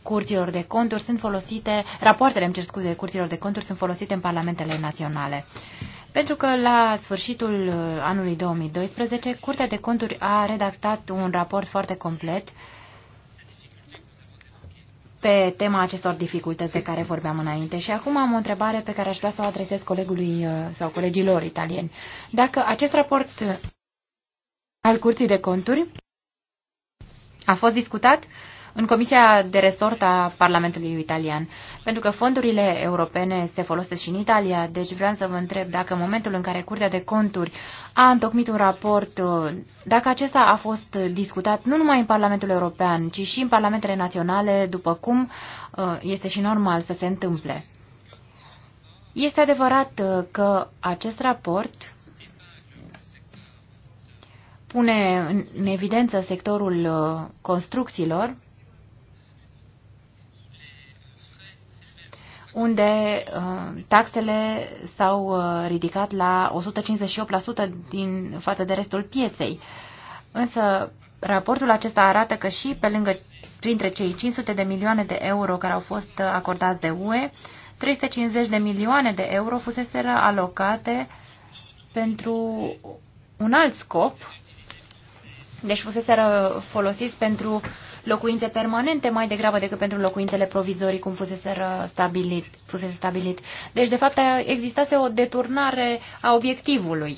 curților de conturi sunt folosite, rapoartele, îmi cer scuze, curților de conturi sunt folosite în parlamentele naționale. Pentru că la sfârșitul uh, anului 2012, Curtea de Conturi a redactat un raport foarte complet pe tema acestor dificultăți de care vorbeam înainte. Și acum am o întrebare pe care aș vrea să o adresez colegului uh, sau colegilor italieni. Dacă acest raport uh, al Curții de Conturi a fost discutat în Comisia de Resort a Parlamentului Italian, pentru că fondurile europene se folosesc și în Italia, deci vreau să vă întreb dacă în momentul în care Curtea de Conturi a întocmit un raport, uh, dacă acesta a fost discutat nu numai în Parlamentul European, ci și în Parlamentele Naționale, după cum uh, este și normal să se întâmple. Este adevărat uh, că acest raport pune în evidență sectorul construcțiilor, unde uh, taxele s-au uh, ridicat la 158% din față de restul pieței. Însă raportul acesta arată că și pe lângă printre cei 500 de milioane de euro care au fost uh, acordați de UE, 350 de milioane de euro fuseseră alocate pentru un alt scop, deci fuseseră folosiți pentru uh, locuințe permanente mai degrabă decât pentru locuințele provizorii, cum fusese stabilit. Fusese stabilit. Deci, de fapt, existase o deturnare a obiectivului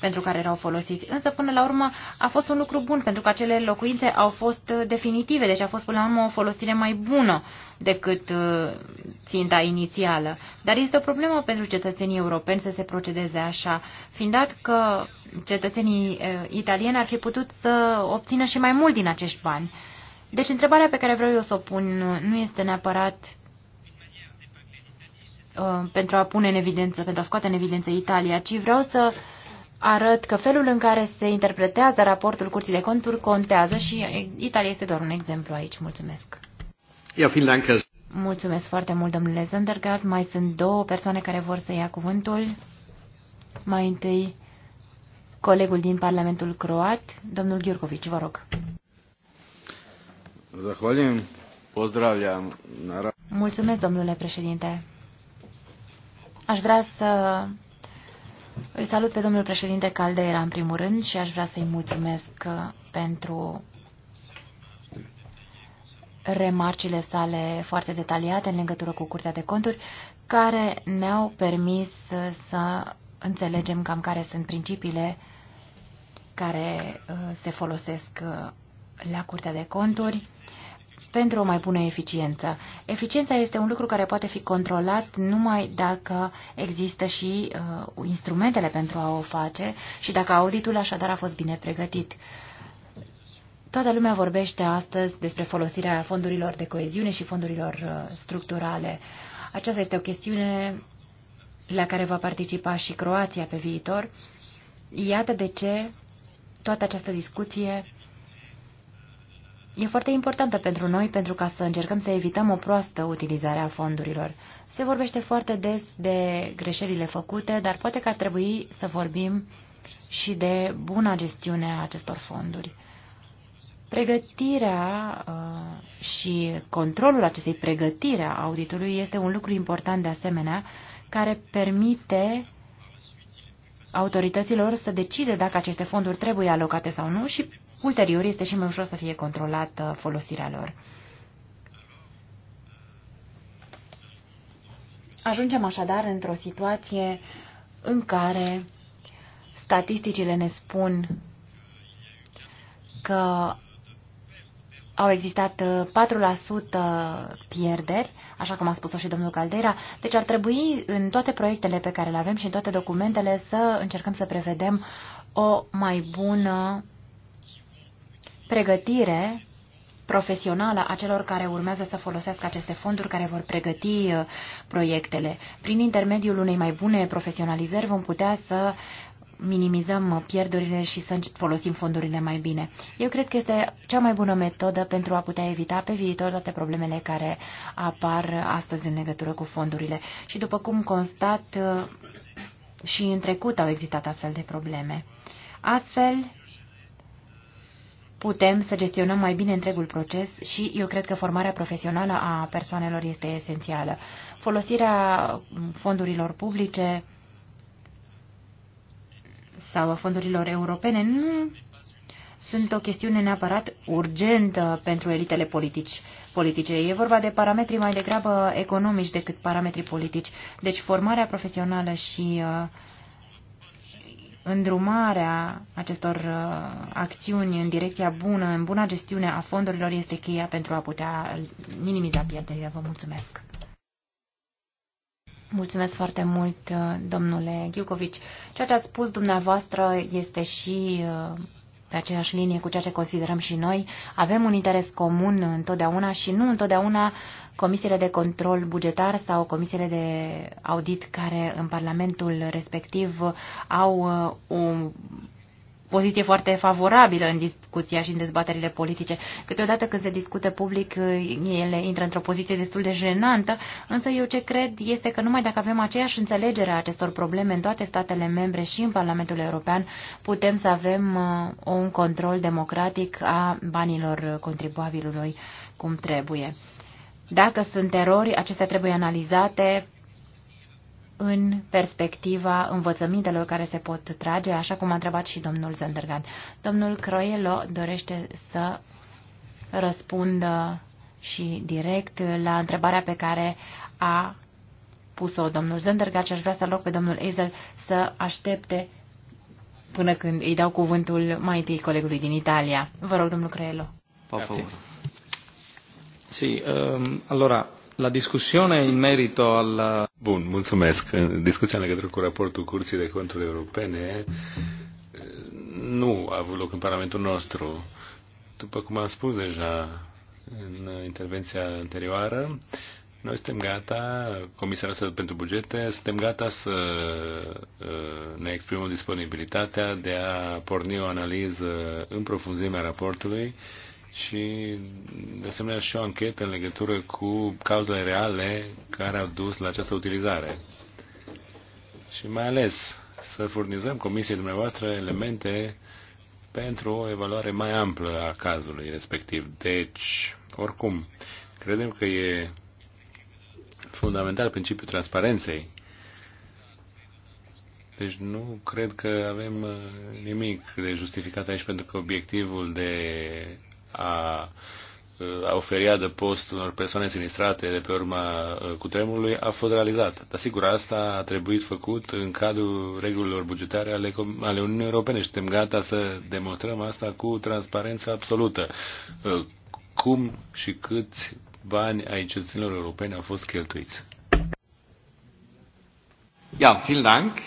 pentru care erau folosiți. Însă, până la urmă, a fost un lucru bun, pentru că acele locuințe au fost definitive, deci a fost, până la urmă, o folosire mai bună decât uh, ținta inițială. Dar este o problemă pentru cetățenii europeni să se procedeze așa, fiind dat că cetățenii uh, italieni ar fi putut să obțină și mai mult din acești bani. Deci întrebarea pe care vreau eu să o pun nu este neapărat uh, pentru a pune în evidență, pentru a scoate în evidență Italia, ci vreau să arăt că felul în care se interpretează raportul Curții de Conturi contează și Italia este doar un exemplu aici. Mulțumesc. Ja, vielen Dank. Mulțumesc foarte mult, domnule Zandergaard. Mai sunt două persoane care vor să ia cuvântul. Mai întâi, colegul din Parlamentul Croat, domnul Gheorghevici, vă rog. Mulțumesc, domnule președinte. Aș vrea să îl salut pe domnul președinte Caldeira, în primul rând, și aș vrea să-i mulțumesc pentru remarcile sale foarte detaliate în legătură cu Curtea de Conturi, care ne-au permis să înțelegem cam care sunt principiile care uh, se folosesc uh, la Curtea de Conturi pentru o mai bună eficiență. Eficiența este un lucru care poate fi controlat numai dacă există și uh, instrumentele pentru a o face și dacă auditul așadar a fost bine pregătit. Toată lumea vorbește astăzi despre folosirea fondurilor de coeziune și fondurilor uh, structurale. Aceasta este o chestiune la care va participa și Croația pe viitor. Iată de ce toată această discuție e foarte importantă pentru noi pentru ca să încercăm să evităm o proastă utilizare a fondurilor. Se vorbește foarte des de greșelile făcute, dar poate că ar trebui să vorbim și de buna gestiune a acestor fonduri. Pregătirea uh, și controlul acestei pregătire a auditului este un lucru important de asemenea, care permite autorităților să decide dacă aceste fonduri trebuie alocate sau nu și ulterior este și mai ușor să fie controlată folosirea lor. Ajungem așadar într-o situație în care statisticile ne spun că au existat 4% pierderi, așa cum a spus-o și domnul Caldera, deci ar trebui în toate proiectele pe care le avem și în toate documentele să încercăm să prevedem o mai bună pregătire profesională a celor care urmează să folosească aceste fonduri, care vor pregăti uh, proiectele. Prin intermediul unei mai bune profesionalizări vom putea să minimizăm pierderile și să folosim fondurile mai bine. Eu cred că este cea mai bună metodă pentru a putea evita pe viitor toate problemele care apar astăzi în legătură cu fondurile. Și după cum constat, uh, și în trecut au existat astfel de probleme. Astfel, putem să gestionăm mai bine întregul proces și eu cred că formarea profesională a persoanelor este esențială. Folosirea fondurilor publice sau a fondurilor europene nu sunt o chestiune neapărat urgentă pentru elitele politici, politice. E vorba de parametri mai degrabă economici decât parametri politici. Deci formarea profesională și uh, îndrumarea acestor uh, acțiuni în direcția bună, în buna gestiune a fondurilor, este cheia pentru a putea minimiza pierderile. Vă mulțumesc! Mulțumesc foarte mult, uh, domnule Ghiucovici. Ceea ce ați spus dumneavoastră este și uh, pe aceeași linie cu ceea ce considerăm și noi. Avem un interes comun întotdeauna și nu întotdeauna comisiile de control bugetar sau comisiile de audit care în Parlamentul respectiv au uh, o poziție foarte favorabilă în discuția și în dezbaterile politice. Câteodată când se discută public, uh, ele intră într-o poziție destul de jenantă, însă eu ce cred este că numai dacă avem aceeași înțelegere a acestor probleme în toate statele membre și în Parlamentul European, putem să avem uh, un control democratic a banilor contribuabilului cum trebuie. Dacă sunt erori, acestea trebuie analizate în perspectiva învățămintelor care se pot trage, așa cum a întrebat și domnul Zandergan. Domnul Croielo dorește să răspundă și direct la întrebarea pe care a pus-o domnul Zandergan. și aș vrea să rog pe domnul Ezel să aștepte până când îi dau cuvântul mai întâi colegului din Italia. Vă rog, domnul Croielo. Pe favor. Sì, um, allora la discussione in merito al... Bun, mulțumesc. Discuția în legătură cu raportul Curții de Conturi Europene eh, nu a avut loc în Parlamentul nostru. După cum am spus deja în intervenția anterioară, noi suntem gata, Comisia pentru Bugete, suntem gata să eh, ne exprimăm disponibilitatea de a porni o analiză în profunzime a raportului și de asemenea și o anchetă în legătură cu cauzele reale care au dus la această utilizare. Și mai ales să furnizăm comisiei dumneavoastră elemente pentru o evaluare mai amplă a cazului respectiv. Deci, oricum, credem că e fundamental principiul transparenței. Deci nu cred că avem uh, nimic de justificat aici pentru că obiectivul de a a oferi adăpost unor persoane sinistrate de pe urma cutremurului a fost realizat. Dar sigur, asta a trebuit făcut în cadrul regulilor bugetare ale, ale Uniunii Europene. Suntem gata să demonstrăm asta cu transparență absolută. Cum și câți bani ai cetățenilor europene au fost cheltuiți? Ja, vielen Dank.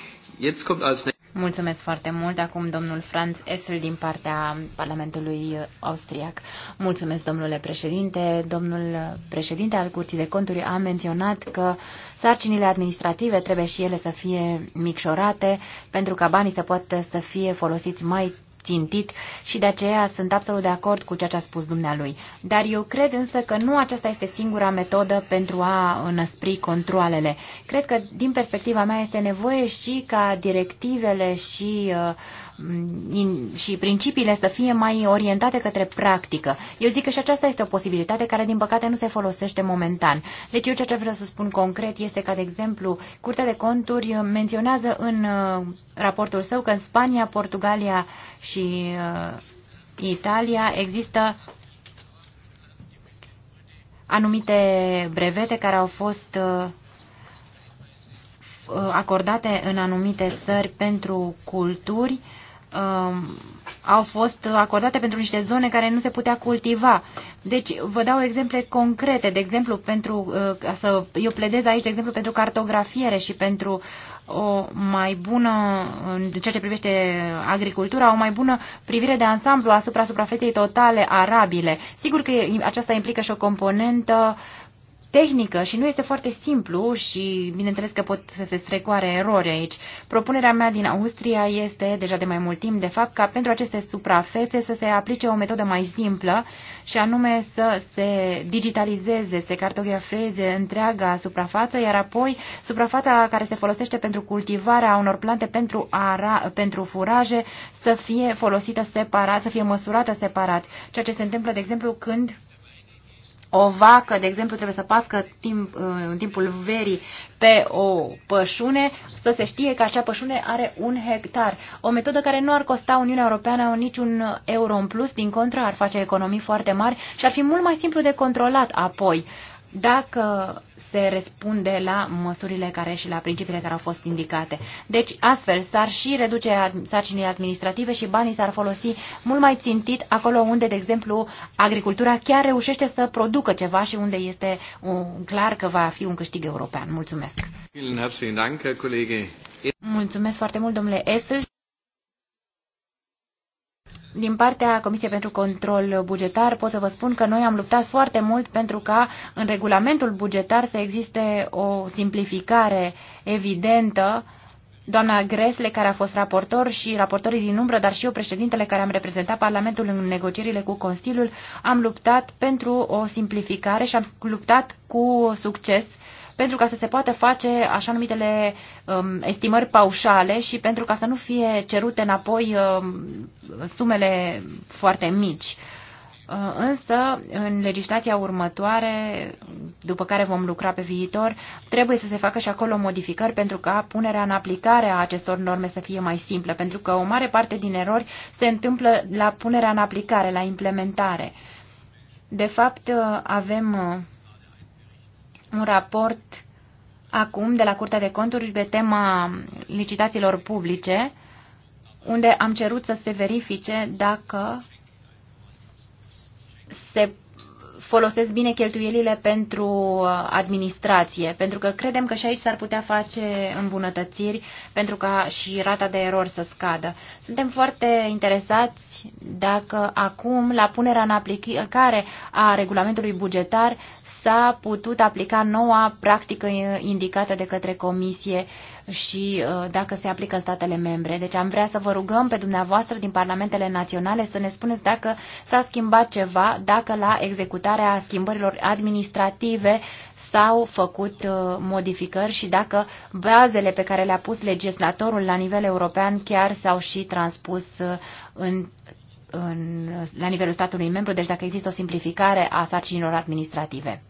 Jetzt kommt als Mulțumesc foarte mult. Acum domnul Franz Essel din partea Parlamentului Austriac. Mulțumesc, domnule președinte. Domnul președinte al Curții de Conturi a menționat că sarcinile administrative trebuie și ele să fie micșorate pentru ca banii să poată să fie folosiți mai țintit și de aceea sunt absolut de acord cu ceea ce a spus dumnealui. Dar eu cred însă că nu aceasta este singura metodă pentru a înăspri controlele. Cred că din perspectiva mea este nevoie și ca directivele și uh, și principiile să fie mai orientate către practică. Eu zic că și aceasta este o posibilitate care, din păcate, nu se folosește momentan. Deci eu ceea ce vreau să spun concret este că, de exemplu, Curtea de Conturi menționează în uh, raportul său că în Spania, Portugalia și uh, Italia există anumite brevete care au fost uh, acordate în anumite țări pentru culturi Um, au fost acordate pentru niște zone care nu se putea cultiva. Deci vă dau exemple concrete, de exemplu pentru, uh, să, eu pledez aici, de exemplu, pentru cartografiere și pentru o mai bună, în ceea ce privește agricultura, o mai bună privire de ansamblu asupra suprafeței totale arabile. Sigur că aceasta implică și o componentă uh, tehnică și nu este foarte simplu și bineînțeles că pot să se strecoare erori aici. Propunerea mea din Austria este, deja de mai mult timp, de fapt, ca pentru aceste suprafețe să se aplice o metodă mai simplă și anume să se digitalizeze, se cartografeze întreaga suprafață, iar apoi suprafața care se folosește pentru cultivarea unor plante pentru, ara, pentru furaje să fie folosită separat, să fie măsurată separat. Ceea ce se întâmplă, de exemplu, când o vacă, de exemplu, trebuie să pască timp, uh, în timpul verii pe o pășune, să se știe că acea pășune are un hectar. O metodă care nu ar costa Uniunea Europeană niciun euro în plus, din contră ar face economii foarte mari și ar fi mult mai simplu de controlat apoi dacă se răspunde la măsurile care și la principiile care au fost indicate. Deci, astfel, s-ar și reduce sarcinile administrative și banii s-ar folosi mult mai țintit acolo unde, de exemplu, agricultura chiar reușește să producă ceva și unde este un, clar că va fi un câștig european. Mulțumesc! Mulțumesc foarte mult, domnule Esel. Din partea Comisiei pentru Control Bugetar pot să vă spun că noi am luptat foarte mult pentru ca în regulamentul bugetar să existe o simplificare evidentă Doamna Gresle, care a fost raportor și raportorii din umbră, dar și eu, președintele care am reprezentat Parlamentul în negocierile cu Consiliul, am luptat pentru o simplificare și am luptat cu succes pentru ca să se poată face așa numitele um, estimări paușale și pentru ca să nu fie cerute înapoi um, sumele foarte mici. Uh, însă, în legislația următoare, după care vom lucra pe viitor, trebuie să se facă și acolo modificări pentru ca punerea în aplicare a acestor norme să fie mai simplă, pentru că o mare parte din erori se întâmplă la punerea în aplicare, la implementare. De fapt, uh, avem uh, un raport acum de la Curtea de Conturi pe tema licitațiilor publice, unde am cerut să se verifice dacă se folosesc bine cheltuielile pentru uh, administrație, pentru că credem că și aici s-ar putea face îmbunătățiri pentru ca și rata de erori să scadă. Suntem foarte interesați dacă acum, la punerea în aplicare a regulamentului bugetar, s-a putut aplica noua practică indicată de către Comisie și uh, dacă se aplică în statele membre. Deci am vrea să vă rugăm pe dumneavoastră din parlamentele naționale să ne spuneți dacă s-a schimbat ceva, dacă la executarea schimbărilor administrative s-au făcut uh, modificări și dacă bazele pe care le-a pus legislatorul la nivel european chiar s-au și transpus uh, în în, la nivelul statului membru, deci dacă există o simplificare a sarcinilor administrative.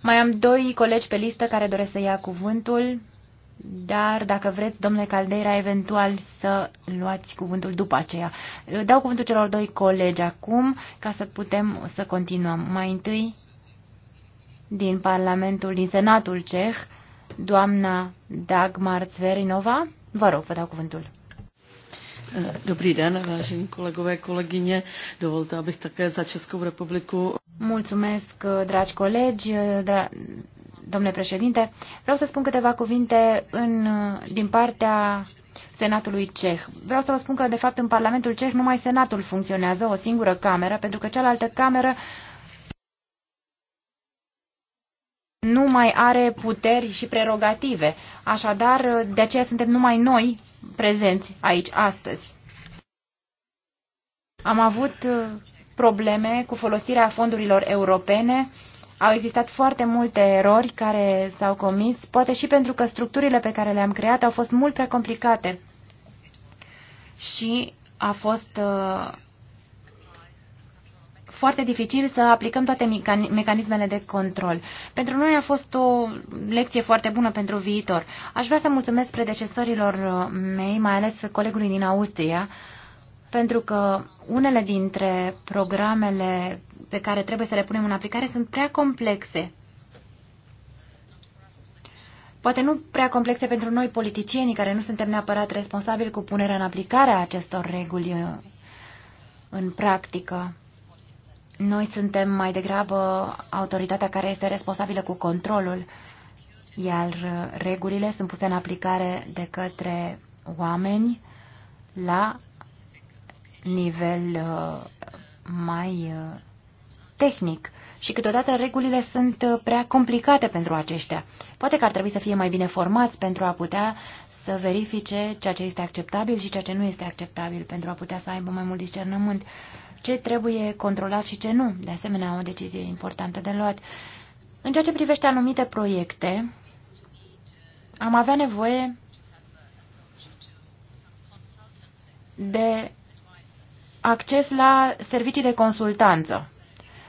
Mai am doi colegi pe listă care doresc să ia cuvântul, dar dacă vreți, domnule Caldeira, eventual să luați cuvântul după aceea. Dau cuvântul celor doi colegi acum ca să putem să continuăm. Mai întâi, din Parlamentul, din Senatul Ceh, doamna Dagmar Zverinova. Vă rog, vă dau cuvântul. Dobrý den, vážení kolegové, kolegyně. Dovolte, abych také za Českou republiku Mulțumesc, uh, dragi colegi, uh, dra domnule președinte. Vreau să spun câteva cuvinte în, uh, din partea Senatului Ceh. Vreau să vă spun că, de fapt, în Parlamentul Ceh numai Senatul funcționează, o singură cameră, pentru că cealaltă cameră nu mai are puteri și prerogative. Așadar, de aceea suntem numai noi prezenți aici astăzi. Am avut probleme cu folosirea fondurilor europene. Au existat foarte multe erori care s-au comis, poate și pentru că structurile pe care le-am creat au fost mult prea complicate. Și a fost uh, foarte dificil să aplicăm toate mecanismele de control. Pentru noi a fost o lecție foarte bună pentru viitor. Aș vrea să mulțumesc predecesorilor uh, mei, mai ales colegului din Austria, uh, pentru că unele dintre programele pe care trebuie să le punem în aplicare sunt prea complexe. Poate nu prea complexe pentru noi politicienii care nu suntem neapărat responsabili cu punerea în aplicare a acestor reguli uh, în practică. Noi suntem mai degrabă autoritatea care este responsabilă cu controlul, iar uh, regulile sunt puse în aplicare de către oameni la nivel uh, mai uh, tehnic și câteodată regulile sunt uh, prea complicate pentru aceștia. Poate că ar trebui să fie mai bine formați pentru a putea să verifice ceea ce este acceptabil și ceea ce nu este acceptabil pentru a putea să aibă mai mult discernământ, ce trebuie controlat și ce nu. De asemenea, o decizie importantă de luat. În ceea ce privește anumite proiecte, am avea nevoie de acces la servicii de consultanță.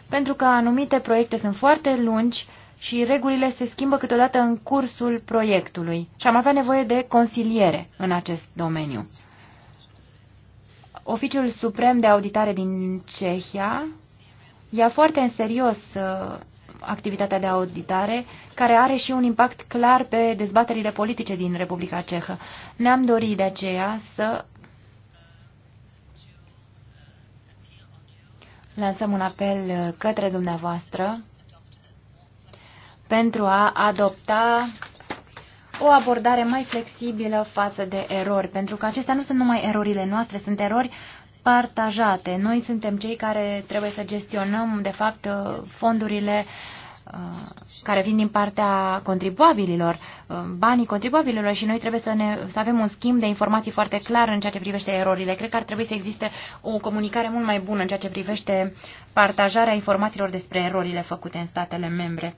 Pentru că anumite proiecte sunt foarte lungi și regulile se schimbă câteodată în cursul proiectului și am avea nevoie de consiliere în acest domeniu. Oficiul Suprem de Auditare din Cehia ia foarte în serios uh, activitatea de auditare, care are și un impact clar pe dezbaterile politice din Republica Cehă. Ne-am dorit de aceea să lansăm un apel uh, către dumneavoastră pentru a adopta o abordare mai flexibilă față de erori, pentru că acestea nu sunt numai erorile noastre, sunt erori partajate. Noi suntem cei care trebuie să gestionăm, de fapt, uh, fondurile Uh, care vin din partea contribuabililor, uh, banii contribuabililor și noi trebuie să, ne, să avem un schimb de informații foarte clar în ceea ce privește erorile. Cred că ar trebui să existe o comunicare mult mai bună în ceea ce privește partajarea informațiilor despre erorile făcute în statele membre.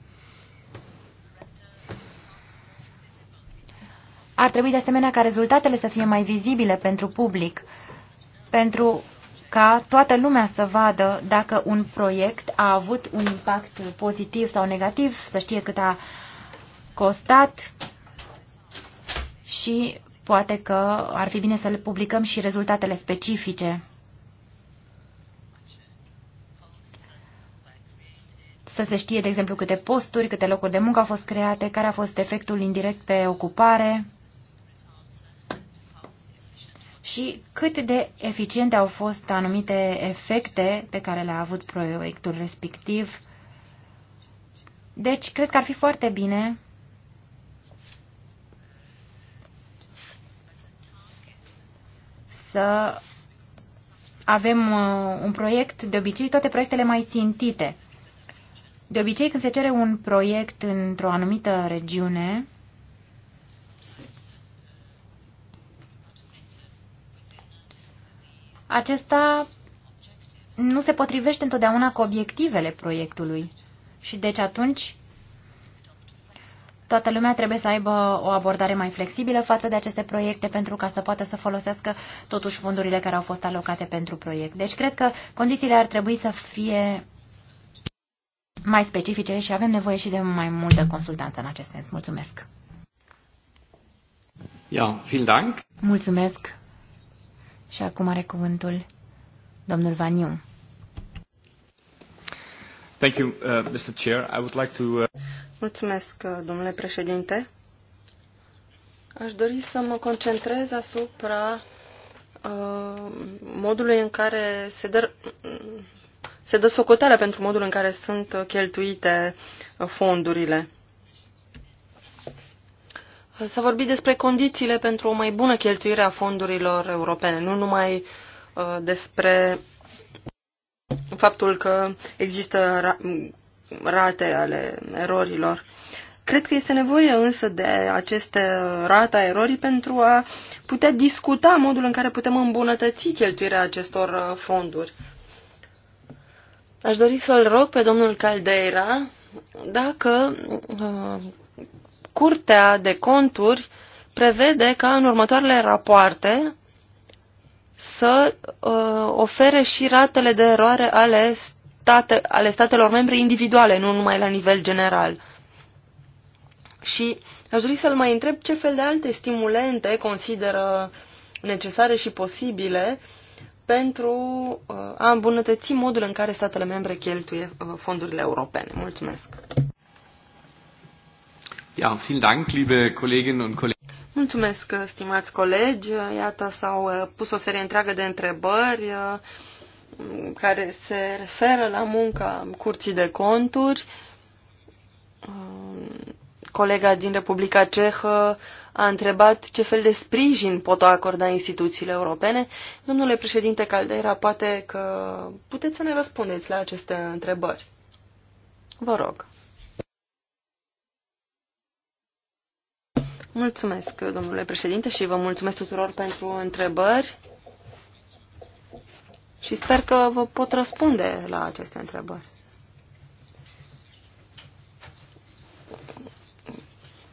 Ar trebui de asemenea ca rezultatele să fie mai vizibile pentru public, pentru ca toată lumea să vadă dacă un proiect a avut un impact pozitiv sau negativ, să știe cât a costat și poate că ar fi bine să le publicăm și rezultatele specifice. Să se știe, de exemplu, câte posturi, câte locuri de muncă au fost create, care a fost efectul indirect pe ocupare, și cât de eficiente au fost anumite efecte pe care le-a avut proiectul respectiv. Deci, cred că ar fi foarte bine să avem uh, un proiect, de obicei toate proiectele mai țintite. De obicei, când se cere un proiect într-o anumită regiune, acesta nu se potrivește întotdeauna cu obiectivele proiectului. Și deci atunci toată lumea trebuie să aibă o abordare mai flexibilă față de aceste proiecte pentru ca să poată să folosească totuși fondurile care au fost alocate pentru proiect. Deci cred că condițiile ar trebui să fie mai specifice și avem nevoie și de mai multă consultanță în acest sens. Mulțumesc! Ja, vielen Dank. Mulțumesc! Și acum are cuvântul domnul Vaniu. Thank you, uh, Mr. Chair. I would like to, uh... Mulțumesc, uh, domnule președinte. Aș dori să mă concentrez asupra uh, modului în care se dă, se dă socoteală pentru modul în care sunt uh, cheltuite uh, fondurile. S-a vorbit despre condițiile pentru o mai bună cheltuire a fondurilor europene, nu numai uh, despre faptul că există ra rate ale erorilor. Cred că este nevoie însă de aceste rate a erorii pentru a putea discuta modul în care putem îmbunătăți cheltuirea acestor uh, fonduri. Aș dori să-l rog pe domnul Caldeira dacă uh, Curtea de conturi prevede ca în următoarele rapoarte să uh, ofere și ratele de eroare ale, state, ale statelor membre individuale, nu numai la nivel general. Și aș dori să-l mai întreb ce fel de alte stimulente consideră necesare și posibile pentru uh, a îmbunătăți modul în care statele membre cheltuie uh, fondurile europene. Mulțumesc! Ja, vielen Dank, liebe Kolleginnen und Kollegen. Mulțumesc, stimați colegi. Iată, s-au uh, pus o serie întreagă de întrebări uh, care se referă la munca curții de conturi. Uh, colega din Republica Cehă a întrebat ce fel de sprijin pot acorda instituțiile europene. Domnule președinte Caldera, poate că puteți să ne răspundeți la aceste întrebări. Vă rog. Mulțumesc, domnule președinte, și vă mulțumesc tuturor pentru întrebări și sper că vă pot răspunde la aceste întrebări.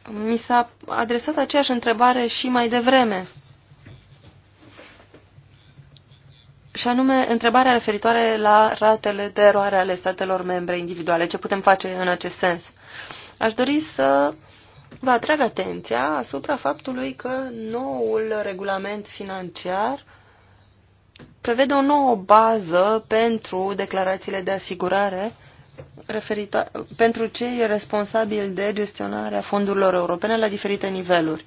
Mi s-a adresat aceeași întrebare și mai devreme. Și anume, întrebarea referitoare la ratele de eroare ale statelor membre individuale. Ce putem face în acest sens? Aș dori să Vă atrag atenția asupra faptului că noul regulament financiar prevede o nouă bază pentru declarațiile de asigurare pentru cei responsabili de gestionarea fondurilor europene la diferite niveluri.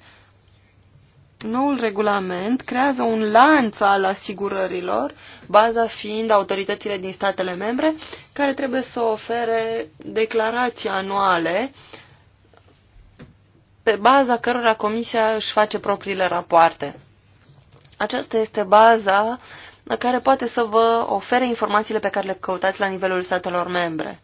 Noul regulament creează un lanț al asigurărilor, baza fiind autoritățile din statele membre, care trebuie să ofere declarații anuale uh, pe baza cărora Comisia își face propriile rapoarte. Aceasta este baza care poate să vă ofere informațiile pe care le căutați la nivelul statelor membre.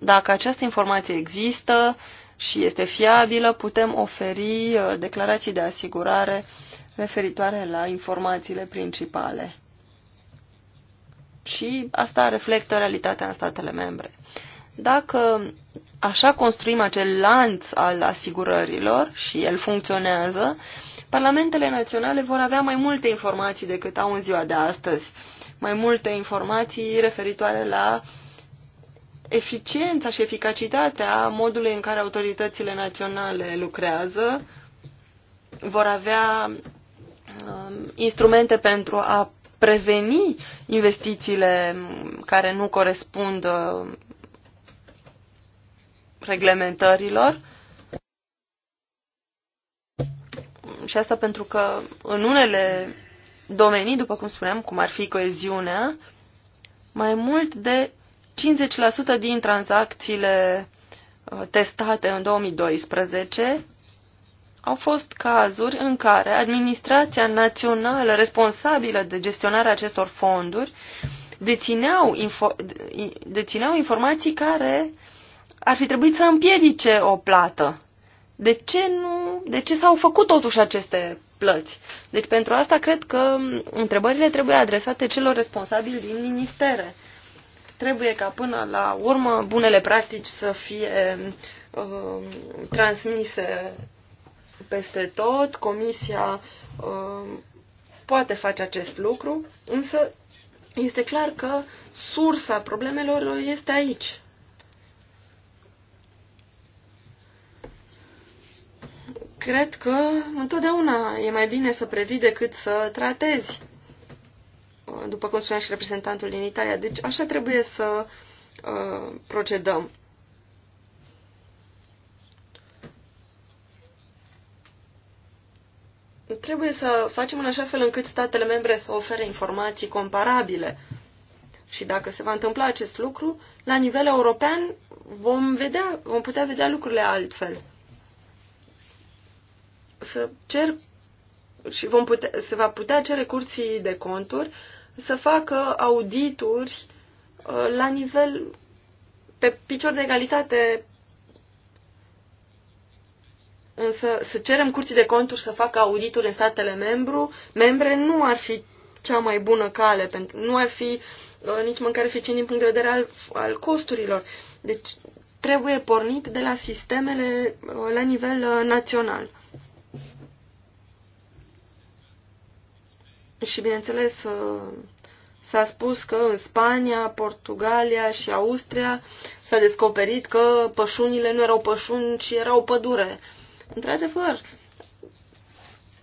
Dacă această informație există și este fiabilă, putem oferi uh, declarații de asigurare referitoare la informațiile principale. Și asta reflectă realitatea în statele membre. Dacă așa construim acel lanț al asigurărilor și el funcționează, parlamentele naționale vor avea mai multe informații decât au în ziua de astăzi. Mai multe informații referitoare la eficiența și eficacitatea modului în care autoritățile naționale lucrează, vor avea um, instrumente pentru a preveni investițiile care nu corespund um, reglementărilor. Și asta pentru că în unele domenii, după cum spuneam, cum ar fi coeziunea, mai mult de 50% din tranzacțiile uh, testate în 2012 au fost cazuri în care administrația națională responsabilă de gestionarea acestor fonduri dețineau, info, dețineau informații care ar fi trebuit să împiedice o plată. De ce, nu, de ce s-au făcut totuși aceste plăți? Deci pentru asta cred că întrebările trebuie adresate celor responsabili din ministere. Trebuie ca până la urmă bunele practici să fie uh, transmise peste tot. Comisia uh, poate face acest lucru, însă este clar că sursa problemelor este aici. Cred că întotdeauna e mai bine să previi decât să tratezi, după cum spunea și reprezentantul din Italia. Deci așa trebuie să uh, procedăm. Trebuie să facem în așa fel încât statele membre să ofere informații comparabile. Și dacă se va întâmpla acest lucru, la nivel european vom, vedea, vom putea vedea lucrurile altfel să cer și vom putea, se va putea cere curții de conturi să facă audituri uh, la nivel pe picior de egalitate însă să cerem curții de conturi să facă audituri în statele membru, membre nu ar fi cea mai bună cale, pentru nu ar fi uh, nici măcar eficient din punct de vedere al, al costurilor. Deci trebuie pornit de la sistemele uh, la nivel național. Și, bineînțeles, uh, s-a spus că în Spania, Portugalia și Austria s-a descoperit că pășunile nu erau pășuni, ci erau pădure. Într-adevăr,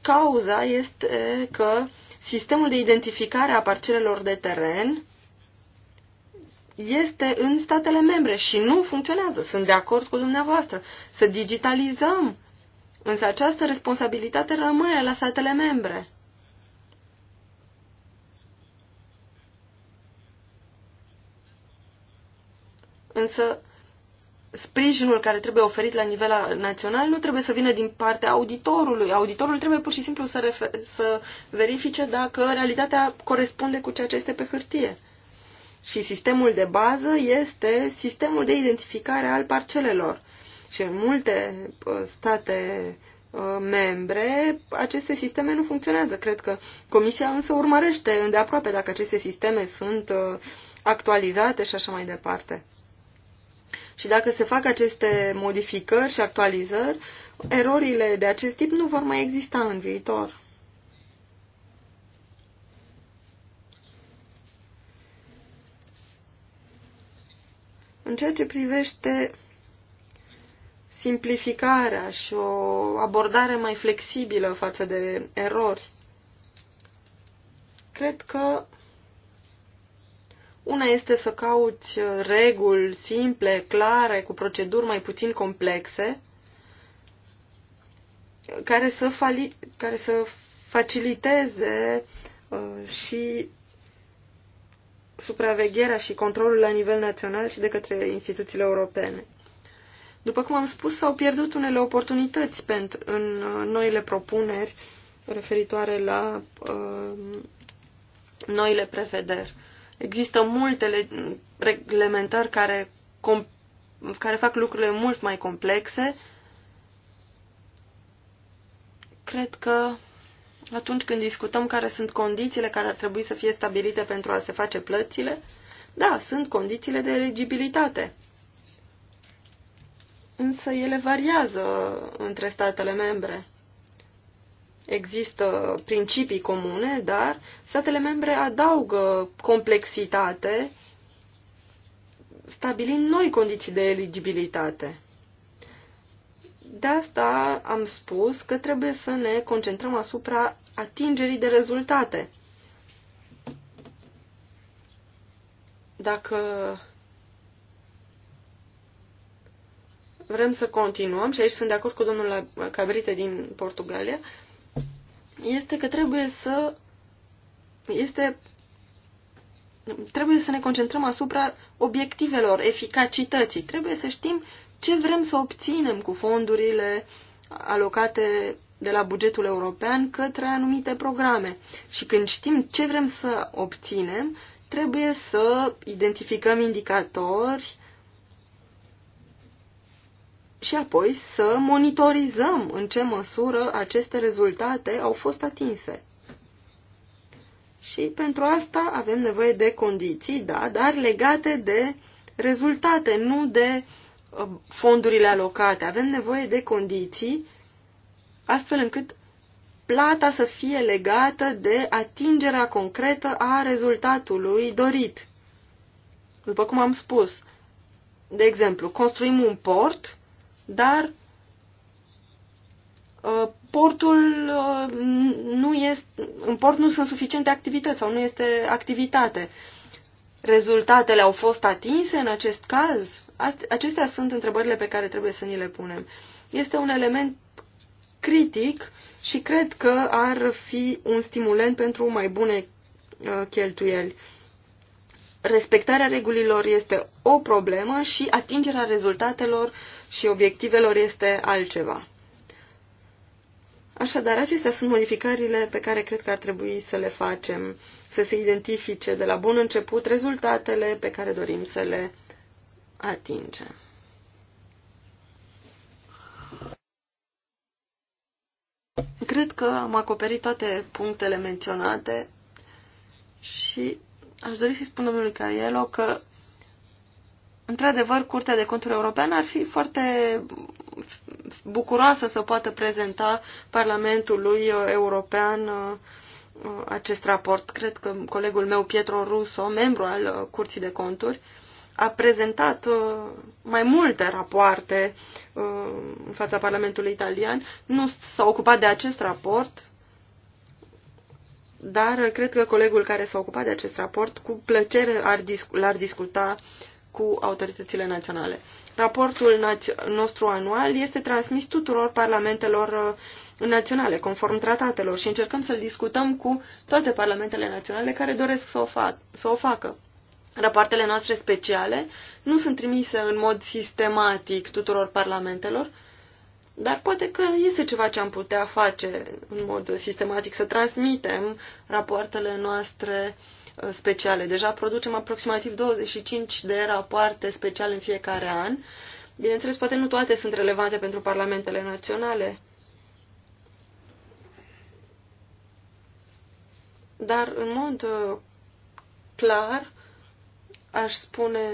cauza este că sistemul de identificare a parcelelor de teren este în statele membre și nu funcționează. Sunt de acord cu dumneavoastră. Să digitalizăm. Însă această responsabilitate rămâne la statele membre. Însă sprijinul care trebuie oferit la nivel național nu trebuie să vină din partea auditorului. Auditorul trebuie pur și simplu să, să verifice dacă realitatea corespunde cu ceea ce este pe hârtie. Și sistemul de bază este sistemul de identificare al parcelelor. Și în multe uh, state uh, membre, aceste sisteme nu funcționează. Cred că Comisia însă urmărește îndeaproape dacă aceste sisteme sunt uh, actualizate și așa mai departe. Și dacă se fac aceste modificări și actualizări, erorile de acest tip nu vor mai exista în viitor. În ceea ce privește simplificarea și o abordare mai flexibilă față de erori, cred că una este să cauți uh, reguli simple, clare, cu proceduri mai puțin complexe, care să, fali, care să faciliteze uh, și supravegherea și controlul la nivel național și de către instituțiile europene. După cum am spus, s-au pierdut unele oportunități pentru, în uh, noile propuneri referitoare la uh, noile prevederi. Există multe reglementări care, care fac lucrurile mult mai complexe. Cred că atunci când discutăm care sunt condițiile care ar trebui să fie stabilite pentru a se face plățile, da, sunt condițiile de eligibilitate. Însă ele variază între statele membre există principii comune, dar statele membre adaugă complexitate stabilind noi condiții de eligibilitate. De asta am spus că trebuie să ne concentrăm asupra atingerii de rezultate. Dacă vrem să continuăm, și aici sunt de acord cu domnul Cabrite din Portugalia, uh, este că trebuie să este trebuie să ne concentrăm asupra obiectivelor, eficacității. Trebuie să știm ce vrem să obținem cu fondurile alocate de la bugetul european către anumite programe. Și când știm ce vrem să obținem, trebuie să identificăm indicatori și apoi să monitorizăm în ce măsură aceste rezultate au fost atinse. Și pentru asta avem nevoie de condiții, da, dar legate de rezultate, nu de uh, fondurile alocate. Avem nevoie de condiții astfel încât plata să fie legată de atingerea concretă a rezultatului dorit. După cum am spus, de exemplu, construim un port dar uh, portul uh, nu este, în port nu sunt suficiente activități sau nu este activitate. Rezultatele au fost atinse în acest caz? Acestea sunt întrebările pe care trebuie să ni le punem. Este un element critic și cred că ar fi un stimulent pentru mai bune uh, cheltuieli. Respectarea regulilor este o problemă și atingerea rezultatelor uh, și obiectivelor este altceva. Așadar, acestea sunt modificările pe care cred că ar trebui să le facem, să se identifice de la bun început rezultatele pe care dorim să le atingem. Cred că am acoperit toate punctele menționate și aș dori să-i spun domnului Caielo că într-adevăr, Curtea de Conturi Europeană ar fi foarte bucuroasă să poată prezenta Parlamentului European uh, acest raport. Cred că colegul meu, Pietro Russo, membru al uh, Curții de Conturi, a prezentat uh, mai multe rapoarte în fața Parlamentului Italian. Nu s-a ocupat de acest raport, dar cred că colegul care s-a ocupat de acest raport cu plăcere l-ar discuta cu autoritățile naționale. Raportul nostru anual este transmis tuturor parlamentelor uh, naționale, conform tratatelor, și încercăm să-l discutăm cu toate parlamentele naționale care doresc să o, fa să o facă. Rapoartele noastre speciale nu sunt trimise în mod sistematic tuturor parlamentelor, dar poate că este ceva ce am putea face în mod sistematic, să transmitem rapoartele noastre uh, Uh, speciale. Deja producem aproximativ 25 de rapoarte speciale în fiecare an. Bineînțeles, poate nu toate sunt relevante pentru parlamentele naționale, dar în mod uh, clar aș spune,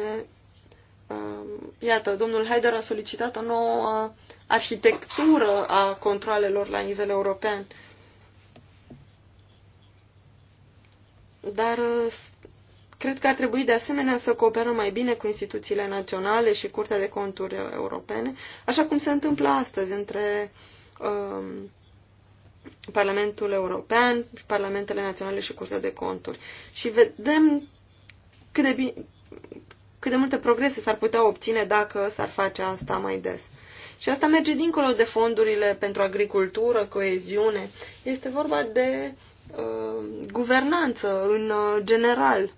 um, iată, domnul Haider a solicitat o nouă arhitectură a controlelor la nivel european. Dar uh, cred că ar trebui de asemenea să cooperăm mai bine cu instituțiile naționale și Curtea de Conturi uh, Europene, așa cum se întâmplă astăzi între um, Parlamentul European, Parlamentele Naționale și Curtea de Conturi. Și vedem cât de, bine, cât de multe progrese s-ar putea obține dacă s-ar face asta mai des. Și asta merge dincolo de fondurile pentru agricultură, coeziune. Este vorba de Uh, guvernanță în uh, general.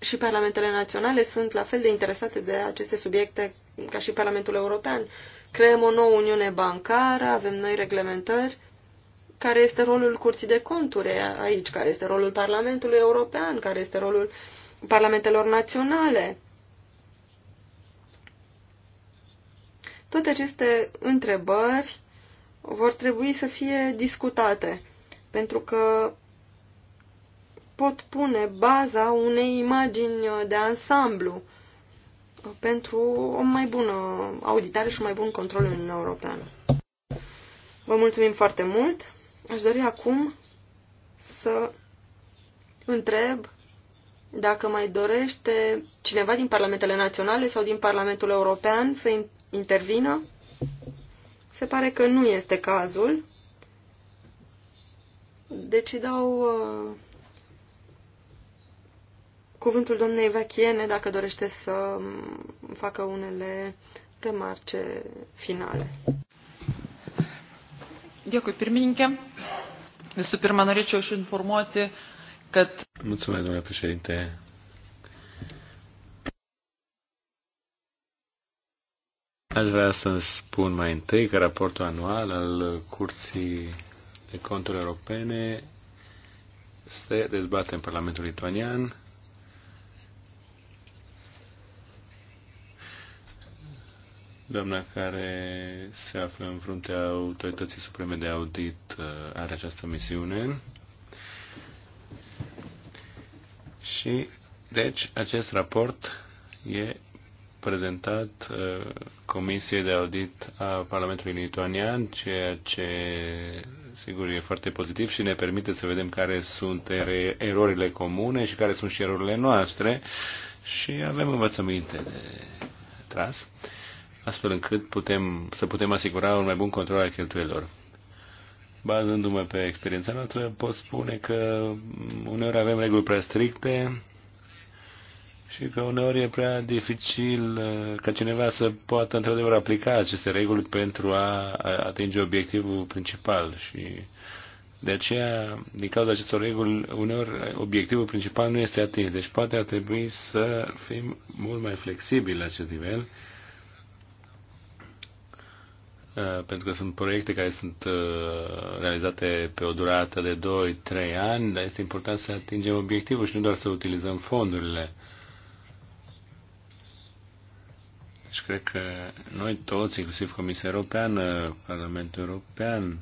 Și parlamentele naționale sunt la fel de interesate de aceste subiecte ca și Parlamentul European. Creăm o nouă uniune bancară, avem noi reglementări. Care este rolul Curții de Conturi aici? Care este rolul Parlamentului European? Care este rolul parlamentelor naționale? Toate aceste întrebări vor trebui să fie discutate, pentru că pot pune baza unei imagini de ansamblu pentru o mai bună auditare și un mai bun control în Uniunea Europeană. Vă mulțumim foarte mult. Aș dori acum să întreb dacă mai dorește cineva din Parlamentele Naționale sau din Parlamentul European să intervină. Se pare că nu este cazul. Deci dau uh, cuvântul domnei Vachiene dacă dorește să um, facă unele remarce finale. Dėkui pirmininkė. Visų pirma, norėčiau aš informuoti, kad... Mulțumesc, domnule președinte. Aș vrea să spun mai întâi că raportul anual al Curții de Conturi Europene se dezbate în Parlamentul Lituanian. Doamna care se află în fruntea Autorității Supreme de Audit uh, are această misiune. Și, deci, acest raport e prezentat uh, Comisiei de Audit a Parlamentului Lituanian, ceea ce sigur e foarte pozitiv și ne permite să vedem care sunt erorile comune și care sunt și erorile noastre și avem învățăminte de tras, astfel încât putem, să putem asigura un mai bun control al cheltuielor. Bazându-mă pe experiența noastră, pot spune că uneori avem reguli prea stricte, și că uneori e prea dificil uh, ca cineva să poată într-adevăr aplica aceste reguli pentru a atinge obiectivul principal și de aceea, din cauza acestor reguli, uneori obiectivul principal nu este atins. Deci poate ar trebui să fim mult mai flexibili la acest nivel, uh, pentru că sunt proiecte care sunt uh, realizate pe o durată de 2-3 ani, dar este important să atingem obiectivul și nu doar să utilizăm fondurile Și cred că noi toți, inclusiv Comisia Europeană, Parlamentul European,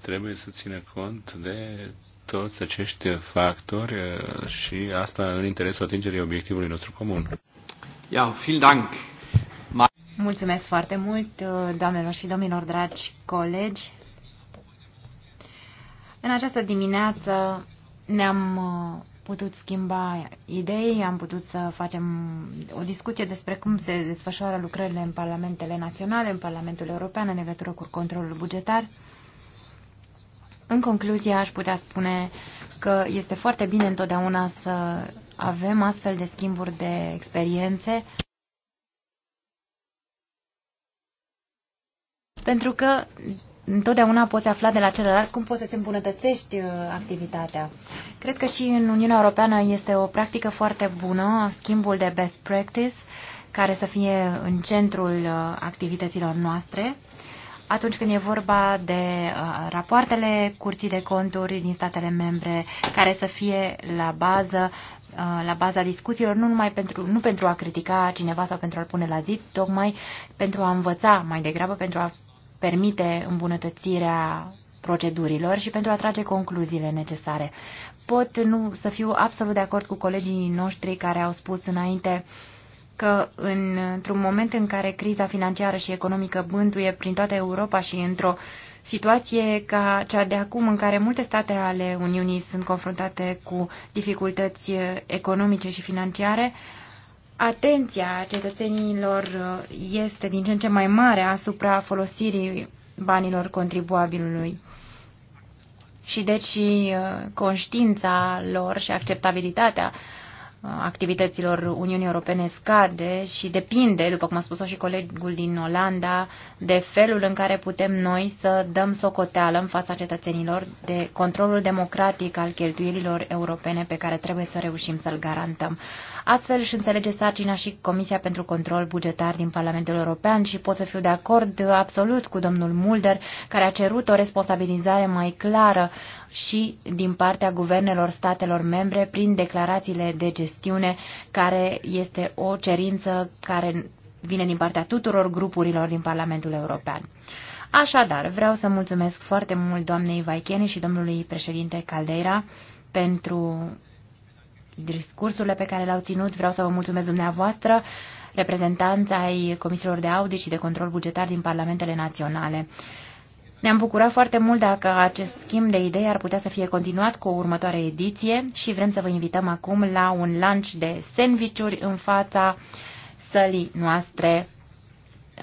trebuie să țină cont de toți acești factori și asta în interesul atingerii obiectivului nostru comun. Ja, vielen Dank. Mulțumesc foarte mult, doamnelor și domnilor, dragi colegi. În această dimineață ne-am putut schimba idei, am putut să facem o discuție despre cum se desfășoară lucrările în parlamentele naționale, în Parlamentul European, în legătură cu controlul bugetar. În concluzie, aș putea spune că este foarte bine întotdeauna să avem astfel de schimburi de experiențe, pentru că întotdeauna poți afla de la celălalt cum poți să-ți îmbunătățești uh, activitatea. Cred că și în Uniunea Europeană este o practică foarte bună, schimbul de best practice, care să fie în centrul uh, activităților noastre. Atunci când e vorba de uh, rapoartele curții de conturi din statele membre, care să fie la bază la baza discuțiilor, nu numai pentru, nu pentru a critica cineva sau pentru a-l pune la zid, tocmai pentru a învăța mai degrabă, pentru a permite îmbunătățirea procedurilor și pentru a trage concluziile necesare. Pot nu să fiu absolut de acord cu colegii noștri care au spus înainte că în, într-un moment în care criza financiară și economică bântuie prin toată Europa și într-o situație ca cea de acum în care multe state ale Uniunii sunt confruntate cu dificultăți economice și financiare, uh, atenția cetățenilor este din ce în ce mai mare asupra folosirii banilor contribuabilului. Și deci uh, conștiința lor și acceptabilitatea uh, activităților Uniunii Europene scade și depinde, după cum a spus-o și colegul din Olanda, de felul în care putem noi să dăm socoteală în fața cetățenilor de controlul democratic al cheltuielilor europene pe care trebuie să reușim să-l garantăm. Astfel își înțelege sarcina și Comisia pentru Control Bugetar din Parlamentul European și pot să fiu de acord absolut cu domnul Mulder, care a cerut o responsabilizare mai clară și din partea guvernelor statelor membre prin declarațiile de gestiune, care este o cerință care vine din partea tuturor grupurilor din Parlamentul European. Așadar, vreau să mulțumesc foarte mult doamnei Vaichene și domnului președinte Caldeira pentru discursurile pe care le-au ținut. Vreau să vă mulțumesc dumneavoastră, reprezentanți ai Comisiilor de Audit și de Control Bugetar din Parlamentele Naționale. Ne-am bucurat foarte mult dacă acest schimb de idei ar putea să fie continuat cu o următoare ediție și vrem să vă invităm acum la un lunch de sandvișuri în fața sălii noastre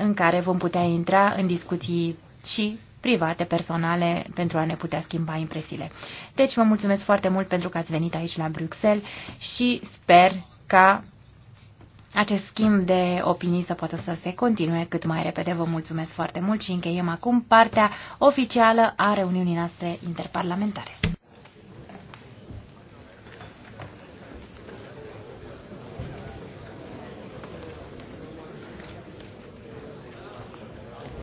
în care vom putea intra în discuții și private, personale, pentru a ne putea schimba impresiile. Deci vă mulțumesc foarte mult pentru că ați venit aici la Bruxelles și sper ca acest schimb de opinii să poată să se continue cât mai repede. Vă mulțumesc foarte mult și încheiem acum partea oficială a reuniunii noastre interparlamentare.